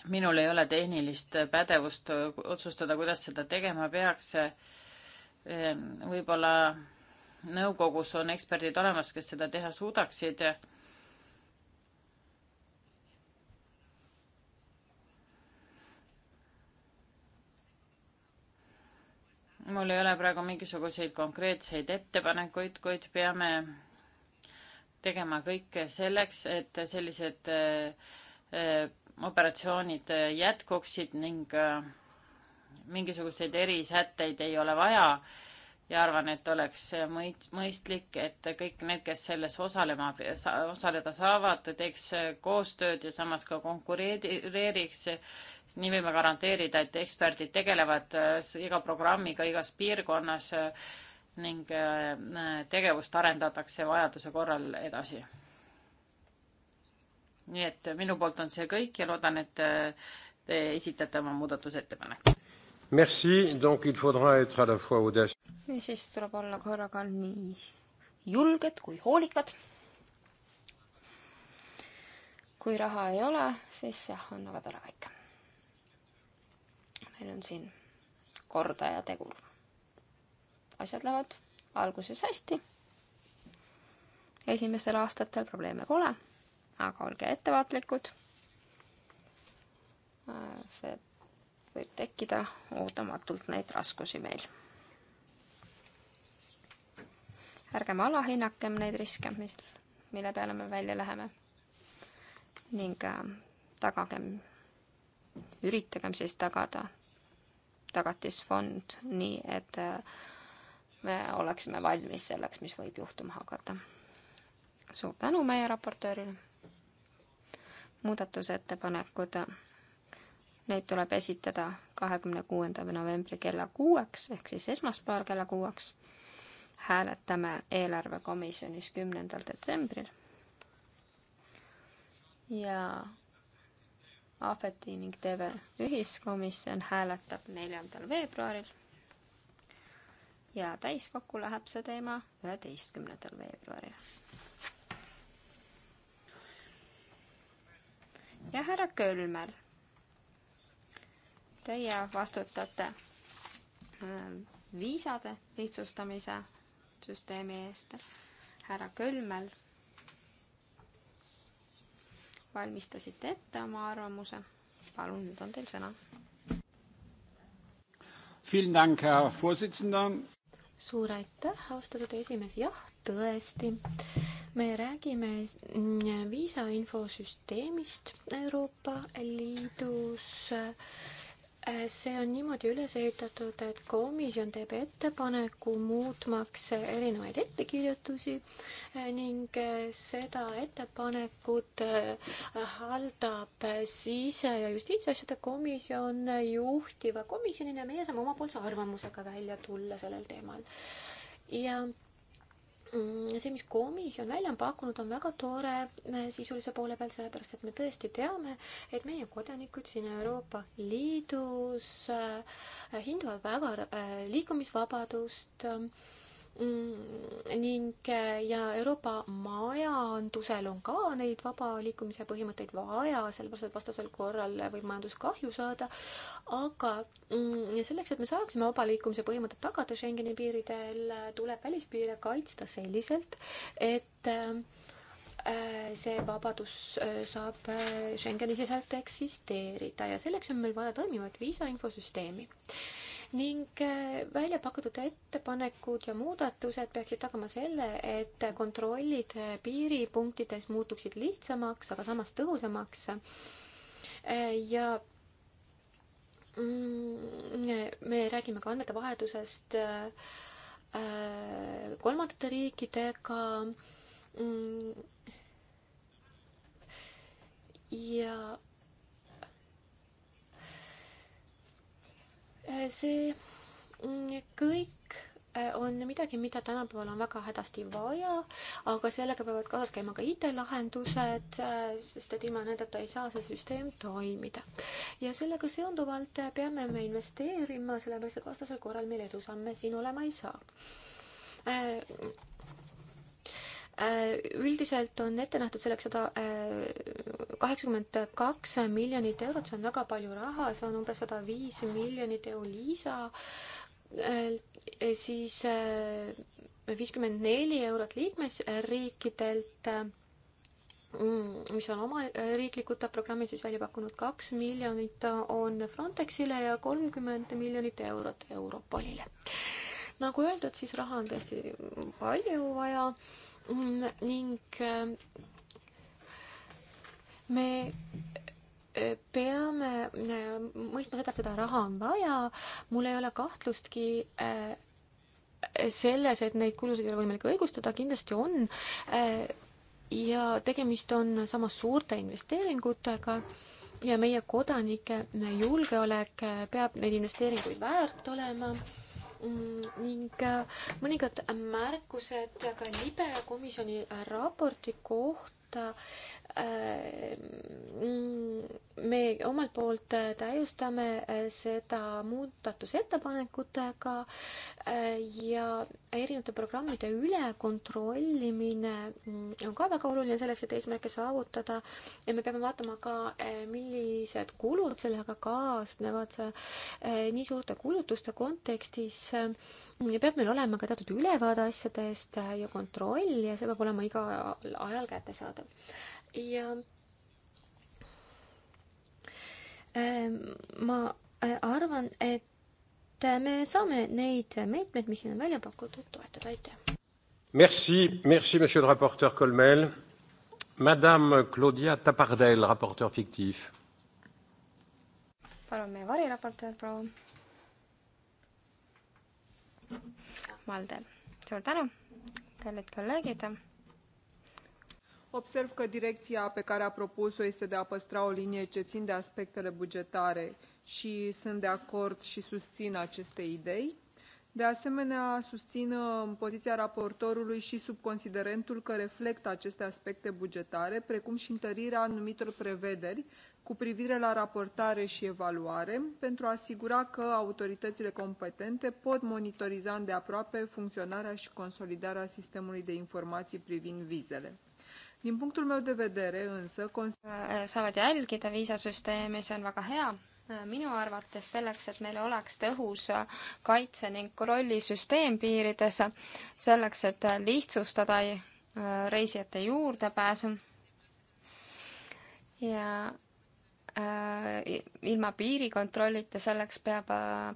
minul ei ole tehnilist pädevust otsustada, kuidas seda tegema peaks. võib-olla nõukogus on eksperdid olemas, kes seda teha suudaksid. mul ei ole praegu mingisuguseid konkreetseid ettepanekuid, kuid peame tegema kõike selleks, et sellised äh, äh, operatsioonid jätkuksid ning äh, mingisuguseid erisätteid ei ole vaja ja arvan, et oleks mõist-, mõistlik, et kõik need, kes selles osalema, osaleda saavad, teeks koostööd ja samas ka konkureeriks. nii võime garanteerida, et eksperdid tegelevad äh, iga programmiga igas piirkonnas äh, ning äh, tegevust arendatakse vajaduse korral edasi. nii et minu poolt on see kõik ja loodan, et te esitate oma muudatusettepaneku. Merci, donc il faudra être à la fois audacieux niisiis tuleb olla korraga nii julged kui hoolikad. kui raha ei ole, siis jah, annavad ära kõik. meil on siin kordaja tegur. asjad lähevad alguses hästi. esimestel aastatel probleeme pole, aga olge ettevaatlikud. Äh, see võib tekkida ootamatult neid raskusi meil ärgem alahinnakem neid riske, mis, mille peale me välja läheme. ning äh, tagagem, üritagem siis tagada tagatisfond nii, et äh, me oleksime valmis selleks, mis võib juhtuma hakata. suur tänu meie raportöörile. muudatusettepanekud, äh, neid tuleb esitada kahekümne kuuenda novembri kella kuueks ehk siis esmaspäeval kella kuueks hääletame eelarvekomisjonis kümnendal detsembril. ja Ahveti ning TV ühiskomisjon hääletab neljandal veebruaril. ja täiskokku läheb see teema üheteistkümnendal veebruaril. ja härra Kölmel, teie vastutate äh, viisade lihtsustamise süsteemi eest. härra Kölmel, valmistasite ette oma arvamuse. palun, nüüd on teil sõna. suur aitäh, austatud esimees, jah, tõesti me räägime viisa infosüsteemist Euroopa Liidus see on niimoodi üles ehitatud, et komisjon teeb ettepaneku muutmaks erinevaid ettekirjutusi eh, ning eh, seda ettepanekut eh, haldab sise- ja justiitsasjade komisjon juhtiva komisjonina ja meie saame omapoolse arvamusega välja tulla sellel teemal. ja Mm, see, mis komisjon välja on pakkunud, on väga tore äh, sisulise poole peal, sellepärast et me tõesti teame, et meie kodanikud siin Euroopa Liidus äh, hindavad väga äh, liikumisvabadust Mm, ning äh, ja Euroopa majandusel on ka neid vaba liikumise põhimõtteid vaja, sellepärast et vastasel korral võib majandus kahju saada, aga mm, selleks, et me saaksime vaba liikumise põhimõtet tagada Schengeni piiridel, tuleb välispiire kaitsta selliselt, et äh, äh, see vabadus saab Schengeni siseselt eksisteerida ja selleks on meil vaja toimivat viisainfosüsteemi ning äh, välja pakutud ettepanekud ja muudatused peaksid tagama selle, et kontrollid äh, piiripunktides muutuksid lihtsamaks, aga samas tõhusamaks äh, ja mm, me räägime ka andmete vahetusest kolmandate riikidega mm, ja see mm, kõik äh, on midagi, mida tänapäeval on väga hädasti vaja, aga sellega peavad kaasas käima ka IT-lahendused, äh, sest et ilma nendeta ei saa see süsteem toimida. ja sellega seonduvalt äh, peame me investeerima, sellepärast et vastasel korral meil edusamme siin olema ei saa Äh, üldiselt on ette nähtud selleks sada äh, kaheksakümmend kaks miljonit eurot, see on väga palju raha, see on umbes sada viis miljonit Euliisa, äh, siis viiskümmend neli eurot liikmesriikidelt, mis on oma riiklikud programmid siis välja pakkunud, kaks miljonit on Frontexile ja kolmkümmend miljonit eurot Europolile. nagu öeldud, siis raha on tõesti palju vaja Mm, ning ähm, me äh, peame äh, mõistma seda, et seda raha on vaja, mul ei ole kahtlustki äh, selles, et neid kulusid ei ole võimalik õigustada, kindlasti on, ja tegemist on samas suurte investeeringutega ja meie kodanike julgeolek peab neid investeeringuid väärt olema Mm, ning äh, mõningad märkused ka libe komisjoni raporti kohta kohta, Äh, me omalt poolt äh, täiustame äh, seda muudatusettepanekutega ja erinevate programmide üle kontrollimine mm, on ka väga oluline selleks, et eesmärke saavutada ja me peame vaatama ka, millised kulud sellega kaasnevad nii suurte kulutuste kontekstis ja peab meil olema ka teatud ülevaade asjadest ja kontroll ja see peab olema igal ajal kättesaadav ja ähm, ma äh, arvan, et äh, me saame neid meetmeid, mis siin on välja pakutud, toetada, aitäh. Merci, merci, monsieur le rapporteur Colmel. Madame Claudia Tapardel, rapporteur fictif. palun, meie variraportöör, proua. Maldel, suur tänu, kallid kolleegid observ că direcția pe care a propus o este de a păstra o linie ce țin de aspectele bugetare și sunt de acord și susțin aceste idei. De asemenea, susțin uh, poziția raportorului și sub considerentul că reflectă aceste aspecte bugetare, precum și întărirea anumitor prevederi cu privire la raportare și evaluare, pentru a asigura că autoritățile competente pot monitoriza îndeaproape funcționarea și consolidarea sistemului de informații privind vizele. Din punctul meu de vedere, însă, äh, saavad jälgida viisasüsteemi, see on väga hea. Äh, minu arvates selleks, et meil oleks tõhus äh, kaitse- ning rollisüsteem piirides, selleks, et lihtsustada reisijate juurdepääsu ja äh, ilma piirikontrollita, selleks peab,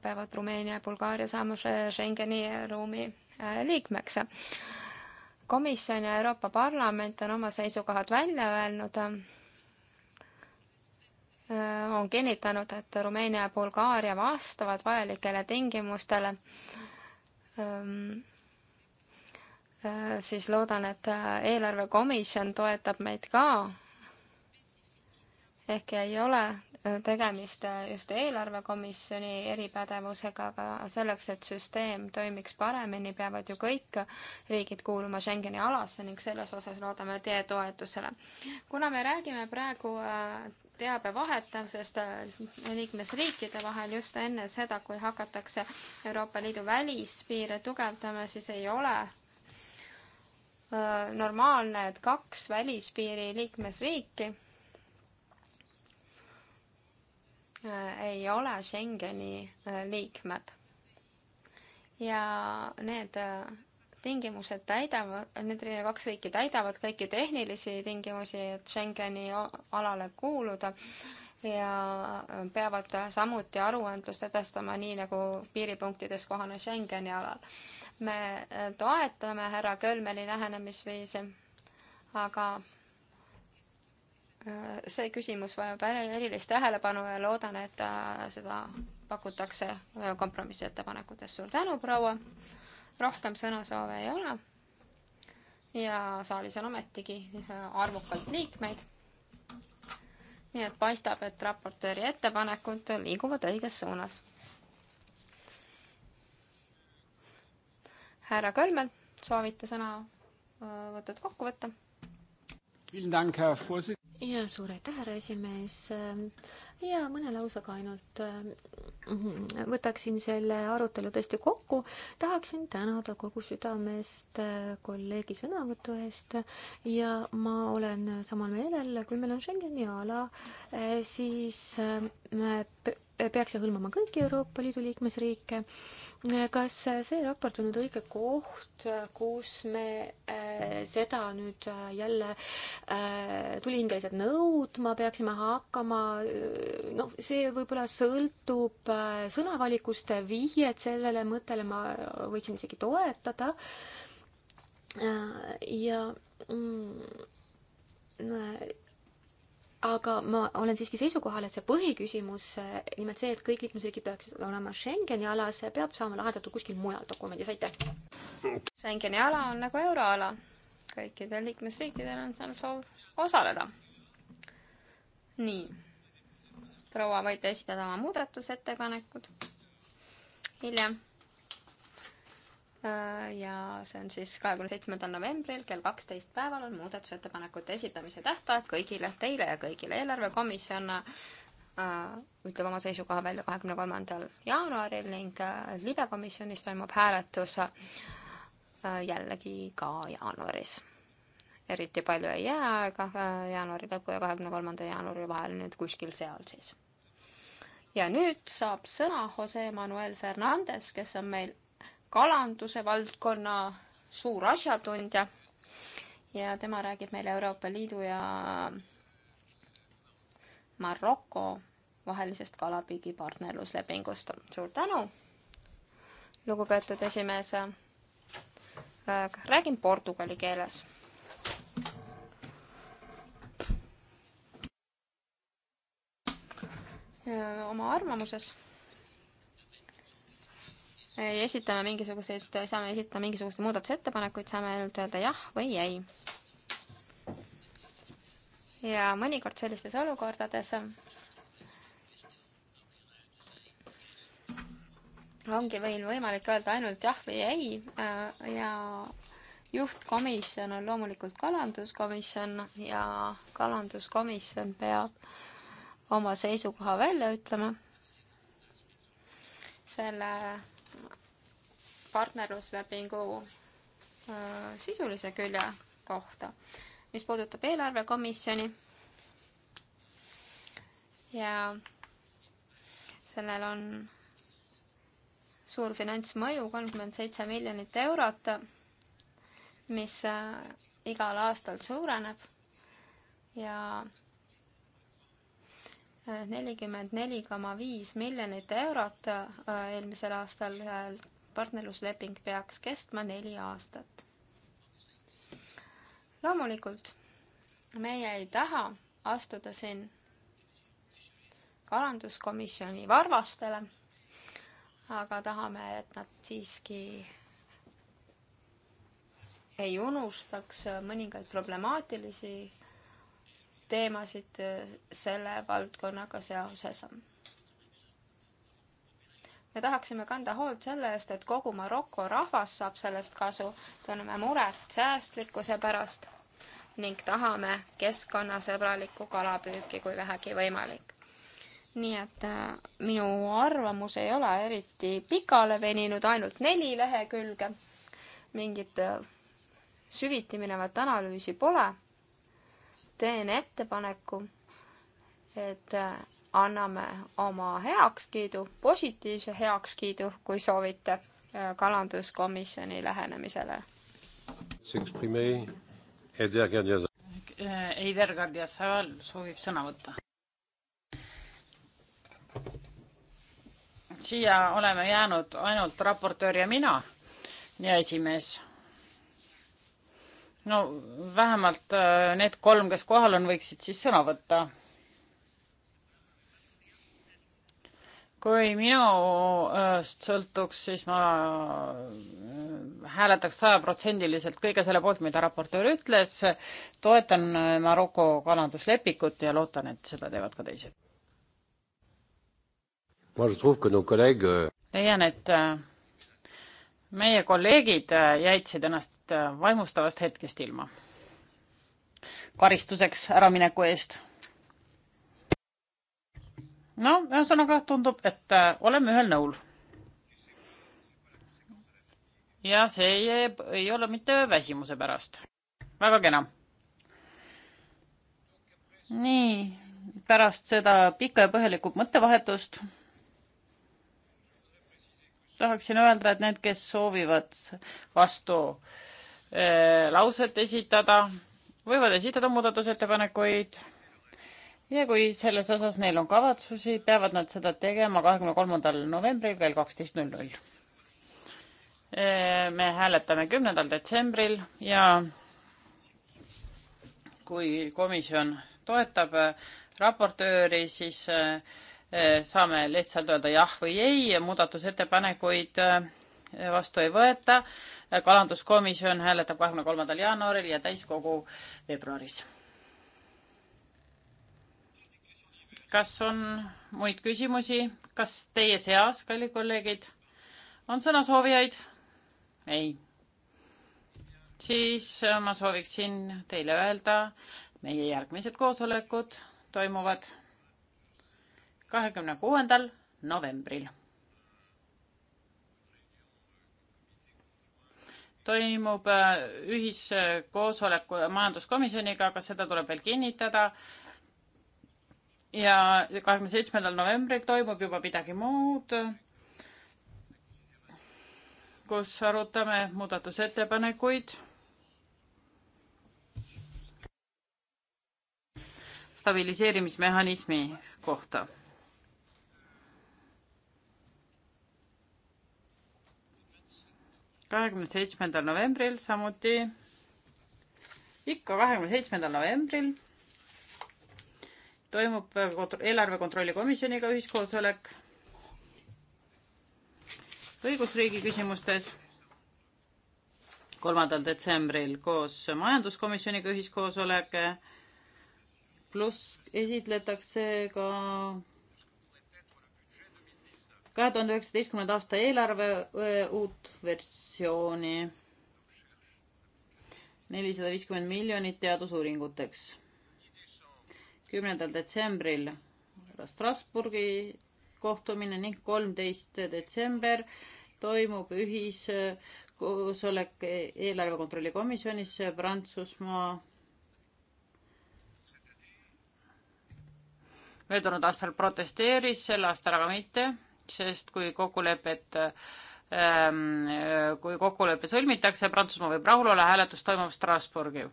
peavad Rumeenia ja Bulgaaria saama Schengeni ruumi äh, liikmeks komisjon ja Euroopa Parlament on oma seisukohad välja öelnud, äh, on kinnitanud, et Rumeenia ja Bulgaaria vastavad vajalikele tingimustele, ähm, äh, siis loodan, et äh, eelarvekomisjon toetab meid ka, ehkki ei ole Äh, tegemist äh, just eelarvekomisjoni eripädevusega, aga selleks, et süsteem toimiks paremini, peavad ju kõik riigid kuuluma Schengeni alasse ning selles osas loodame teie toetusele. kuna me räägime praegu äh, teabe vahetamisest liikmesriikide vahel just enne seda, kui hakatakse Euroopa Liidu välispiire tugevdama, siis ei ole normaalne, et kaks välispiiri liikmesriiki Äh, ei ole Schengeni äh, liikmed. ja need äh, tingimused täidavad, need kaks riiki täidavad kõiki tehnilisi tingimusi, et Schengeni alale kuuluda ja peavad samuti aruandlust edastama nii, nagu piiripunktides kohane Schengeni alal. me toetame härra Kölmeli lähenemisviisi, aga see küsimus vajab erilist tähelepanu ja loodan, et äh, seda pakutakse äh, kompromissettepanekutes. suur tänu, proua! rohkem sõnasoove ei ole. ja saalis on ometigi äh, arvukalt liikmeid. nii et paistab, et raportööri ettepanekud liiguvad õiges suunas. härra Kõlmel, soovite sõna võtad kokku võtta? ja suur aitäh, härra esimees. ja mõne lausega ainult äh, võtaksin selle arutelu tõesti kokku. tahaksin tänada kogu südamest äh, kolleegi sõnavõtu eest ja ma olen samal meelel, kui meil on Schengeni ala, äh, siis peaks see hõlmama kõiki Euroopa Liidu liikmesriike. kas see raport on nüüd õige koht, kus me äh, seda nüüd äh, jälle äh, tulihingeliselt nõudma peaksime hakkama? noh, see võib-olla sõltub sõnavalikust, vihjed sellele mõttele ma võiksin isegi toetada. ja mm, aga ma olen siiski seisukohal, et see põhiküsimus, nimelt see, et kõik liikmesriigid peaksid olema Schengeni alas, peab saama lahendatud kuskil mujal dokumendis, aitäh! Schengeni ala on nagu euroala. kõikidel liikmesriikidel on seal soov osaleda. nii. proua, võite esitada oma muudatusettepanekud hiljem Äh, ja see on siis kahekümne seitsmendal novembril kell kaksteist päeval on muudatusettepanekute esitamise tähtaeg kõigile teile ja kõigile eelarvekomisjon äh, ütleb oma seisukoha välja kahekümne kolmandal jaanuaril ning äh, libekomisjonis toimub hääletus jällegi ka jaanuaris. eriti palju ei jää aega jaanuari lõpu ja kahekümne kolmanda jaanuari vahel, nii et kuskil seal siis. ja nüüd saab sõna Jose Manuel Fernandez, kes on meil kalanduse valdkonna suur asjatundja ja tema räägib meile Euroopa Liidu ja Maroko vahelisest kalapüügi partnerluslepingust. suur tänu, lugupeetud esimees. räägin portugali keeles Ja oma arvamuses ei esitame mingisuguseid, saame esitada mingisuguseid muudatusettepanekuid, saame ainult öelda jah või ei. ja mõnikord sellistes olukordades ongi võin võimalik öelda ainult jah või ei äh, ja juhtkomisjon on loomulikult kalanduskomisjon ja kalanduskomisjon peab oma seisukoha välja ütlema selle partnerluslepingu sisulise külje kohta, mis puudutab eelarvekomisjoni ja sellel on suur finantsmõju, kolmkümmend seitse miljonit eurot, mis igal aastal suureneb ja nelikümmend neli koma viis miljonit eurot eelmisel aastal partnerlusleping peaks kestma neli aastat. loomulikult meie ei taha astuda siin kalanduskomisjoni varvastele, aga tahame, et nad siiski ei unustaks mõningaid problemaatilisi teemasid selle valdkonnaga seoses me tahaksime kanda hoolt selle eest, et kogu Maroko rahvas saab sellest kasu. tunneme muret säästlikkuse pärast ning tahame keskkonnasõbralikku kalapüüki, kui vähegi võimalik. nii et äh, minu arvamus ei ole eriti pikale veninud, ainult neli lehekülge. mingit äh, süviti minevat analüüsi pole. teen ettepaneku, et äh, anname oma heakskiidu, positiivse heakskiidu, kui soovite, äh, kalanduskomisjoni lähenemisele. Eider Gardiazabal äh, soovib sõna võtta. siia oleme jäänud ainult raportöör ja mina ja esimees. no vähemalt äh, need kolm, kes kohal on, võiksid siis sõna võtta kui minust sõltuks, siis ma äh, hääletaks sajaprotsendiliselt kõige selle poolt, mida raportöör ütles. toetan äh, Maroko kalanduslepikut ja loodan, et seda teevad ka teised. Euh, leian, et äh, meie kolleegid jäitsid ennast vaimustavast hetkest ilma. karistuseks äramineku eest no ühesõnaga tundub, et äh, oleme ühel nõul. ja see ei, ei ole mitte väsimuse pärast. väga kena. nii, pärast seda pikka ja põhjalikku mõttevahetust tahaksin öelda, et need, kes soovivad vastu äh, lauset esitada, võivad esitada muudatusettepanekuid ja kui selles osas neil on kavatsusi, peavad nad seda tegema kahekümne kolmandal novembril kell kaksteist null null. me hääletame kümnendal detsembril ja kui komisjon toetab äh, raportööri, siis äh, äh, saame lihtsalt öelda jah või ei, muudatusettepanekuid vastu ei võeta. kalanduskomisjon hääletab kahekümne kolmandal jaanuaril ja täiskogu veebruaris kas on muid küsimusi, kas teie seas, kallid kolleegid, on sõnasoovijaid? ei. siis äh, ma sooviksin teile öelda, meie järgmised koosolekud toimuvad kahekümne kuuendal novembril. toimub äh, ühiskoosolek äh, majanduskomisjoniga, aga seda tuleb veel kinnitada ja kahekümne seitsmendal novembril toimub juba midagi muud, kus arutame muudatusettepanekuid. stabiliseerimismehhanismi kohta. kahekümne seitsmendal novembril samuti, ikka kahekümne seitsmendal novembril toimub eelarve kontrolli komisjoniga ühiskoosolek õigusriigi küsimustes kolmandal detsembril koos majanduskomisjoniga ühiskoosolek, pluss esitletakse ka kahe tuhande üheksateistkümnenda aasta eelarve uut versiooni. nelisada viiskümmend miljonit teadusuuringuteks kümnendal detsembril Strasburgi kohtumine ning kolmteist detsember toimub ühiskoosolek eelarve kontrolli komisjonis Prantsusmaa. möödunud aastal protesteeris, sel aastal aga mitte, sest kui kokkulepet ähm,, kui kokkulepe sõlmitakse, Prantsusmaa võib rahul olla, hääletus toimub Strasbourgi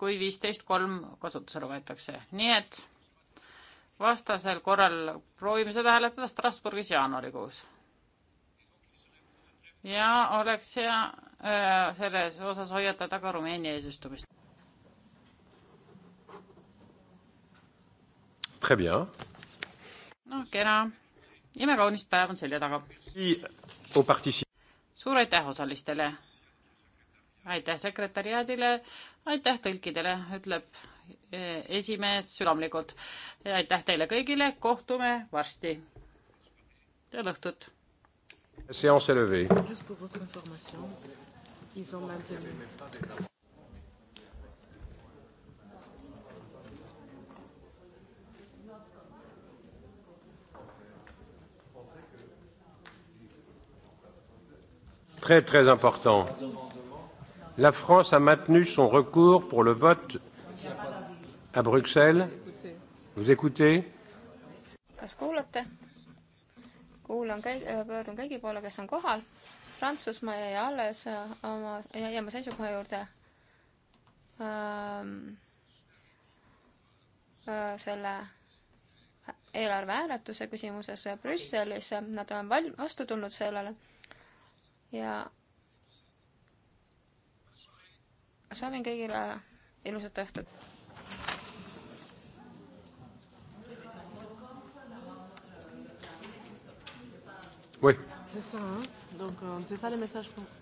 kui viisteist kolm kasutusele võetakse, nii et vastasel korral proovime seda hääletada Strasbourgis jaanuarikuus. ja oleks hea äh, selles osas hoiatada ka Rumeenia eesistumist. Très bien. no kena, imekaunist päev on selja taga. suur aitäh osalistele aitäh sekretäriaadile, aitäh tõlkidele, ütleb e, esimees südamlikult. aitäh teile kõigile, kohtume varsti. head õhtut. Séance est levée. Juste pour votre information, ils ont maintenu. Très très important. La France a maintenu son recours pour le vote à Bruxelles. Vous écoutez Kas kuulate? Kuulan, käi, äh, pöördun kõigi poole, kes on kohal. Prantsusmaa jäi alles äh, oma, jäi oma seisukoha juurde ähm, äh, selle eelarve hääletuse küsimuses Brüsselis. Nad on val-, vastu tulnud sellele ja soovin kõigile ilusat õhtut. Oui. C'est ça, hein Donc euh, c'est ça les messages qu'on...